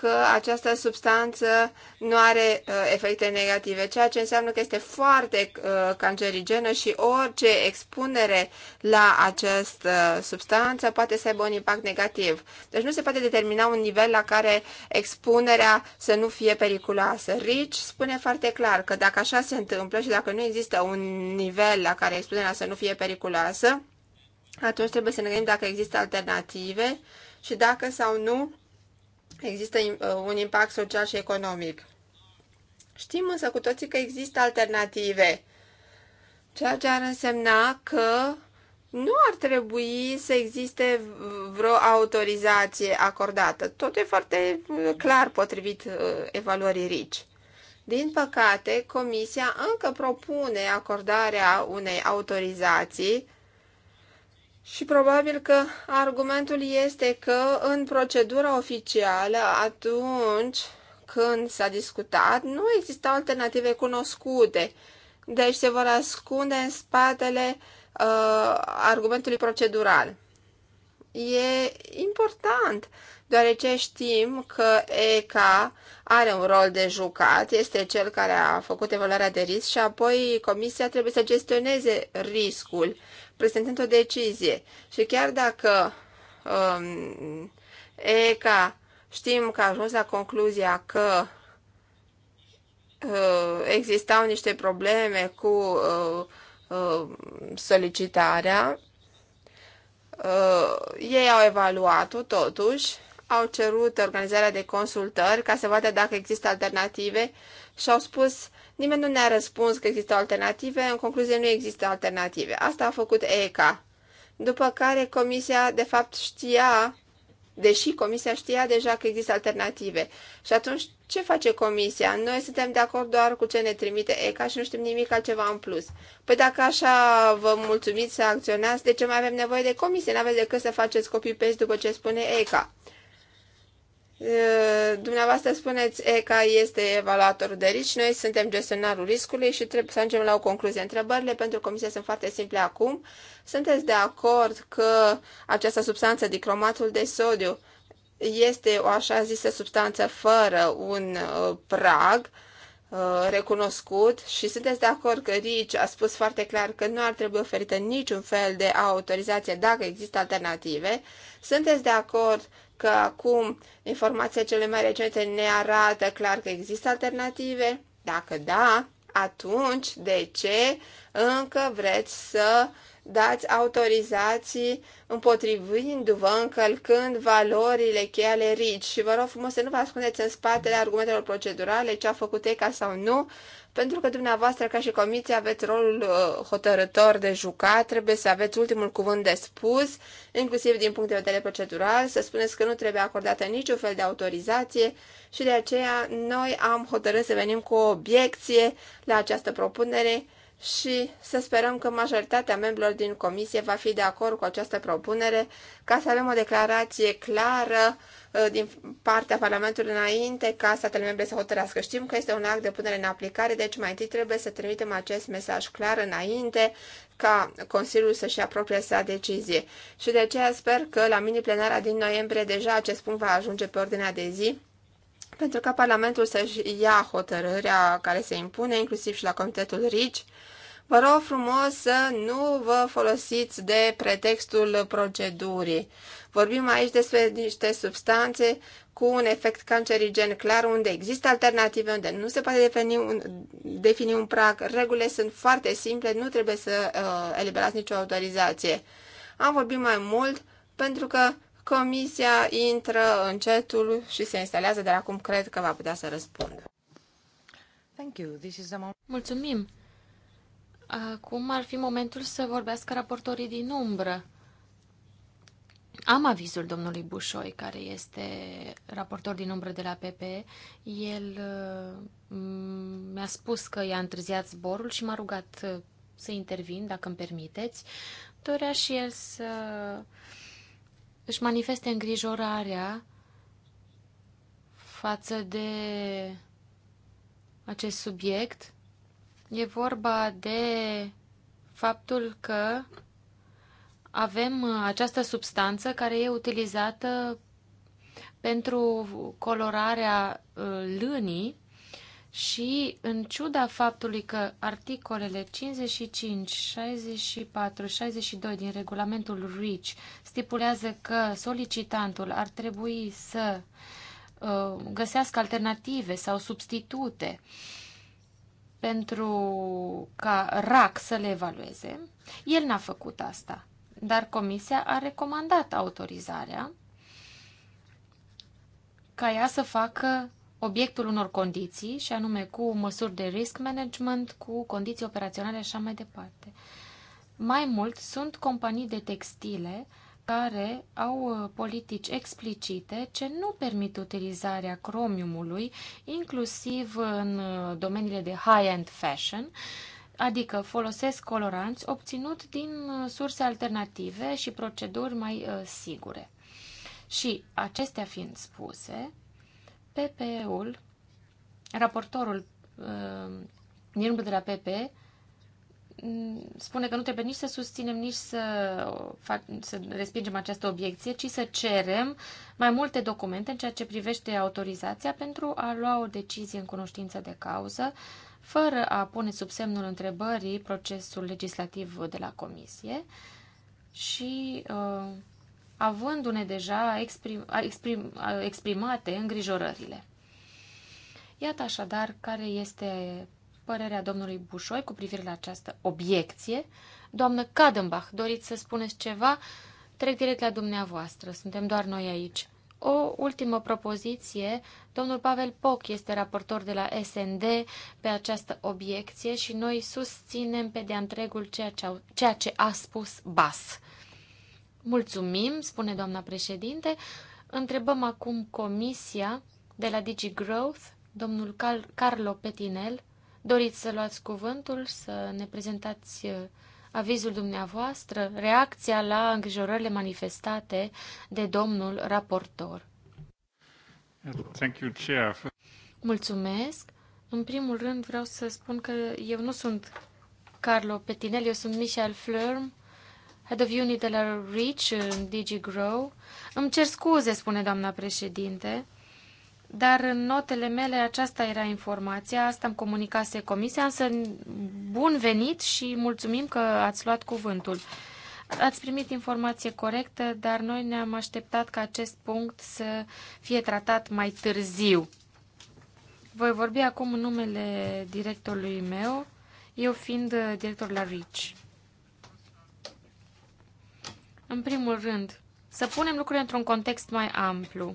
că această substanță nu are uh, efecte negative, ceea ce înseamnă că este foarte uh, cancerigenă și orice expunere la această uh, substanță poate să aibă un impact negativ. Deci nu se poate determina un nivel la care expunerea să nu fie periculoasă. Rich spune foarte clar că dacă așa se întâmplă și dacă nu există un nivel la care expunerea să nu fie periculoasă, atunci trebuie să ne gândim dacă există alternative și dacă sau nu există uh, un impact social și economic. Știm însă cu toții că există alternative, ceea ce ar însemna că nu ar trebui să existe vreo autorizație acordată. Tot e foarte uh, clar potrivit uh, evaluării RICI. Din păcate, Comisia încă propune acordarea unei autorizații și probabil că argumentul este că în procedura oficială, atunci când s-a discutat, nu existau alternative cunoscute. Deci se vor ascunde în spatele uh, argumentului procedural. E important, deoarece știm că ECA are un rol de jucat, este cel care a făcut evaluarea de risc și apoi comisia trebuie să gestioneze riscul prezentând o decizie. Și chiar dacă um, ECA știm că a ajuns la concluzia că uh, existau niște probleme cu uh, uh, solicitarea, uh, ei au evaluat-o totuși, au cerut organizarea de consultări ca să vadă dacă există alternative și au spus Nimeni nu ne-a răspuns că există alternative, în concluzie nu există alternative. Asta a făcut ECA. După care comisia, de fapt, știa, deși comisia știa deja că există alternative. Și atunci, ce face comisia? Noi suntem de acord doar cu ce ne trimite ECA și nu știm nimic altceva în plus. Păi dacă așa vă mulțumiți să acționați, de ce mai avem nevoie de comisie? N-aveți decât să faceți copii-paste după ce spune ECA. Eh, dumneavoastră spuneți ECA este evaluatorul de risc, noi suntem gestionarul riscului și trebuie să ajungem la o concluzie. Întrebările pentru comisie sunt foarte simple acum. Sunteți de acord că această substanță, dicromatul de sodiu, este o așa zisă substanță fără un uh, prag uh, recunoscut și sunteți de acord că RICI a spus foarte clar că nu ar trebui oferită niciun fel de autorizație dacă există alternative. Sunteți de acord că acum informația cele mai recente ne arată clar că există alternative? Dacă da, atunci de ce încă vreți să dați autorizații împotrivindu-vă, încălcând valorile cheie ale RIC? Și vă rog frumos să nu vă ascundeți în spatele argumentelor procedurale, ce a făcut ECA sau nu, pentru că dumneavoastră, ca și Comisie, aveți rolul uh, hotărător de jucat, trebuie să aveți ultimul cuvânt de spus, inclusiv din punct de vedere procedural, să spuneți că nu trebuie acordată niciun fel de autorizație și de aceea noi am hotărât să venim cu o obiecție la această propunere și să sperăm că majoritatea membrilor din comisie va fi de acord cu această propunere ca să avem o declarație clară Uh, din partea Parlamentului înainte ca statele membre să hotărească. Știm că este un act de punere în aplicare, deci mai întâi trebuie să trimitem acest mesaj clar înainte ca Consiliul să-și apropie sa decizie. Și de aceea sper că la mini-plenara din noiembrie deja acest punct va ajunge pe ordinea de zi pentru ca Parlamentul să-și ia hotărârea care se impune, inclusiv și la Comitetul RICI, Vă rog frumos să nu vă folosiți de pretextul procedurii. Vorbim aici despre niște substanțe cu un efect cancerigen clar, unde există alternative, unde nu se poate defini un, defini un prag. Regulile sunt foarte simple, nu trebuie să uh, eliberați nicio autorizație. Am vorbit mai mult pentru că comisia intră în cetul și se instalează, dar acum cred că va putea să răspundă. Thank you. This is the Mulțumim! Acum ar fi momentul să vorbească raportorii din umbră. Am avizul domnului Bușoi, care este raportor din umbră de la PP. El uh, mi-a spus că i-a întârziat zborul și m-a rugat uh, să intervin, dacă îmi permiteți. Dorea și el să își manifeste îngrijorarea față de acest subiect. E vorba de faptul că avem uh, această substanță care e utilizată pentru colorarea uh, lânii și în ciuda faptului că articolele 55, 64, 62 din regulamentul REACH stipulează că solicitantul ar trebui să uh, găsească alternative sau substitute pentru ca RAC să le evalueze, el n-a făcut asta dar Comisia a recomandat autorizarea ca ea să facă obiectul unor condiții, și anume cu măsuri de risk management, cu condiții operaționale și așa mai departe. Mai mult, sunt companii de textile care au uh, politici explicite ce nu permit utilizarea cromiumului, inclusiv în uh, domeniile de high-end fashion adică folosesc coloranți obținut din uh, surse alternative și proceduri mai uh, sigure. Și acestea fiind spuse, PPE-ul, raportorul uh, din de la PP, mm, spune că nu trebuie nici să susținem, nici să, fac, să respingem această obiecție, ci să cerem mai multe documente în ceea ce privește autorizația pentru a lua o decizie în cunoștință de cauză uh, fără a pune sub semnul întrebării procesul legislativ de la comisie și uh, avându-ne deja exprim, exprim, exprimate îngrijorările. Iată așadar care este părerea domnului Bușoi cu privire la această obiecție. Doamnă Kadenbach, doriți să spuneți ceva? Trec direct la dumneavoastră, suntem doar noi aici. O ultimă propoziție, domnul Pavel Poc este raportor de la SND pe această obiecție și noi susținem pe de întregul ceea ce, au, ceea ce a spus BAS. Mulțumim, spune doamna președinte. Întrebăm acum comisia de la DigiGrowth, domnul Carlo Petinel. Doriți să luați cuvântul, să ne prezentați avizul dumneavoastră, reacția la îngrijorările manifestate de domnul raportor. Thank you, Chair. Mulțumesc. În primul rând vreau să spun că eu nu sunt Carlo Petinel, eu sunt Michel Flurm, Head of Unit de la REACH în DigiGrow. Îmi cer scuze, spune doamna președinte dar în notele mele aceasta era informația, asta îmi comunicase comisia, însă bun venit și mulțumim că ați luat cuvântul. Ați primit informație corectă, dar noi ne-am așteptat ca acest punct să fie tratat mai târziu. Voi vorbi acum în numele directorului meu, eu fiind director la RICI. În primul rând, să punem lucrurile într-un context mai amplu.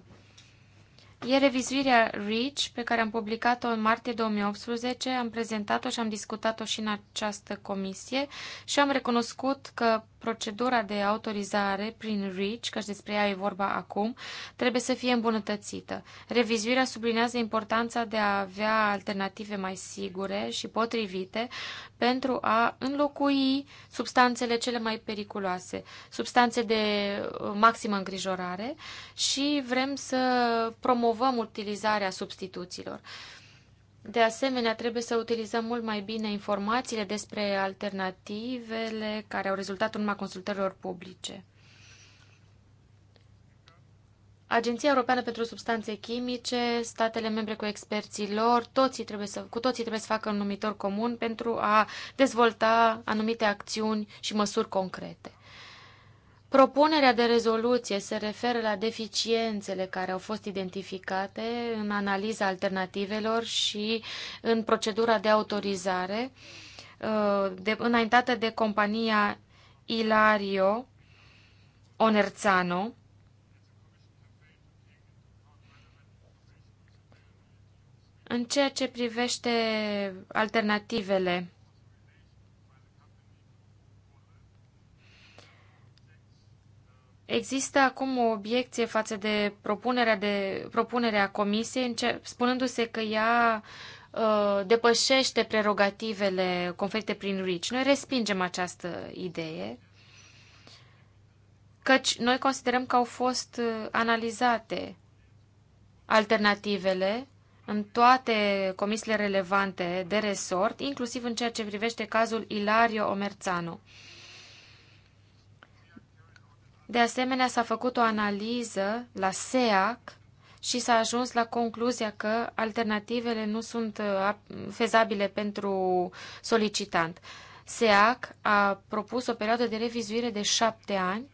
E revizuirea REACH pe care am publicat-o în martie 2018, am prezentat-o și am discutat-o și în această comisie și am recunoscut că procedura de autorizare prin REACH, căci despre ea e vorba acum, trebuie să fie îmbunătățită. Revizuirea sublinează importanța de a avea alternative mai sigure și potrivite pentru a înlocui substanțele cele mai periculoase, substanțe de uh, maximă îngrijorare și vrem să promovăm utilizarea substituțiilor. De asemenea, trebuie să utilizăm mult mai bine informațiile despre alternativele care au rezultat în urma consultărilor publice. Agenția Europeană pentru Substanțe Chimice, statele membre cu experții lor, toții trebuie să, cu toții trebuie să facă un numitor comun pentru a dezvolta anumite acțiuni și măsuri concrete. Propunerea de rezoluție se referă la deficiențele care au fost identificate în analiza alternativelor și în procedura de autorizare uh, de, înaintată de compania Ilario Onerțano. În ceea ce privește alternativele Există acum o obiecție față de propunerea, de, propunerea comisiei, spunându-se că ea uh, depășește prerogativele conferite prin RICI. Noi respingem această idee, căci noi considerăm că au fost uh, analizate alternativele în toate comisiile relevante de resort, inclusiv în ceea ce privește cazul Ilario Omerțanu. De asemenea, s-a făcut o analiză la SEAC și s-a ajuns la concluzia că alternativele nu sunt uh, fezabile pentru solicitant. SEAC a propus o perioadă de revizuire de șapte ani.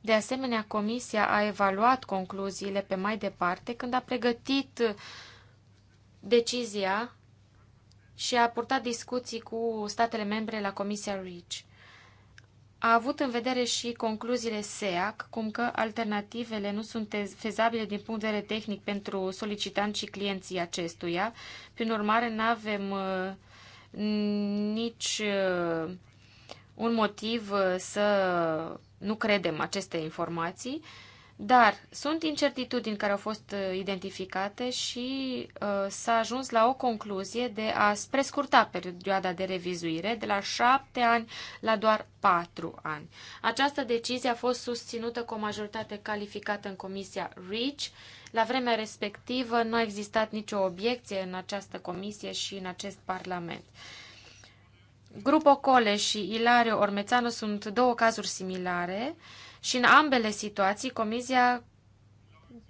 De asemenea, comisia a evaluat concluziile pe mai departe când a pregătit decizia și a purtat discuții cu statele membre la Comisia REACH a avut în vedere și concluziile SEAC, cum că alternativele nu sunt fezabile din punct de vedere tehnic pentru solicitanți și clienții acestuia. Prin urmare, nu avem uh, nici uh, un motiv uh, să nu credem aceste informații. Dar sunt incertitudini care au fost uh, identificate și uh, s-a ajuns la o concluzie de a prescurta perioada de revizuire de la șapte ani la doar patru ani. Această decizie a fost susținută cu o majoritate calificată în Comisia REACH. La vremea respectivă nu a existat nicio obiecție în această comisie și în acest parlament. Grupo Cole și Ilario Ormețanu sunt două cazuri similare. Uh, și în ambele situații, Comisia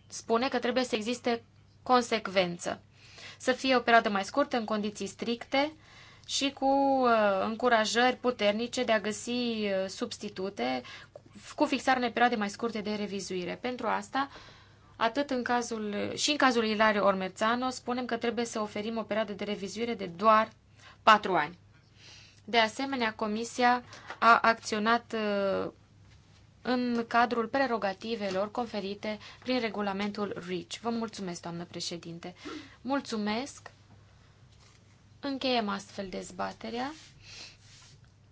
spune că trebuie să existe consecvență. Să fie o perioadă mai scurtă, în condiții stricte și cu uh, încurajări puternice de a găsi uh, substitute cu fixare unei perioade mai scurte de revizuire. Pentru asta, atât în cazul, și în cazul Ilario Ormețano, spunem că trebuie să oferim o perioadă de revizuire de doar 4 ani. De asemenea, Comisia a acționat uh, în cadrul prerogativelor conferite prin regulamentul REACH. Vă mulțumesc, doamnă președinte. Mulțumesc. Încheiem astfel dezbaterea.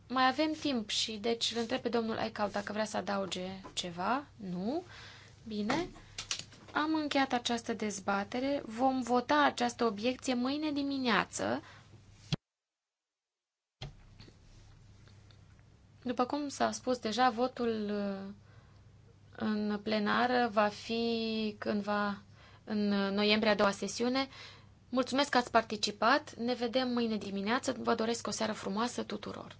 Mai avem timp și deci îl întreb pe domnul Aicau dacă vrea să adauge ceva. Nu? Bine. Am încheiat această dezbatere. Vom vota această obiecție mâine dimineață. După cum s-a spus deja, votul uh, în plenară va fi cândva în noiembrie a doua sesiune. Mulțumesc că ați participat, ne vedem mâine dimineață, vă doresc o seară frumoasă tuturor!